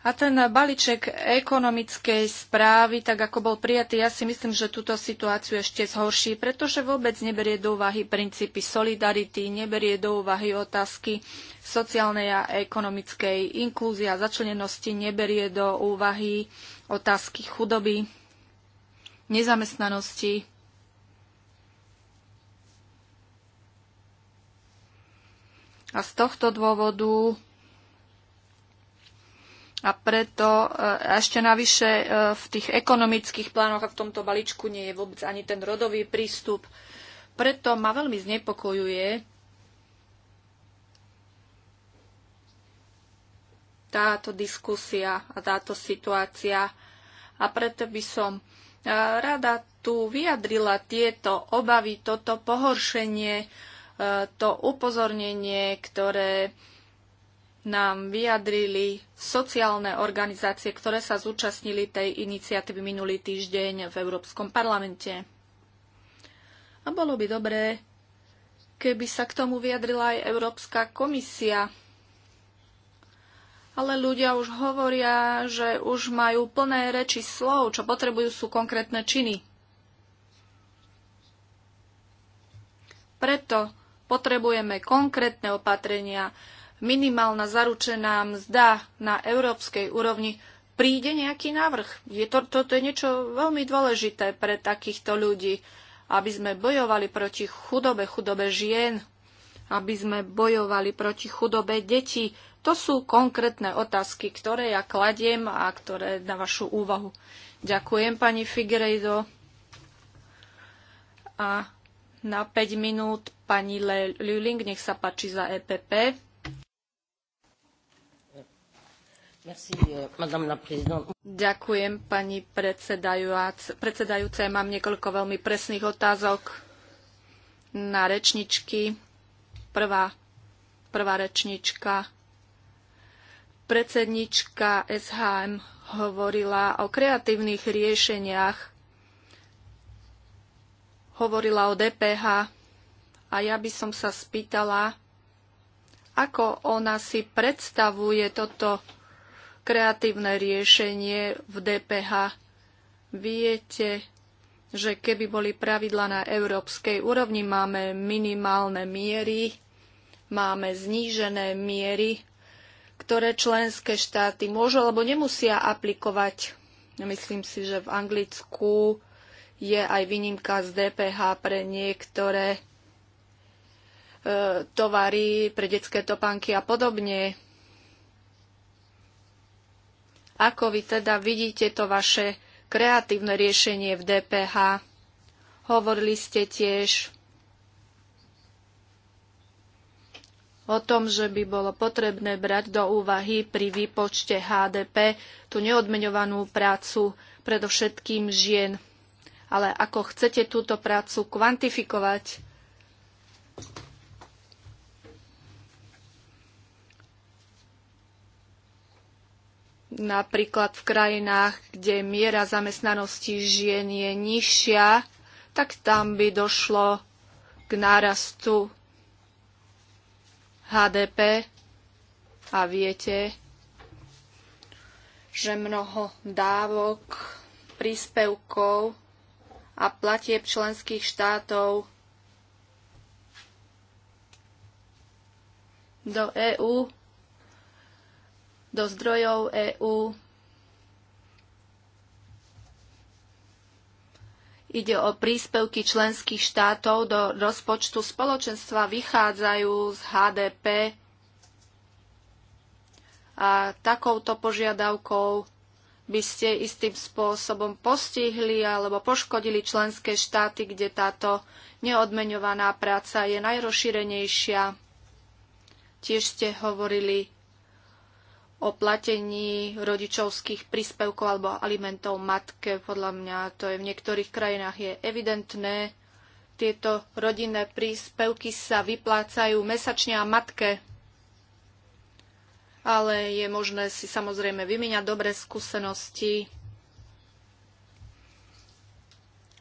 A ten balíček ekonomickej správy, tak ako bol prijatý, ja si myslím, že túto situáciu ešte zhorší, pretože vôbec neberie do úvahy princípy solidarity, neberie do úvahy otázky sociálnej a ekonomickej inklúzie a začlenenosti, neberie do úvahy otázky chudoby, nezamestnanosti. A z tohto dôvodu a preto e, a ešte navyše e, v tých ekonomických plánoch a v tomto balíčku nie je vôbec ani ten rodový prístup. Preto ma veľmi znepokojuje, táto diskusia a táto situácia. A preto by som e, rada tu vyjadrila tieto obavy, toto pohoršenie, e, to upozornenie, ktoré nám vyjadrili sociálne organizácie, ktoré sa zúčastnili tej iniciatívy minulý týždeň v Európskom parlamente. A bolo by dobré, keby sa k tomu vyjadrila aj Európska komisia, ale ľudia už hovoria, že už majú plné reči slov, čo potrebujú sú konkrétne činy. Preto potrebujeme konkrétne opatrenia. Minimálna zaručená mzda na európskej úrovni príde nejaký návrh. Je to, toto je niečo veľmi dôležité pre takýchto ľudí, aby sme bojovali proti chudobe, chudobe žien, aby sme bojovali proti chudobe detí, to sú konkrétne otázky, ktoré ja kladiem a ktoré na vašu úvahu. Ďakujem, pani Figueiredo. A na 5 minút pani Luling, nech sa páči za EPP. Merci, Ďakujem, pani predsedajúca. Mám niekoľko veľmi presných otázok na rečničky. Prvá, prvá rečnička Predsednička SHM hovorila o kreatívnych riešeniach, hovorila o DPH a ja by som sa spýtala, ako ona si predstavuje toto kreatívne riešenie v DPH. Viete, že keby boli pravidla na európskej úrovni, máme minimálne miery, máme znížené miery ktoré členské štáty môžu alebo nemusia aplikovať. Myslím si, že v Anglicku je aj výnimka z DPH pre niektoré e, tovary, pre detské topánky a podobne. Ako vy teda vidíte to vaše kreatívne riešenie v DPH? Hovorili ste tiež o tom, že by bolo potrebné brať do úvahy pri výpočte HDP tú neodmeňovanú prácu predovšetkým žien. Ale ako chcete túto prácu kvantifikovať? Napríklad v krajinách, kde miera zamestnanosti žien je nižšia, tak tam by došlo k nárastu HDP a viete, že mnoho dávok, príspevkov a platieb členských štátov do EÚ, do zdrojov EÚ Ide o príspevky členských štátov do rozpočtu spoločenstva, vychádzajú z HDP a takouto požiadavkou by ste istým spôsobom postihli alebo poškodili členské štáty, kde táto neodmeňovaná práca je najrozšírenejšia. Tiež ste hovorili o platení rodičovských príspevkov alebo alimentov matke. Podľa mňa to je v niektorých krajinách je evidentné. Tieto rodinné príspevky sa vyplácajú mesačne a matke. Ale je možné si samozrejme vymieňať dobré skúsenosti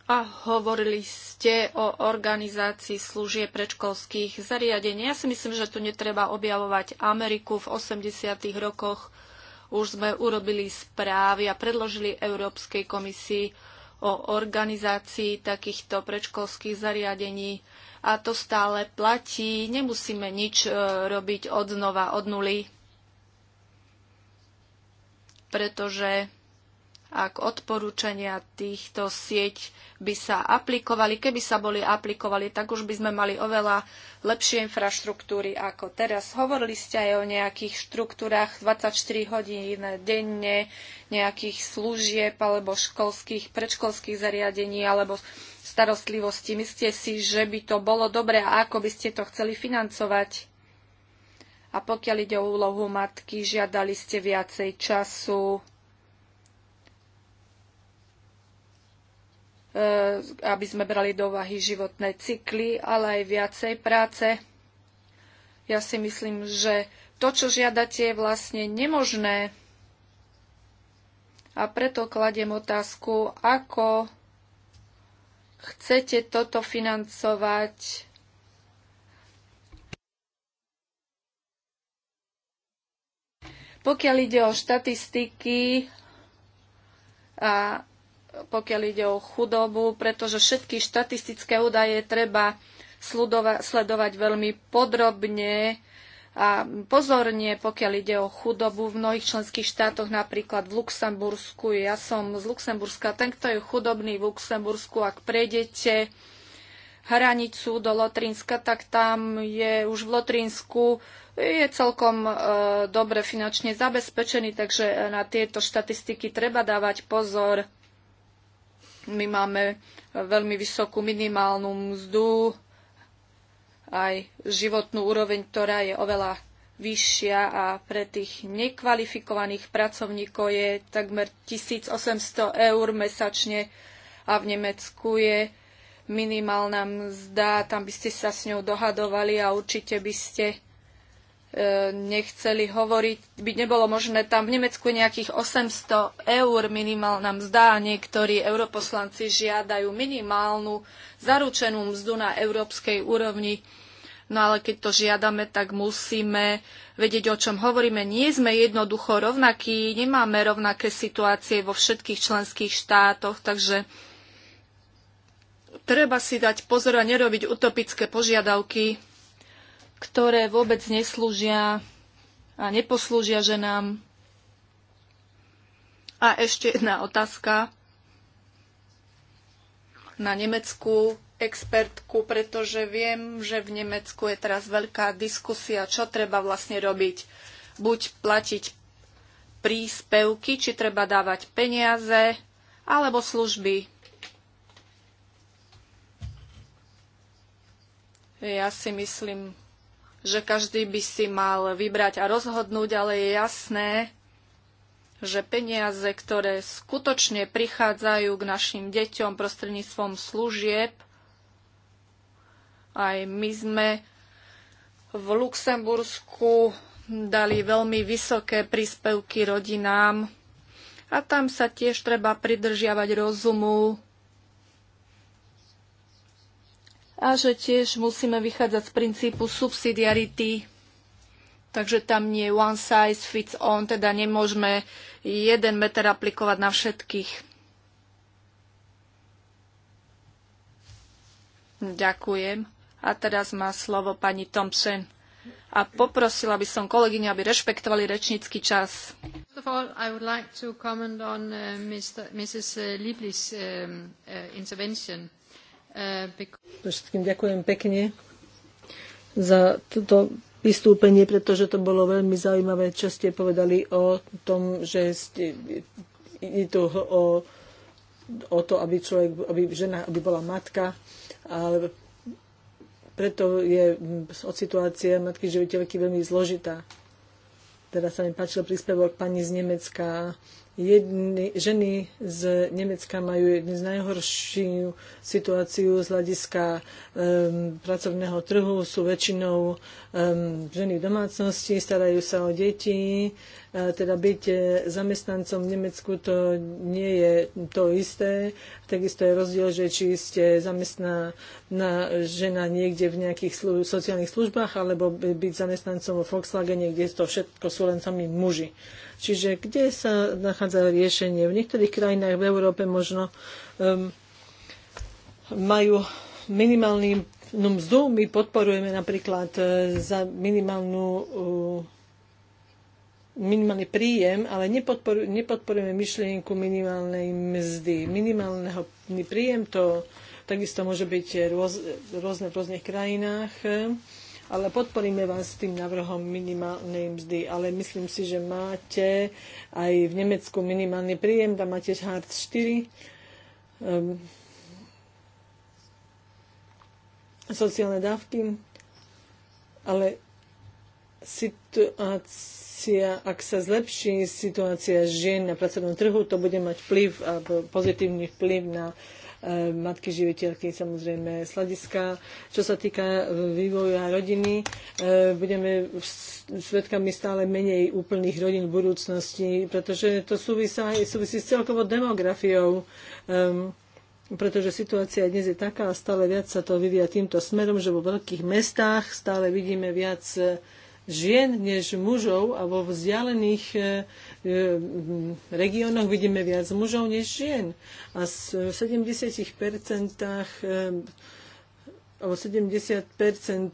a hovorili ste o organizácii služie predškolských zariadení. Ja si myslím, že tu netreba objavovať Ameriku. V 80. rokoch už sme urobili správy a predložili Európskej komisii o organizácii takýchto predškolských zariadení a to stále platí. Nemusíme nič e, robiť od znova, od nuly, pretože ak odporúčania týchto sieť by sa aplikovali, keby sa boli aplikovali, tak už by sme mali oveľa lepšie infraštruktúry ako teraz. Hovorili ste aj o nejakých štruktúrach 24 hodín denne, nejakých služieb alebo školských, predškolských zariadení alebo starostlivosti. Myslíte si, že by to bolo dobré a ako by ste to chceli financovať? A pokiaľ ide o úlohu matky, žiadali ste viacej času Eh, aby sme brali do vahy životné cykly, ale aj viacej práce. Ja si myslím, že to, čo žiadate, je vlastne nemožné. A preto kladiem otázku, ako chcete toto financovať. Pokiaľ ide o štatistiky a pokiaľ ide o chudobu, pretože všetky štatistické údaje treba sledovať veľmi podrobne a pozorne, pokiaľ ide o chudobu v mnohých členských štátoch, napríklad v Luxembursku. Ja som z Luxemburska, ten, kto je chudobný v Luxembursku, ak prejdete hranicu do Lotrinska, tak tam je už v Lotrinsku je celkom e, dobre finančne zabezpečený, takže na tieto štatistiky treba dávať pozor. My máme veľmi vysokú minimálnu mzdu, aj životnú úroveň, ktorá je oveľa vyššia a pre tých nekvalifikovaných pracovníkov je takmer 1800 eur mesačne a v Nemecku je minimálna mzda, tam by ste sa s ňou dohadovali a určite by ste E, nechceli hovoriť, by nebolo možné tam v Nemecku nejakých 800 eur minimálna mzda a niektorí europoslanci žiadajú minimálnu zaručenú mzdu na európskej úrovni. No ale keď to žiadame, tak musíme vedieť, o čom hovoríme. Nie sme jednoducho rovnakí, nemáme rovnaké situácie vo všetkých členských štátoch, takže treba si dať pozor a nerobiť utopické požiadavky ktoré vôbec neslúžia a neposlúžia ženám. A ešte jedna otázka na nemeckú expertku, pretože viem, že v Nemecku je teraz veľká diskusia, čo treba vlastne robiť. Buď platiť príspevky, či treba dávať peniaze, alebo služby. Ja si myslím, že každý by si mal vybrať a rozhodnúť, ale je jasné, že peniaze, ktoré skutočne prichádzajú k našim deťom prostredníctvom služieb, aj my sme v Luxembursku dali veľmi vysoké príspevky rodinám a tam sa tiež treba pridržiavať rozumu a že tiež musíme vychádzať z princípu subsidiarity, takže tam nie one size fits all, teda nemôžeme jeden meter aplikovať na všetkých. Ďakujem. A teraz má slovo pani Thompson. A poprosila by som kolegyňu, aby rešpektovali rečnícky čas. Všetkým ďakujem pekne za toto vystúpenie, pretože to bolo veľmi zaujímavé, čo ste povedali o tom, že ste, je to o, o to, aby, človek, aby žena aby bola matka, ale preto je od situácie matky živiteľky veľmi zložitá. Teraz sa mi páčil príspevok pani z Nemecka jedny, ženy z Nemecka majú jednu z najhoršiu situáciu z hľadiska um, pracovného trhu. Sú väčšinou um, ženy v domácnosti, starajú sa o deti. A e, teda byť e, zamestnancom v Nemecku to nie je to isté. Takisto je rozdiel, že či ste zamestnaná žena niekde v nejakých slu- sociálnych službách, alebo byť zamestnancom vo Volkswagene, kde to všetko sú len sami muži. Čiže kde sa nachádza riešenie? V niektorých krajinách v Európe možno um, majú minimálny no mzdu. My podporujeme napríklad uh, za minimálnu uh, minimálny príjem, ale nepodporujeme myšlienku minimálnej mzdy. Minimálneho príjem to takisto môže byť rôz, rôzne v rôznych krajinách ale podporíme vás s tým návrhom minimálnej mzdy. Ale myslím si, že máte aj v Nemecku minimálny príjem, tam máte Hartz 4. Um, ehm, sociálne dávky, ale situácia, ak sa zlepší situácia žien na pracovnom trhu, to bude mať vplyv, pozitívny vplyv na uh, E, matky živiteľky samozrejme sladiska. Čo sa týka e, vývoja rodiny, e, budeme svetkami stále menej úplných rodín v budúcnosti, pretože to súvisí, súvisí s celkovou demografiou. Um, pretože situácia dnes je taká a stále viac sa to vyvíja týmto smerom, že vo veľkých mestách stále vidíme viac žien než mužov a vo vzdialených E, regiónoch vidíme viac mužov než žien. A v 70 70 e,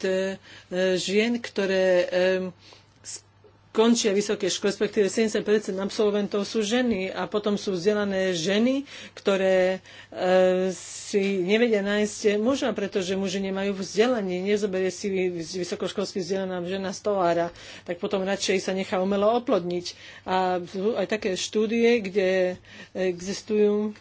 e, žien, ktoré končia vysoké školy, respektíve 70 absolventov sú ženy a potom sú vzdelané ženy, ktoré e, si nevedia nájsť muža, pretože muži nemajú vzdelanie, nezoberie si vysokoškolsky vzdelaná žena stolára, tak potom radšej sa nechá umelo oplodniť. A sú aj také štúdie, kde existujú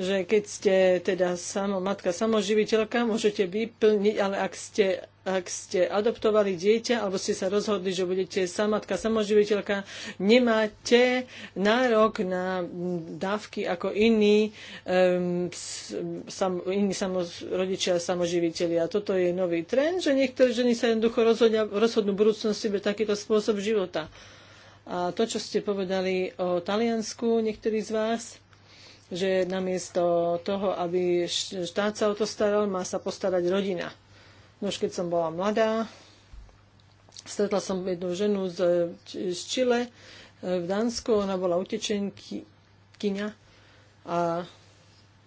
že keď ste teda samo, matka samoživiteľka, môžete vyplniť, ale ak ste ak ste adoptovali dieťa alebo ste sa rozhodli, že budete samatka, samoživiteľka, nemáte nárok na dávky ako iní, um, sam, iní samoz, rodičia samoživiteľia. Toto je nový trend, že niektoré ženy sa jednoducho rozhodia, rozhodnú budúcnosti pre takýto spôsob života. A to, čo ste povedali o Taliansku, niektorí z vás, že namiesto toho, aby štát sa o to staral, má sa postarať rodina. Nož keď som bola mladá, stretla som jednu ženu z, z Chile eh, v Dánsku, ona bola utečenkyňa a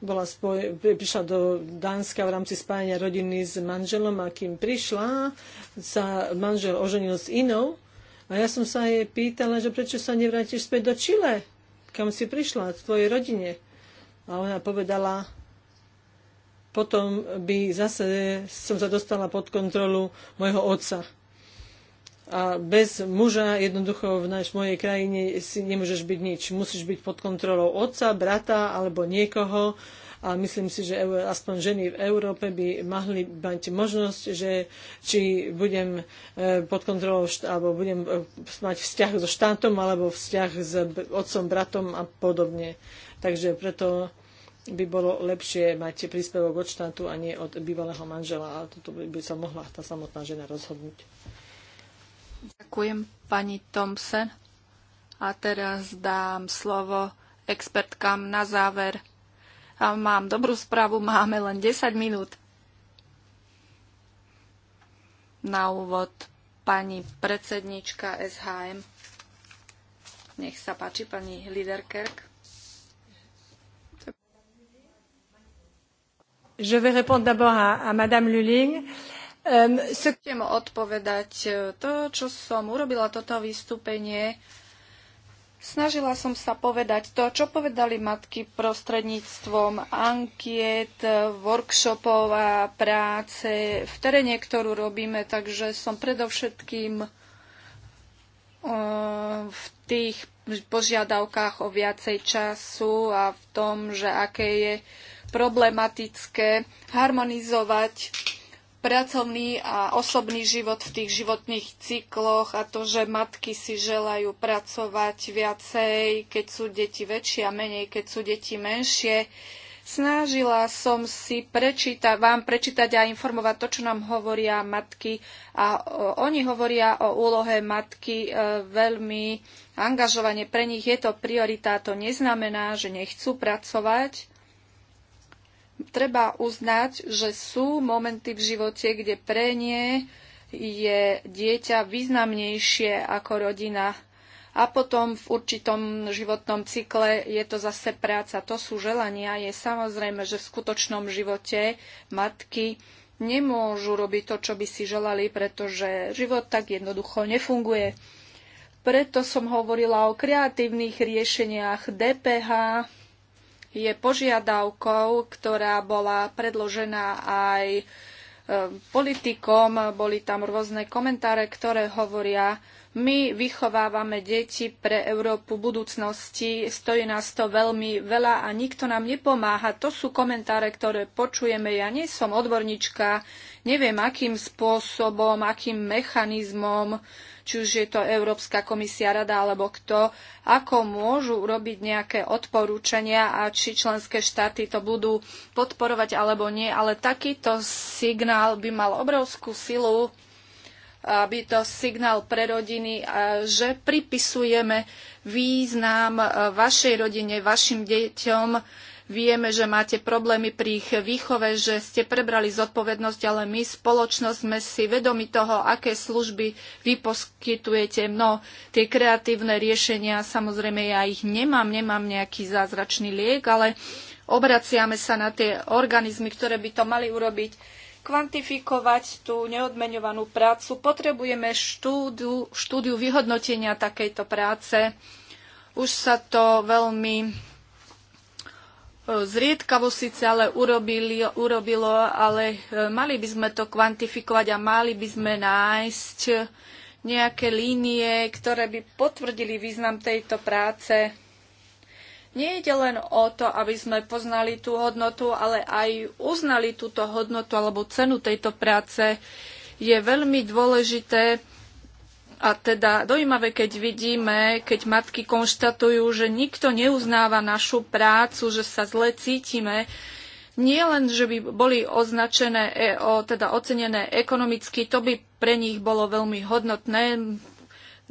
bola spoj- prišla do Dánska v rámci spájania rodiny s manželom a kým prišla, sa manžel oženil s inou a ja som sa jej pýtala, že prečo sa nevrátiš späť do Čile, kam si prišla, v tvojej rodine. A ona povedala, potom by zase som sa dostala pod kontrolu mojho otca. A bez muža jednoducho v, naš, mojej krajine si nemôžeš byť nič. Musíš byť pod kontrolou otca, brata alebo niekoho, a myslím si, že aspoň ženy v Európe by mohli mať možnosť, že či budem e, pod kontrolou alebo budem e, mať vzťah so štátom alebo vzťah s otcom, bratom a podobne. Takže preto by bolo lepšie mať príspevok od štátu a nie od bývalého manžela. A toto by sa mohla tá samotná žena rozhodnúť. Ďakujem pani Thompson. A teraz dám slovo expertkám na záver. A mám dobrú správu, máme len 10 minút. Na úvod pani predsednička SHM. Nech sa páči, pani Liderkerk. Je vais répondre d'abord à, à Madame Luling. Euh, Chcem odpovedať e, to, čo som urobila toto vystúpenie. Snažila som sa povedať to, čo povedali matky prostredníctvom ankiet, workshopov a práce v teréne, ktorú robíme, takže som predovšetkým e, v tých požiadavkách o viacej času a v tom, že aké je problematické harmonizovať pracovný a osobný život v tých životných cykloch a to, že matky si želajú pracovať viacej, keď sú deti väčšie a menej, keď sú deti menšie. Snažila som si prečíta, vám prečítať a informovať to, čo nám hovoria matky. A oni hovoria o úlohe matky e, veľmi angažovane. Pre nich je to priorita. To neznamená, že nechcú pracovať, treba uznať, že sú momenty v živote, kde pre nie je dieťa významnejšie ako rodina. A potom v určitom životnom cykle je to zase práca. To sú želania. Je samozrejme, že v skutočnom živote matky nemôžu robiť to, čo by si želali, pretože život tak jednoducho nefunguje. Preto som hovorila o kreatívnych riešeniach DPH, je požiadavkou, ktorá bola predložená aj e, politikom. Boli tam rôzne komentáre, ktoré hovoria, my vychovávame deti pre Európu budúcnosti, stojí nás to veľmi veľa a nikto nám nepomáha. To sú komentáre, ktoré počujeme. Ja nie som odborníčka, neviem akým spôsobom, akým mechanizmom, či už je to Európska komisia, rada alebo kto, ako môžu urobiť nejaké odporúčania a či členské štáty to budú podporovať alebo nie. Ale takýto signál by mal obrovskú silu aby to signál pre rodiny, že pripisujeme význam e, vašej rodine, vašim deťom. Vieme, že máte problémy pri ich výchove, že ste prebrali zodpovednosť, ale my, spoločnosť, sme si vedomi toho, aké služby vy poskytujete. No, tie kreatívne riešenia, samozrejme, ja ich nemám, nemám nejaký zázračný liek, ale obraciame sa na tie organizmy, ktoré by to mali urobiť kvantifikovať tú neodmeňovanú prácu. Potrebujeme štúdiu, štúdiu vyhodnotenia takejto práce. Už sa to veľmi e, zriedkavo síce ale urobili, urobilo, ale e, mali by sme to kvantifikovať a mali by sme nájsť nejaké línie, ktoré by potvrdili význam tejto práce nie ide len o to, aby sme poznali tú hodnotu, ale aj uznali túto hodnotu alebo cenu tejto práce. Je veľmi dôležité a teda dojímavé, keď vidíme, keď matky konštatujú, že nikto neuznáva našu prácu, že sa zle cítime, nie len, že by boli označené, e, teda ocenené ekonomicky, to by pre nich bolo veľmi hodnotné,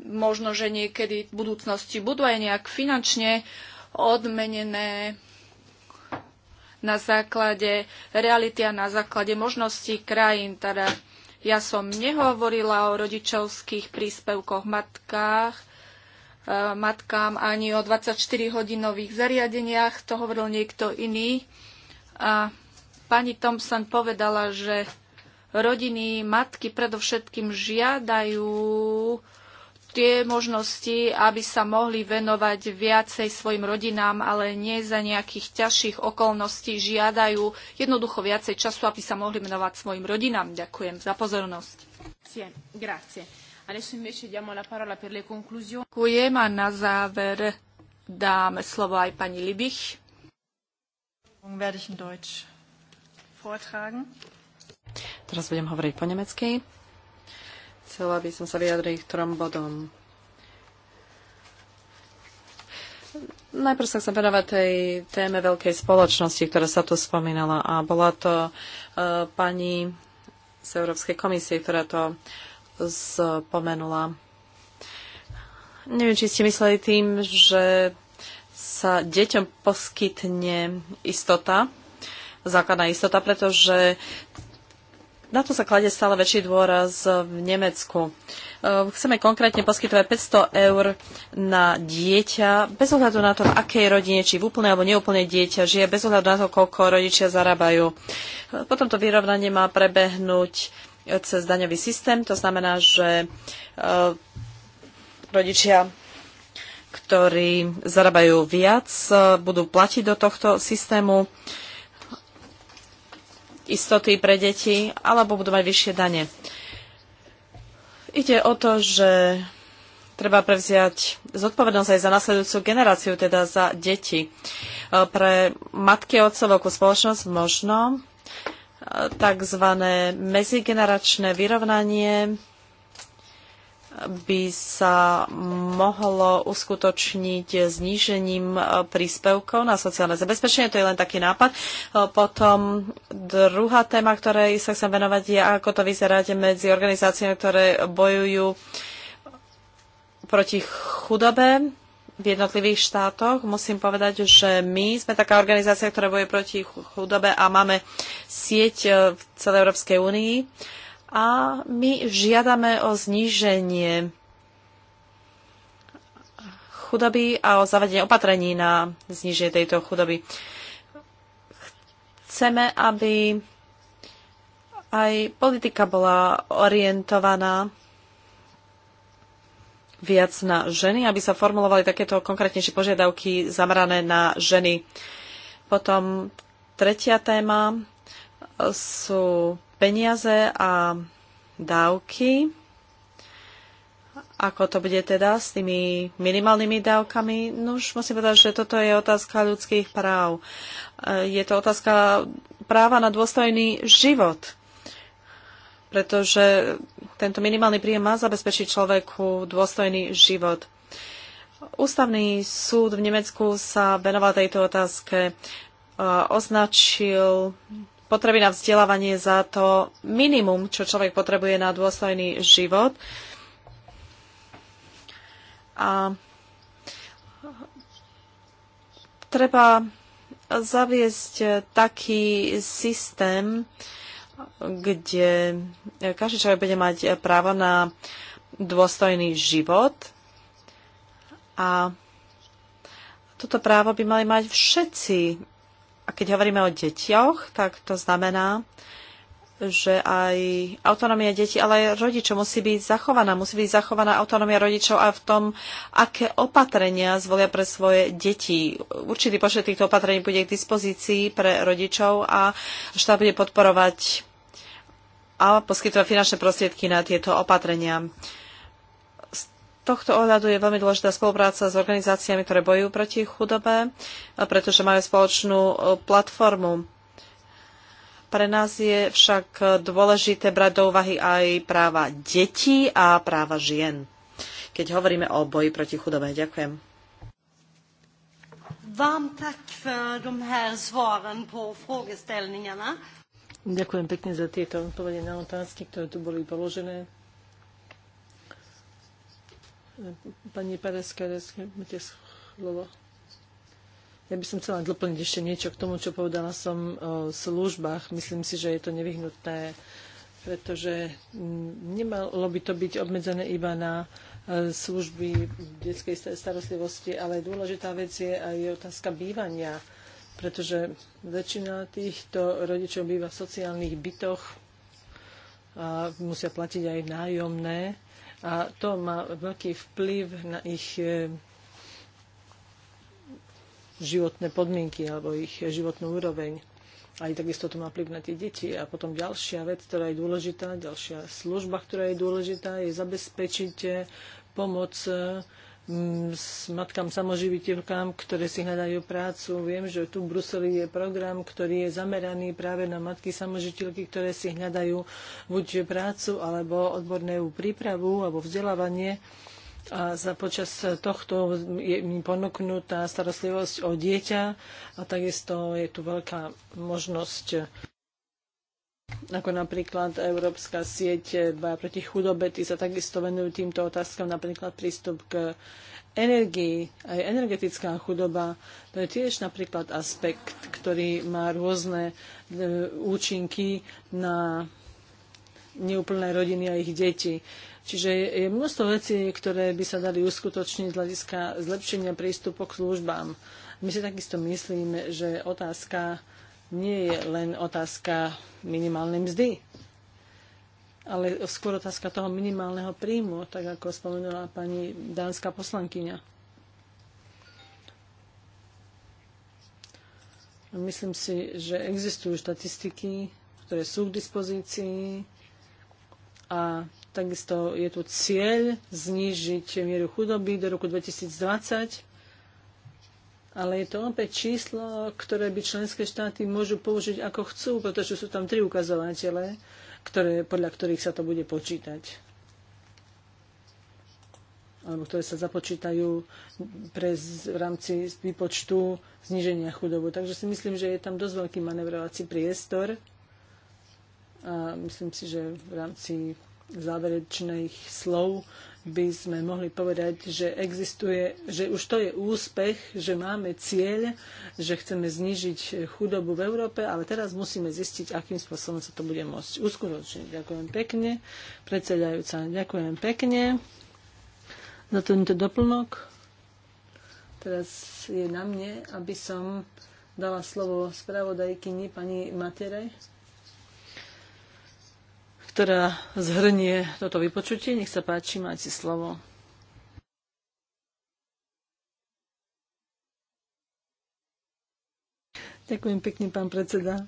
možno, že niekedy v budúcnosti budú aj nejak finančne, odmenené na základe reality a na základe možností krajín. Teda ja som nehovorila o rodičovských príspevkoch matkách, e, matkám ani o 24-hodinových zariadeniach, to hovoril niekto iný. A pani Thompson povedala, že rodiny, matky predovšetkým žiadajú tie možnosti, aby sa mohli venovať viacej svojim rodinám, ale nie za nejakých ťažších okolností žiadajú jednoducho viacej času, aby sa mohli venovať svojim rodinám. Ďakujem za pozornosť. Ďakujem a na záver dáme slovo aj pani Libich. Teraz budem hovoriť po nemecky. Chcela by som sa vyjadriť k trom bodom. Najprv sa chcem venovať tej téme veľkej spoločnosti, ktorá sa tu spomínala. A bola to uh, pani z Európskej komisie, ktorá to spomenula. Neviem, či ste mysleli tým, že sa deťom poskytne istota, základná istota, pretože na to sa klade stále väčší dôraz v Nemecku. E, chceme konkrétne poskytovať 500 eur na dieťa, bez ohľadu na to, v akej rodine, či v úplnej alebo neúplnej dieťa žije, bez ohľadu na to, koľko rodičia zarábajú. E, potom to vyrovnanie má prebehnúť cez daňový systém, to znamená, že e, rodičia ktorí zarábajú viac, budú platiť do tohto systému. Uh, istoty pre deti, alebo budú mať vyššie dane. Ide o to, že treba prevziať zodpovednosť aj za nasledujúcu generáciu, teda za deti. E, pre matky a otcovokú spoločnosť možno e, takzvané medzigeneračné vyrovnanie by sa mohlo uskutočniť znížením e, príspevkov na sociálne zabezpečenie. To je len taký nápad. E, potom druhá téma, ktorej sa chcem venovať, je ako to vyzeráte medzi organizáciami, ktoré bojujú proti chudobe v jednotlivých štátoch. Musím povedať, že my sme taká organizácia, ktorá bojuje proti chudobe a máme sieť e, v celej Európskej únii a my žiadame o zníženie chudoby a o zavedenie opatrení na zníženie tejto chudoby. Chceme, aby aj politika bola orientovaná viac na ženy, aby sa formulovali takéto konkrétnejšie požiadavky zamerané na ženy. Potom tretia téma sú peniaze a dávky, ako to bude teda s tými minimálnymi dávkami? No už musím povedať, že toto je otázka ľudských práv. E, je to otázka práva na dôstojný život, pretože tento minimálny príjem má zabezpečiť človeku dôstojný život. Ústavný súd v Nemecku sa venoval tejto otázke, e, označil potreby na vzdelávanie za to minimum, čo človek potrebuje na dôstojný život. A treba zaviesť taký systém, kde každý človek bude mať právo na dôstojný život a toto právo by mali mať všetci a keď hovoríme o deťoch, tak to znamená, že aj autonómia detí, ale aj rodičov musí byť zachovaná. Musí byť zachovaná autonómia rodičov a v tom, aké opatrenia zvolia pre svoje deti. Určitý počet týchto opatrení bude k dispozícii pre rodičov a štát bude podporovať a poskytovať finančné prostriedky na tieto opatrenia tohto ohľadu je veľmi dôležitá spolupráca s organizáciami, ktoré bojujú proti chudobe, pretože majú spoločnú e, platformu. Pre nás je však dôležité brať do úvahy aj práva detí a práva žien, keď hovoríme o boji proti chudobe. Ďakujem. Vám tak eh, Ďakujem pekne za tieto odpovede na otázky, ktoré tu boli položené. Pani Pereska, máte slovo. Ja by som chcela doplniť ešte niečo k tomu, čo povedala som o službách. Myslím si, že je to nevyhnutné, pretože mm, nemalo by to byť obmedzené iba na e, služby detskej starostlivosti, ale dôležitá vec je aj otázka bývania, pretože väčšina týchto rodičov býva v sociálnych bytoch a musia platiť aj nájomné a to má veľký vplyv na ich e, životné podmienky alebo ich životnú úroveň. Aj takisto to má vplyv na tie deti. A potom ďalšia vec, ktorá je dôležitá, ďalšia služba, ktorá je dôležitá, je zabezpečiť e, pomoc e, Mm, s matkám samoživiteľkám, ktoré si hľadajú prácu. Viem, že tu v Bruseli je program, ktorý je zameraný práve na matky samoživiteľky, ktoré si hľadajú buď prácu alebo odbornú prípravu alebo vzdelávanie. A za počas tohto je mi ponúknutá starostlivosť o dieťa a takisto je tu veľká možnosť ako napríklad Európska sieť eh, boja proti chudobe, tí sa takisto venujú týmto otázkam, napríklad prístup k energii, aj energetická chudoba, to je tiež napríklad aspekt, ktorý má rôzne eh, účinky na neúplné rodiny a ich deti. Čiže je množstvo vecí, ktoré by sa dali uskutočniť z hľadiska zlepšenia prístupu k službám. My si takisto myslíme, že otázka nie je len otázka minimálnej mzdy, ale skôr otázka toho minimálneho príjmu, tak ako spomenula pani dánska poslankyňa. Myslím si, že existujú štatistiky, ktoré sú k dispozícii a takisto je tu cieľ znížiť mieru chudoby do roku 2020 ale je to opäť číslo, ktoré by členské štáty môžu použiť ako chcú, pretože sú tam tri ukazovatele, ktoré, podľa ktorých sa to bude počítať alebo ktoré sa započítajú pre v rámci výpočtu zniženia chudobu. Takže si myslím, že je tam dosť veľký manevrovací priestor a myslím si, že v rámci záverečných slov by sme mohli povedať, že existuje, že už to je úspech, že máme cieľ, že chceme znižiť chudobu v Európe, ale teraz musíme zistiť, akým spôsobom sa to bude môcť uskutočniť. Ďakujem pekne. Predsedajúca, ďakujem pekne za tento doplnok. Teraz je na mne, aby som dala slovo spravodajkyni pani Matere ktorá zhrnie toto vypočutie. Nech sa páči, máte slovo. Ďakujem pekne, pán predseda.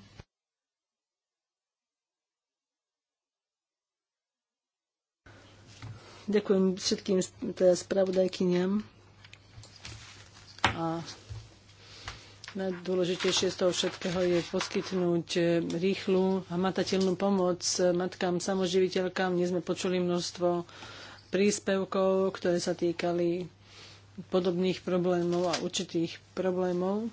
Ďakujem všetkým teda spravodajkyniam a Najdôležitejšie z toho všetkého je poskytnúť eh, rýchlu a matateľnú pomoc eh, matkám, samoživiteľkám. Dnes sme počuli množstvo príspevkov, ktoré sa týkali podobných problémov a určitých problémov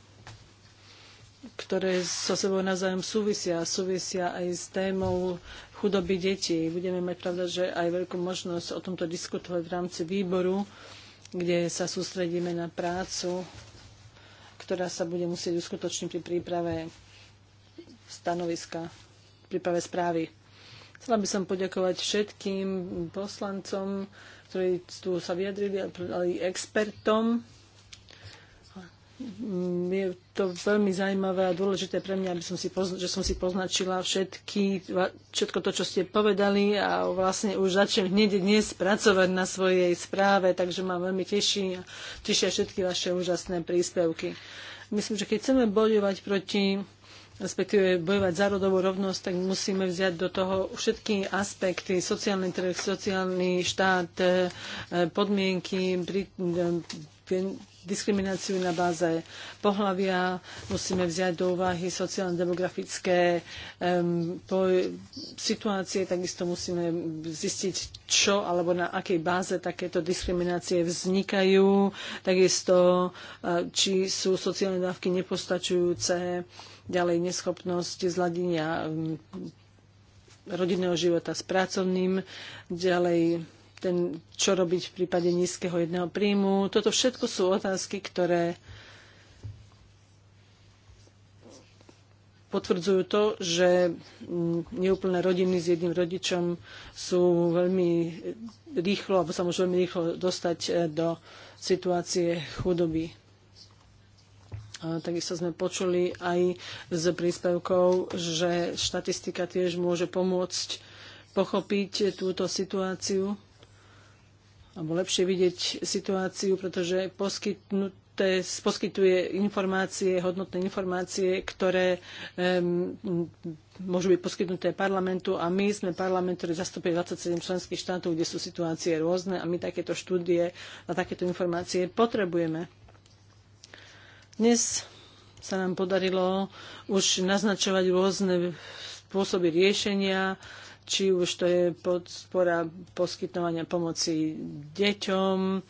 ktoré so sebou navzájom súvisia. Súvisia aj s témou chudoby detí. Budeme mať pravda, že aj veľkú možnosť o tomto diskutovať v rámci výboru, kde sa sústredíme na prácu ktorá sa bude musieť uskutočniť pri príprave stanoviska, príprave správy. Chcela by som poďakovať všetkým poslancom, ktorí tu sa vyjadrili, ale aj expertom, Mm, je to veľmi zaujímavé a dôležité pre mňa, aby som si pozna, že som si poznačila všetky, všetko to, čo ste povedali a vlastne už začnem hneď dnes pracovať na svojej správe, takže ma veľmi teší a tešia všetky vaše úžasné príspevky. Myslím, že keď chceme bojovať proti respektíve bojovať za rodovú rovnosť, tak musíme vziať do toho všetky aspekty, sociálny trh, sociálny štát, eh, podmienky, eh, diskrimináciu na báze pohlavia, musíme vziať do úvahy sociálno-demografické um, po, situácie, takisto musíme zistiť, čo alebo na akej báze takéto diskriminácie vznikajú, takisto e, či sú sociálne dávky nepostačujúce, ďalej neschopnosť zladenia um, rodinného života s pracovným, ďalej ten, čo robiť v prípade nízkeho jedného príjmu. Toto všetko sú otázky, ktoré potvrdzujú to, že neúplné rodiny s jedným rodičom sú veľmi rýchlo, alebo sa môžu veľmi rýchlo dostať eh, do situácie chudoby. takisto sme počuli aj z príspevkov, že štatistika tiež môže pomôcť pochopiť túto situáciu alebo lepšie vidieť situáciu, pretože poskytnuté, poskytuje informácie, hodnotné informácie, ktoré um, môžu byť poskytnuté parlamentu a my sme parlament, ktorý zastupuje 27 členských štátov, kde sú situácie rôzne a my takéto štúdie a takéto informácie potrebujeme. Dnes sa nám podarilo už naznačovať rôzne spôsoby riešenia, či už to je podpora poskytovania pomoci deťom,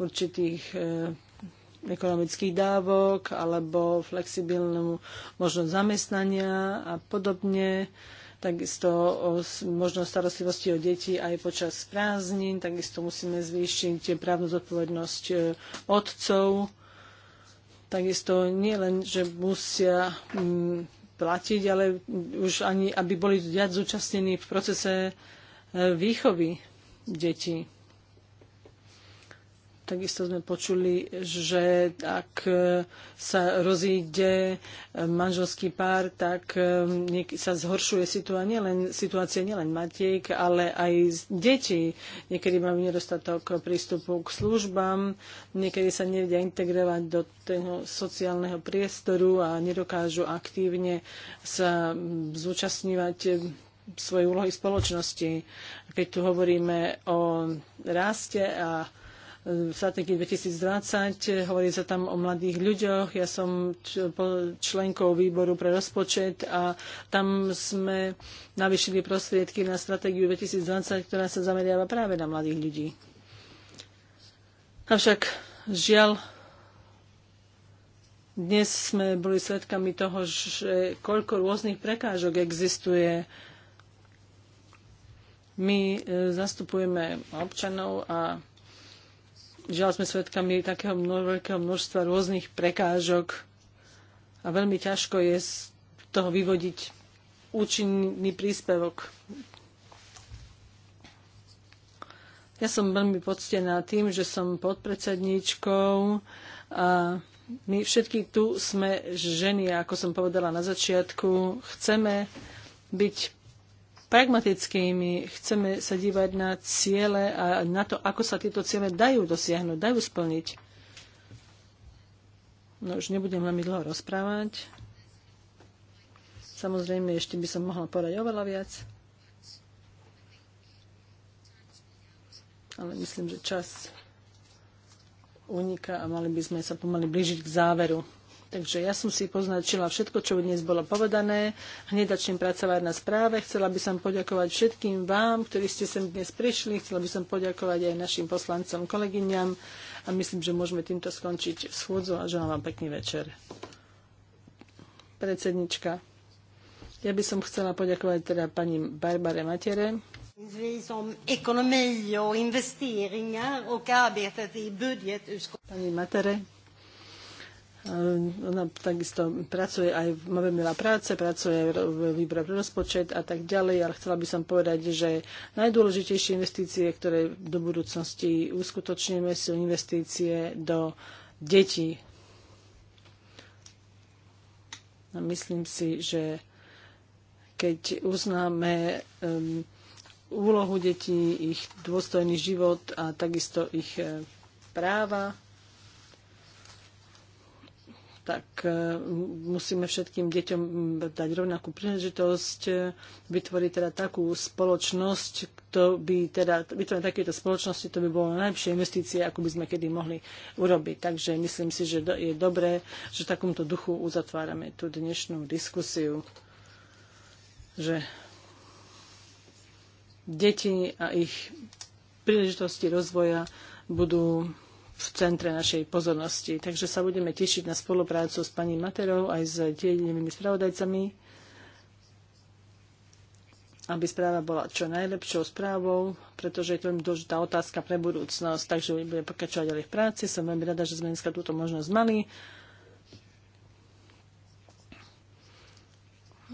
určitých e, ekonomických dávok alebo flexibilnú možnosť zamestnania a podobne. Takisto o možnosť starostlivosti o deti aj počas prázdnin. Takisto musíme zvýšiť právnu zodpovednosť e, otcov. Takisto nie len, že musia platiť, ale už ani, aby boli viac zúčastnení v procese e, výchovy detí. Takisto sme počuli, že ak e, sa rozíde e, manželský pár, tak e, sa zhoršuje situácia nielen, situácia nielen matiek, ale aj detí. Niekedy majú nedostatok prístupu k službám, niekedy sa nevedia integrovať do toho sociálneho priestoru a nedokážu aktívne sa zúčastňovať svoje úlohy spoločnosti. Keď tu hovoríme o raste a strategii 2020. Hovorí sa tam o mladých ľuďoch. Ja som členkou výboru pre rozpočet a tam sme navýšili prostriedky na stratégiu 2020, ktorá sa zameriava práve na mladých ľudí. Avšak žiaľ, dnes sme boli svedkami toho, že koľko rôznych prekážok existuje my e, zastupujeme občanov a žiaľ sme svedkami takého veľkého množstva rôznych prekážok a veľmi ťažko je z toho vyvodiť účinný príspevok. Ja som veľmi poctená tým, že som podpredsedníčkou a my všetky tu sme ženy, ako som povedala na začiatku, chceme byť pragmatickými. Chceme sa dívať na ciele a na to, ako sa tieto ciele dajú dosiahnuť, dajú splniť. No už nebudem veľmi dlho rozprávať. Samozrejme, ešte by som mohla povedať oveľa viac. Ale myslím, že čas uniká a mali by sme sa pomaly blížiť k záveru. Takže ja som si poznačila všetko, čo dnes bolo povedané. Hneď začnem pracovať na správe. Chcela by som poďakovať všetkým vám, ktorí ste sem dnes prišli. Chcela by som poďakovať aj našim poslancom, kolegyňam. A myslím, že môžeme týmto skončiť schôdzu a želám vám pekný večer. Predsednička. Ja by som chcela poďakovať teda pani Barbare Matere Pani Matere. Ehm, ona takisto pracuje aj, máme Mavemila práce, pracuje v výbore pre rozpočet a tak ďalej, ale chcela by som povedať, že najdôležitejšie investície, ktoré do budúcnosti uskutočníme, sú investície do detí. A myslím si, že keď uznáme um, úlohu detí, ich dôstojný život a takisto ich ehm, práva, tak e, musíme všetkým deťom dať rovnakú príležitosť e, vytvoriť teda takú spoločnosť, to by teda, vytvoriť takéto spoločnosti, to by bolo najlepšie investície, ako by sme kedy mohli urobiť. Takže myslím si, že je dobré, že v takomto duchu uzatvárame tú dnešnú diskusiu, že deti a ich príležitosti rozvoja budú v centre našej pozornosti. Takže sa budeme tešiť na spoluprácu s pani Materou aj s dieľnými spravodajcami, aby správa bola čo najlepšou správou, pretože je to veľmi dôležitá otázka pre budúcnosť. Takže budeme pokračovať ďalej v práci. Som veľmi rada, že sme dneska túto možnosť mali.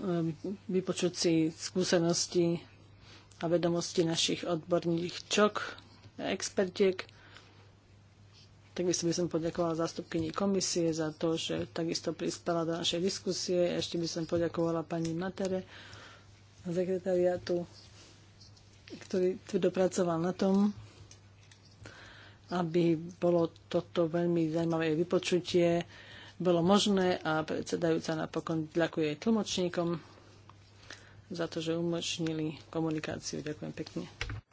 Ehm, vypočuť si skúsenosti a vedomosti našich odborných čok, expertiek Takisto by som poďakovala zástupkyni komisie za to, že takisto prispela do našej diskusie. Ešte by som poďakovala pani Matere sekretariátu, ktorý tvrdopracoval na tom, aby bolo toto veľmi zaujímavé vypočutie bolo možné a predsedajúca napokon ďakuje tlmočníkom za to, že umožnili komunikáciu. Ďakujem pekne.